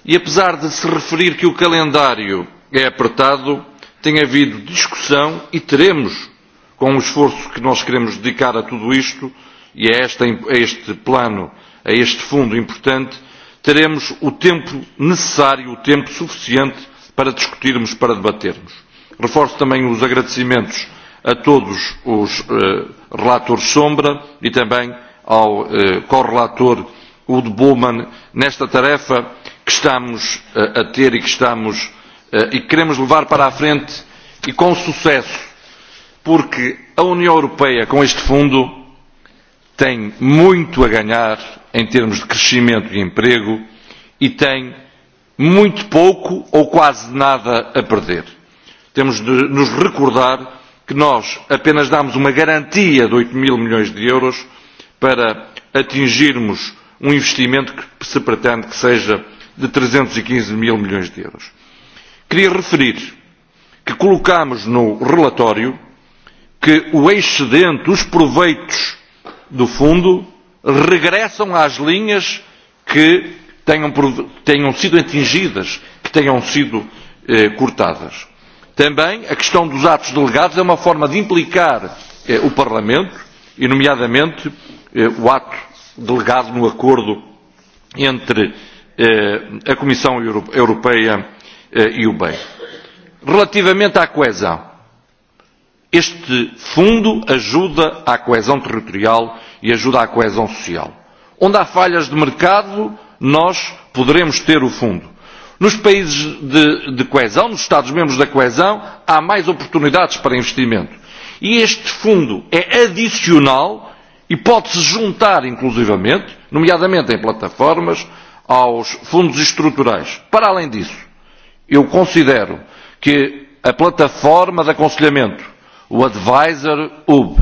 e apesar de se referir que o calendário é apertado, tem havido discussão e teremos, com o esforço que nós queremos dedicar a tudo isto e a, esta, a este plano, a este fundo importante, teremos o tempo necessário, o tempo suficiente para discutirmos, para debatermos. Reforço também os agradecimentos a todos os eh, relatores sombra e também ao eh, correlator Udo Bullman nesta tarefa que estamos eh, a ter e que estamos Eh, e que queremos levar para a frente e com sucesso, porque a União Europeia, com este fundo, tem muito a ganhar em termos de crescimento e emprego e tem muito pouco ou quase nada a perder. Temos de nos recordar que nós apenas damos uma garantia de 8 mil milhões de euros para atingirmos um investimento que se pretende que seja de 315 e mil milhões de euros. Queria referir que colocamos no relatório que o excedente, os proveitos do fundo regressam às linhas que tenham, tenham sido atingidas, que tenham sido eh, cortadas. Também a questão dos atos delegados é uma forma de implicar eh, o Parlamento, e nomeadamente eh, o ato delegado no acordo entre eh, a Comissão Europeia Eh, e o bem. Relativamente à coesão, este fundo ajuda à coesão territorial e ajuda à coesão social. Onde há falhas de mercado, nós poderemos ter o fundo. Nos países de, de coesão, nos Estados-membros da coesão, há mais oportunidades para investimento. E este fundo é adicional e pode-se juntar, inclusivamente, nomeadamente em plataformas, aos fundos estruturais. Para além disso, eu considero que a plataforma de aconselhamento, o Advisor Hub,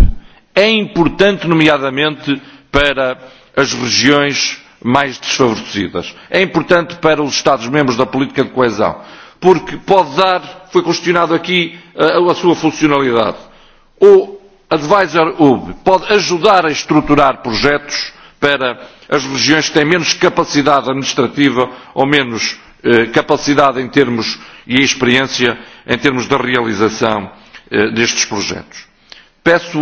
é importante, nomeadamente, para as regiões mais desfavorecidas. É importante para os Estados-membros da política de coesão, porque pode dar, foi questionado aqui, a, a sua funcionalidade. O Advisor Hub pode ajudar a estruturar projetos para as regiões que têm menos capacidade administrativa ou menos Eh, capacidade em termos e experiência em termos da realização eh, destes projetos. Peço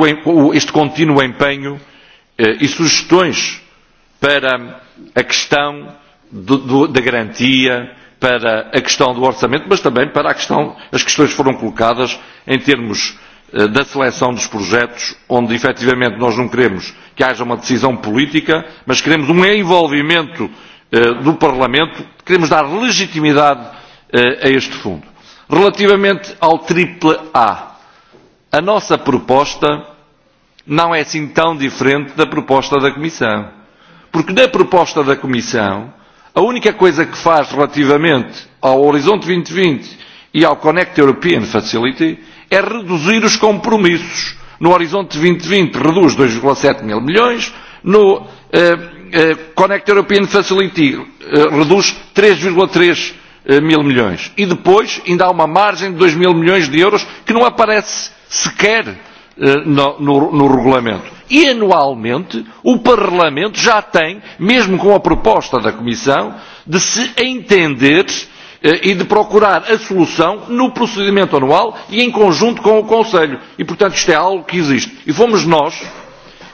este contínuo empenho eh, e sugestões para a questão da garantia, para a questão do orçamento, mas também para a questão, as questões que foram colocadas em termos da seleção dos projetos, onde efetivamente nós não queremos que haja uma decisão política, mas queremos um envolvimento Eh, do Parlamento, queremos dar legitimidade eh, a este fundo. Relativamente ao AAA, a nossa proposta não é assim tão diferente da proposta da Comissão. Porque na proposta da Comissão, a única coisa que faz relativamente ao Horizonte 2020 e, e ao Connect European Facility é reduzir os compromissos. No Horizonte 2020 e reduz 2,7 mil milhões, no eh, Eh, Connect European Facility eh, reduz 3,3 eh, mil milhões. E depois ainda há uma margem de 2 mil milhões de euros que não aparece sequer no, no, no regulamento. E anualmente o Parlamento já tem, mesmo com a proposta da Comissão, de se entender e de procurar a solução no procedimento anual e em conjunto com o Conselho. E, portanto, isto é algo que existe. E fomos nós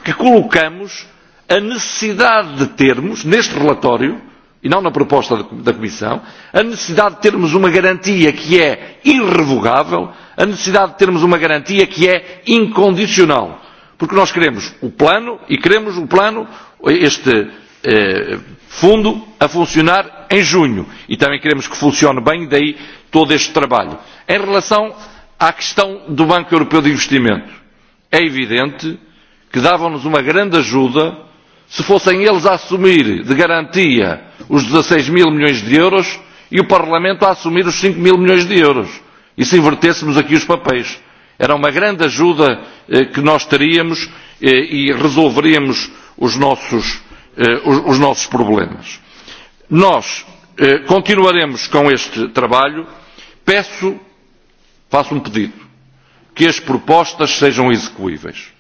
que colocamos a necessidade de termos, neste relatório, e não na proposta da Comissão, a necessidade de termos uma garantia que é irrevogável, a necessidade de termos uma garantia que é incondicional. Porque nós queremos o plano e queremos o plano, este eh, fundo, a funcionar em junho. E também queremos que funcione bem, daí todo este trabalho. Em relação à questão do Banco Europeu de Investimento, é evidente que davam-nos uma grande ajuda se fossem eles a assumir de garantia os 16 mil milhões de euros e o Parlamento a assumir os 5 mil milhões de euros. E se invertêssemos aqui os papéis. Era uma grande ajuda eh, que nós teríamos eh, e resolveríamos os nossos, eh, os, os nossos problemas. Nós eh, continuaremos com este trabalho. Peço, faço um pedido, que as propostas sejam execuíveis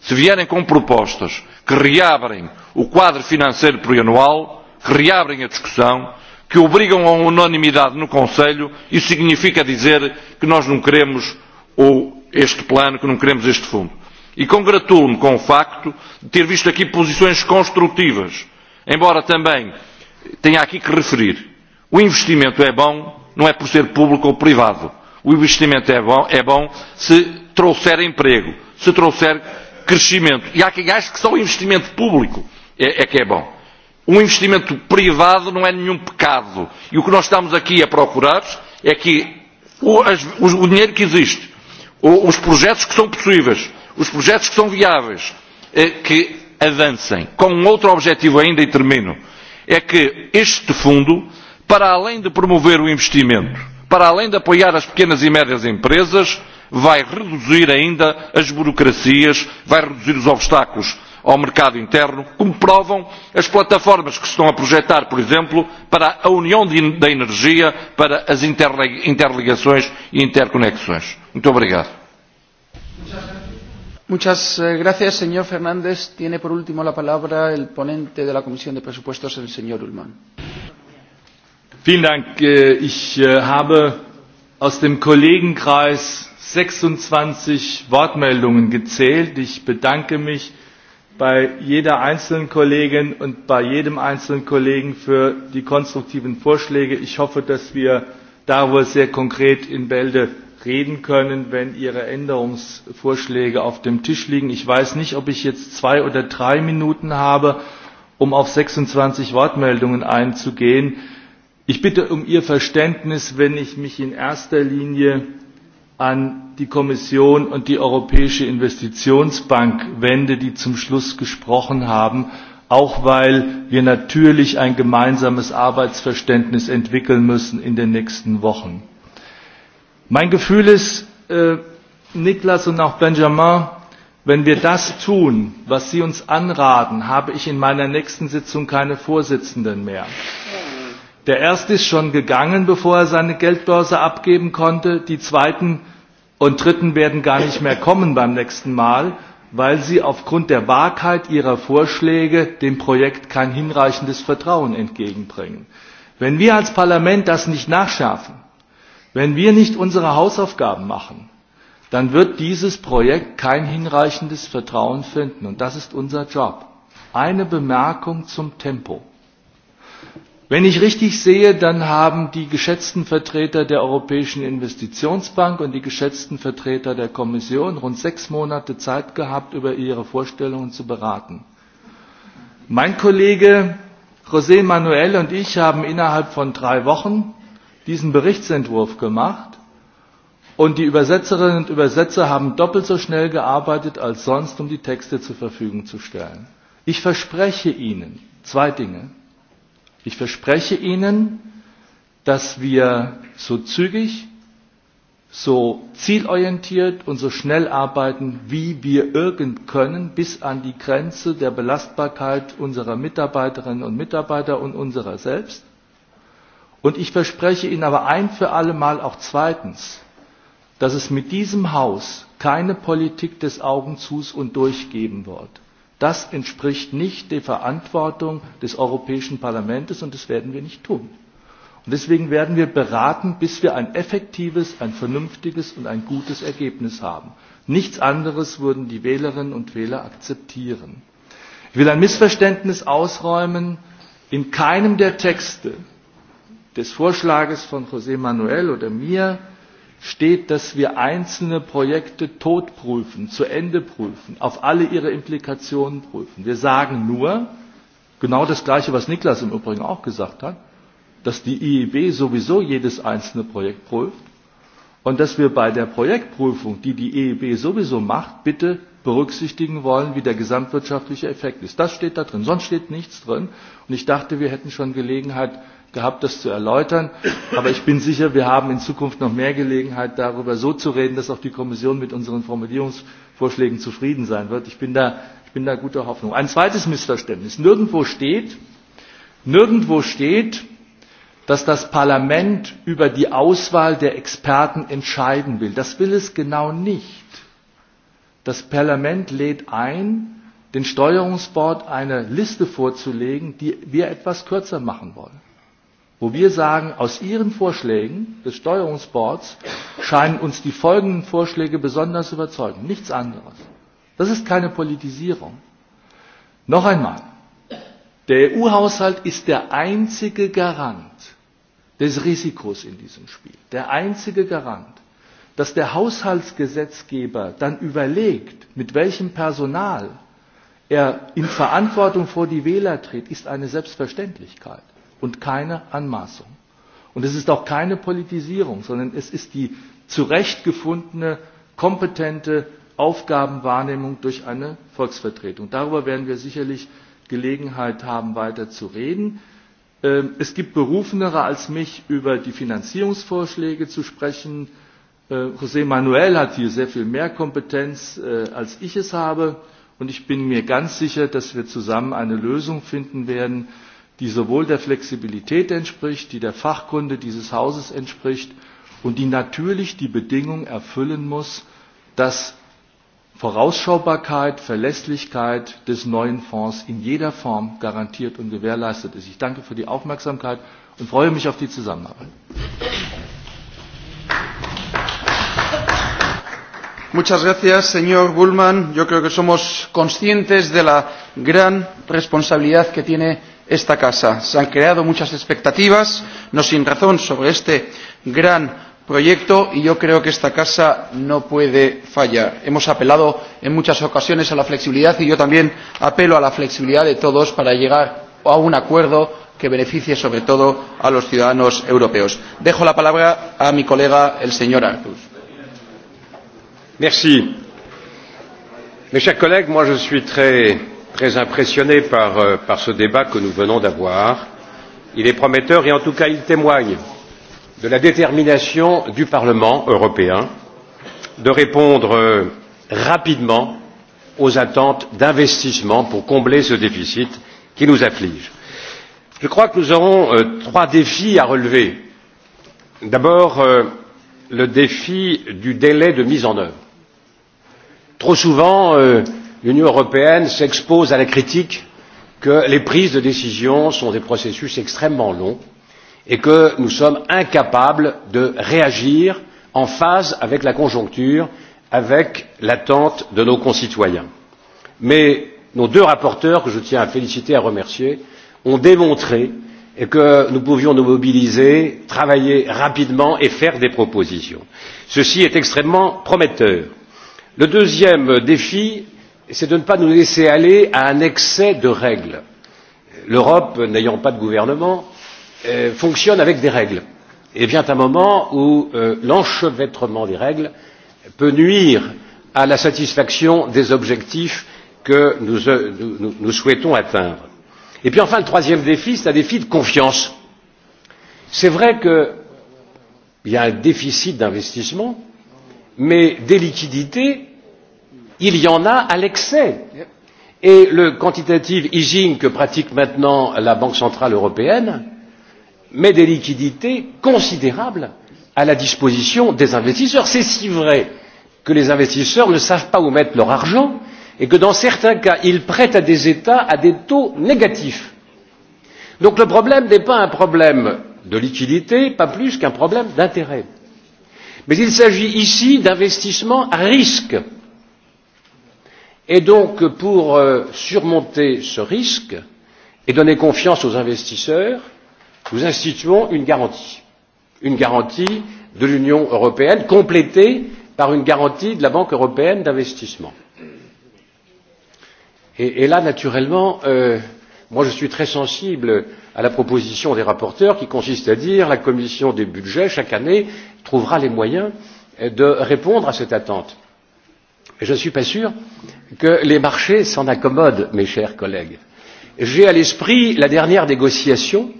se vierem com propostas que reabrem o quadro financeiro plurianual, que reabrem a discussão, que obrigam a unanimidade no Conselho, isso significa dizer que nós não queremos ou este plano, que não queremos este fundo. E congratulo-me com o facto de ter visto aqui posições construtivas, embora também tenha aqui que referir. O investimento é bom, não é por ser público ou privado. O investimento é bom, é bom se trouxer emprego, se trouxer crescimento. E há quem ache que só o investimento público é, é que é bom. Um investimento privado não é nenhum pecado. E o que nós estamos aqui a procurar é que o, as, o, o dinheiro que existe, o, os projetos que são possíveis, os projetos que são viáveis, eh, que avancem. Com um outro objetivo ainda, e termino, é que este fundo, para além de promover o investimento, para além de apoiar as pequenas e médias empresas, vai reduzir ainda as burocracias, vai reduzir os obstáculos ao mercado interno, como provam as plataformas que se estão a projetar, por exemplo, para a união de, da energia, para as interligações e interconexões. Muito obrigado. Muchas eh, gracias, señor Fernández. Tiene por último la palabra el ponente de la Comisión de Presupuestos, el señor Ullmann. Vielen Dank. Eh, ich eh, habe aus dem Kollegenkreis 26 Wortmeldungen gezählt. Ich bedanke mich bei jeder einzelnen Kollegin und bei jedem einzelnen Kollegen für die konstruktiven Vorschläge. Ich hoffe, dass wir darüber sehr konkret in Bälde reden können, wenn Ihre Änderungsvorschläge auf dem Tisch liegen. Ich weiß nicht, ob ich jetzt zwei oder drei Minuten habe, um auf 26 Wortmeldungen einzugehen ich bitte um ihr verständnis wenn ich mich in erster linie an die kommission und die europäische investitionsbank wende die zum schluss gesprochen haben auch weil wir natürlich ein gemeinsames arbeitsverständnis entwickeln müssen in den nächsten wochen. mein gefühl ist äh, niklas und auch benjamin wenn wir das tun was sie uns anraten habe ich in meiner nächsten sitzung keine vorsitzenden mehr. Der erste ist schon gegangen, bevor er seine Geldbörse abgeben konnte. Die zweiten und dritten werden gar nicht mehr kommen beim nächsten Mal, weil sie aufgrund der Wahrheit ihrer Vorschläge dem Projekt kein hinreichendes Vertrauen entgegenbringen. Wenn wir als Parlament das nicht nachschärfen, wenn wir nicht unsere Hausaufgaben machen, dann wird dieses Projekt kein hinreichendes Vertrauen finden. Und das ist unser Job. Eine Bemerkung zum Tempo. Wenn ich richtig sehe, dann haben die geschätzten Vertreter der Europäischen Investitionsbank und die geschätzten Vertreter der Kommission rund sechs Monate Zeit gehabt, über ihre Vorstellungen zu beraten. Mein Kollege José Manuel und ich haben innerhalb von drei Wochen diesen Berichtsentwurf gemacht und die Übersetzerinnen und Übersetzer haben doppelt so schnell gearbeitet als sonst, um die Texte zur Verfügung zu stellen. Ich verspreche Ihnen zwei Dinge. Ich verspreche Ihnen, dass wir so zügig, so zielorientiert und so schnell arbeiten, wie wir irgend können, bis an die Grenze der Belastbarkeit unserer Mitarbeiterinnen und Mitarbeiter und unserer selbst. Und ich verspreche Ihnen aber ein für alle Mal auch zweitens, dass es mit diesem Haus keine Politik des Augenzus und Durchgeben wird. Das entspricht nicht der Verantwortung des Europäischen Parlaments, und das werden wir nicht tun. Und deswegen werden wir beraten, bis wir ein effektives, ein vernünftiges und ein gutes Ergebnis haben. Nichts anderes würden die Wählerinnen und Wähler akzeptieren. Ich will ein Missverständnis ausräumen. In keinem der Texte des Vorschlages von José Manuel oder mir steht, dass wir einzelne Projekte totprüfen, zu Ende prüfen, auf alle ihre Implikationen prüfen. Wir sagen nur, genau das Gleiche, was Niklas im Übrigen auch gesagt hat, dass die IEB sowieso jedes einzelne Projekt prüft und dass wir bei der Projektprüfung, die die EIB sowieso macht, bitte berücksichtigen wollen, wie der gesamtwirtschaftliche Effekt ist. Das steht da drin, sonst steht nichts drin. Und ich dachte, wir hätten schon Gelegenheit, gehabt, das zu erläutern. Aber ich bin sicher, wir haben in Zukunft noch mehr Gelegenheit, darüber so zu reden, dass auch die Kommission mit unseren Formulierungsvorschlägen zufrieden sein wird. Ich bin da, ich bin da guter Hoffnung. Ein zweites Missverständnis. Nirgendwo steht, nirgendwo steht, dass das Parlament über die Auswahl der Experten entscheiden will. Das will es genau nicht. Das Parlament lädt ein, den Steuerungsbord eine Liste vorzulegen, die wir etwas kürzer machen wollen wo wir sagen, aus Ihren Vorschlägen des Steuerungsboards scheinen uns die folgenden Vorschläge besonders überzeugend, nichts anderes. Das ist keine Politisierung. Noch einmal, der EU-Haushalt ist der einzige Garant des Risikos in diesem Spiel, der einzige Garant, dass der Haushaltsgesetzgeber dann überlegt, mit welchem Personal er in Verantwortung vor die Wähler tritt, ist eine Selbstverständlichkeit und keine Anmaßung. Und es ist auch keine Politisierung, sondern es ist die zurecht gefundene, kompetente Aufgabenwahrnehmung durch eine Volksvertretung. Darüber werden wir sicherlich Gelegenheit haben, weiter zu reden. Ähm, es gibt Berufenere als mich, über die Finanzierungsvorschläge zu sprechen. Äh, José Manuel hat hier sehr viel mehr Kompetenz, äh, als ich es habe. Und ich bin mir ganz sicher, dass wir zusammen eine Lösung finden werden, die sowohl der Flexibilität entspricht, die der Fachkunde dieses Hauses entspricht und die natürlich die Bedingung erfüllen muss, dass Vorausschaubarkeit, Verlässlichkeit des neuen Fonds in jeder Form garantiert und gewährleistet ist. Ich danke für die Aufmerksamkeit und freue mich auf die Zusammenarbeit. Muchas gracias, señor Bullman. Yo creo que somos conscientes de la gran responsabilidad que tiene esta casa. Se han creado muchas expectativas, no sin razón, sobre este gran proyecto y yo creo que esta casa no puede fallar. Hemos apelado en muchas ocasiones a la flexibilidad y yo también apelo a la flexibilidad de todos para llegar a un acuerdo que beneficie sobre todo a los ciudadanos europeos. Dejo la palabra a mi colega, el señor Artus. Merci. Mes chers collègues, moi je suis très très impressionné par, euh, par ce débat que nous venons d'avoir. Il est prometteur et en tout cas il témoigne de la détermination du Parlement européen de répondre euh, rapidement aux attentes d'investissement pour combler ce déficit qui nous afflige. Je crois que nous aurons euh, trois défis à relever. D'abord, euh, le défi du délai de mise en œuvre. Trop souvent, euh, l'union européenne s'expose à la critique que les prises de décision sont des processus extrêmement longs et que nous sommes incapables de réagir en phase avec la conjoncture avec l'attente de nos concitoyens. mais nos deux rapporteurs que je tiens à féliciter et à remercier ont démontré que nous pouvions nous mobiliser travailler rapidement et faire des propositions. ceci est extrêmement prometteur. le deuxième défi c'est de ne pas nous laisser aller à un excès de règles. L'Europe, n'ayant pas de gouvernement, euh, fonctionne avec des règles. Et vient un moment où euh, l'enchevêtrement des règles peut nuire à la satisfaction des objectifs que nous, euh, nous, nous souhaitons atteindre. Et puis enfin, le troisième défi, c'est un défi de confiance. C'est vrai qu'il y a un déficit d'investissement, mais des liquidités il y en a à l'excès et le quantitative easing que pratique maintenant la banque centrale européenne met des liquidités considérables à la disposition des investisseurs. c'est si vrai que les investisseurs ne savent pas où mettre leur argent et que dans certains cas ils prêtent à des états à des taux négatifs. donc le problème n'est pas un problème de liquidité pas plus qu'un problème d'intérêt mais il s'agit ici d'investissements à risque Et donc, pour euh, surmonter ce risque et donner confiance aux investisseurs, nous instituons une garantie, une garantie de l'Union européenne, complétée par une garantie de la Banque européenne d'investissement. Et, et là, naturellement, euh, moi je suis très sensible à la proposition des rapporteurs qui consiste à dire la commission des budgets, chaque année, trouvera les moyens euh, de répondre à cette attente Mais je ne suis pas sûr que les marchés s'en accommodent, mes chers collègues. J'ai à l'esprit la dernière négociation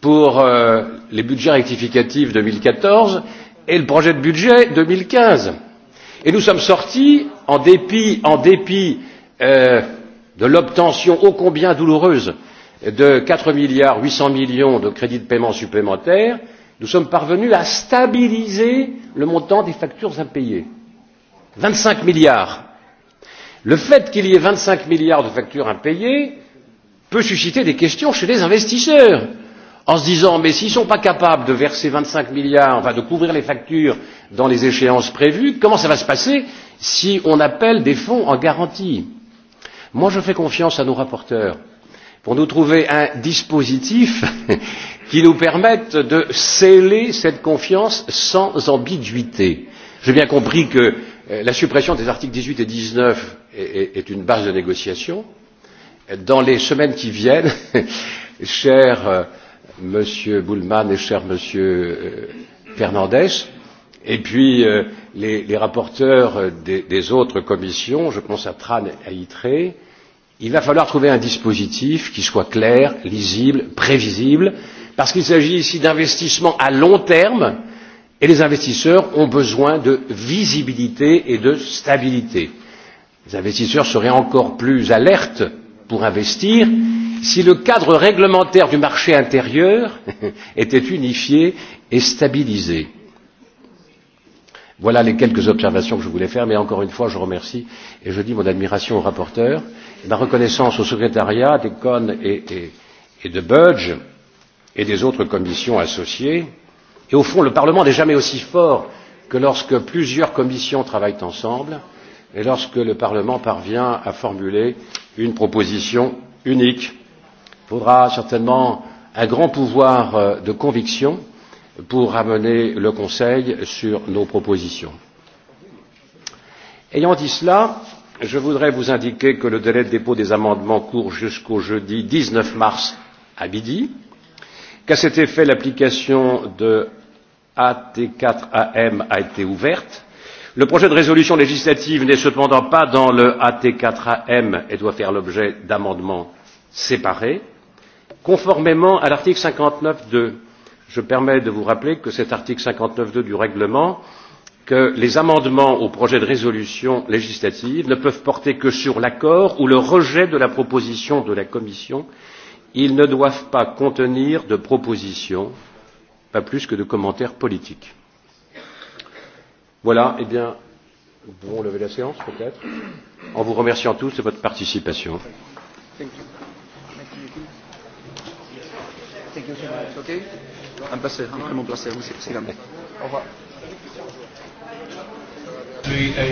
pour euh, les budgets rectificatifs 2014 et le projet de budget 2015. Et nous sommes sortis, en dépit, en dépit euh, de l'obtention ô combien douloureuse de quatre milliards huit cents millions de crédits de paiement supplémentaires, nous sommes parvenus à stabiliser le montant des factures impayées vingt cinq milliards. le fait qu'il y ait vingt cinq milliards de factures impayées peut susciter des questions chez les investisseurs en se disant mais s'ils ne sont pas capables de verser vingt cinq milliards enfin de couvrir les factures dans les échéances prévues comment ça va se passer si on appelle des fonds en garantie? moi je fais confiance à nos rapporteurs pour nous trouver un dispositif qui nous permette de sceller cette confiance sans ambiguïté. j'ai bien compris que Euh, la suppression des articles dix huit et dix neuf est une base de négociation. dans les semaines qui viennent cher euh, monsieur bullmann et cher monsieur euh, fernandes et puis les, les rapporteurs des, des autres commissions je pense à tran et à itre il va falloir trouver un dispositif qui soit clair lisible prévisible parce qu'il s'agit ici d'investissements à long terme et les investisseurs ont besoin de visibilité et de stabilité. les investisseurs seraient encore plus alertes pour investir si le cadre réglementaire du marché intérieur était unifié et stabilisé. voilà les quelques observations que je voulais faire mais encore une fois je remercie et je dis mon admiration au rapporteur et ma reconnaissance au secrétariat d'econ et, et, et de budge et des autres commissions associées et au fond le parlement n'est jamais aussi fort que lorsque plusieurs commissions travaillent ensemble et lorsque le parlement parvient à formuler une proposition unique. il faudra certainement un grand pouvoir euh, de conviction pour amener le conseil sur nos propositions. ayant dit cela je voudrais vous indiquer que le délai de dépôt des amendements court jusqu'au jeudi dix neuf mars à midi qu'à cet effet l'application de AT4 AM a été ouverte. Le projet de résolution législative n'est cependant pas dans le AT4 AM et doit faire l'objet d'amendements séparés. Conformément à l'article 59.2, je permets de vous rappeler que cet article 59.2 du règlement que les amendements au projet de résolution législative ne peuvent porter que sur l'accord ou le rejet de la proposition de la Commission. Ils ne doivent pas contenir de propositions pas plus que de commentaires politiques. Voilà, eh bien, nous pouvons lever la séance peut-être, en vous remerciant tous de votre participation. Thank you. Thank you so much. Okay. Un plaisir, vraiment un plaisir. Merci. Au revoir.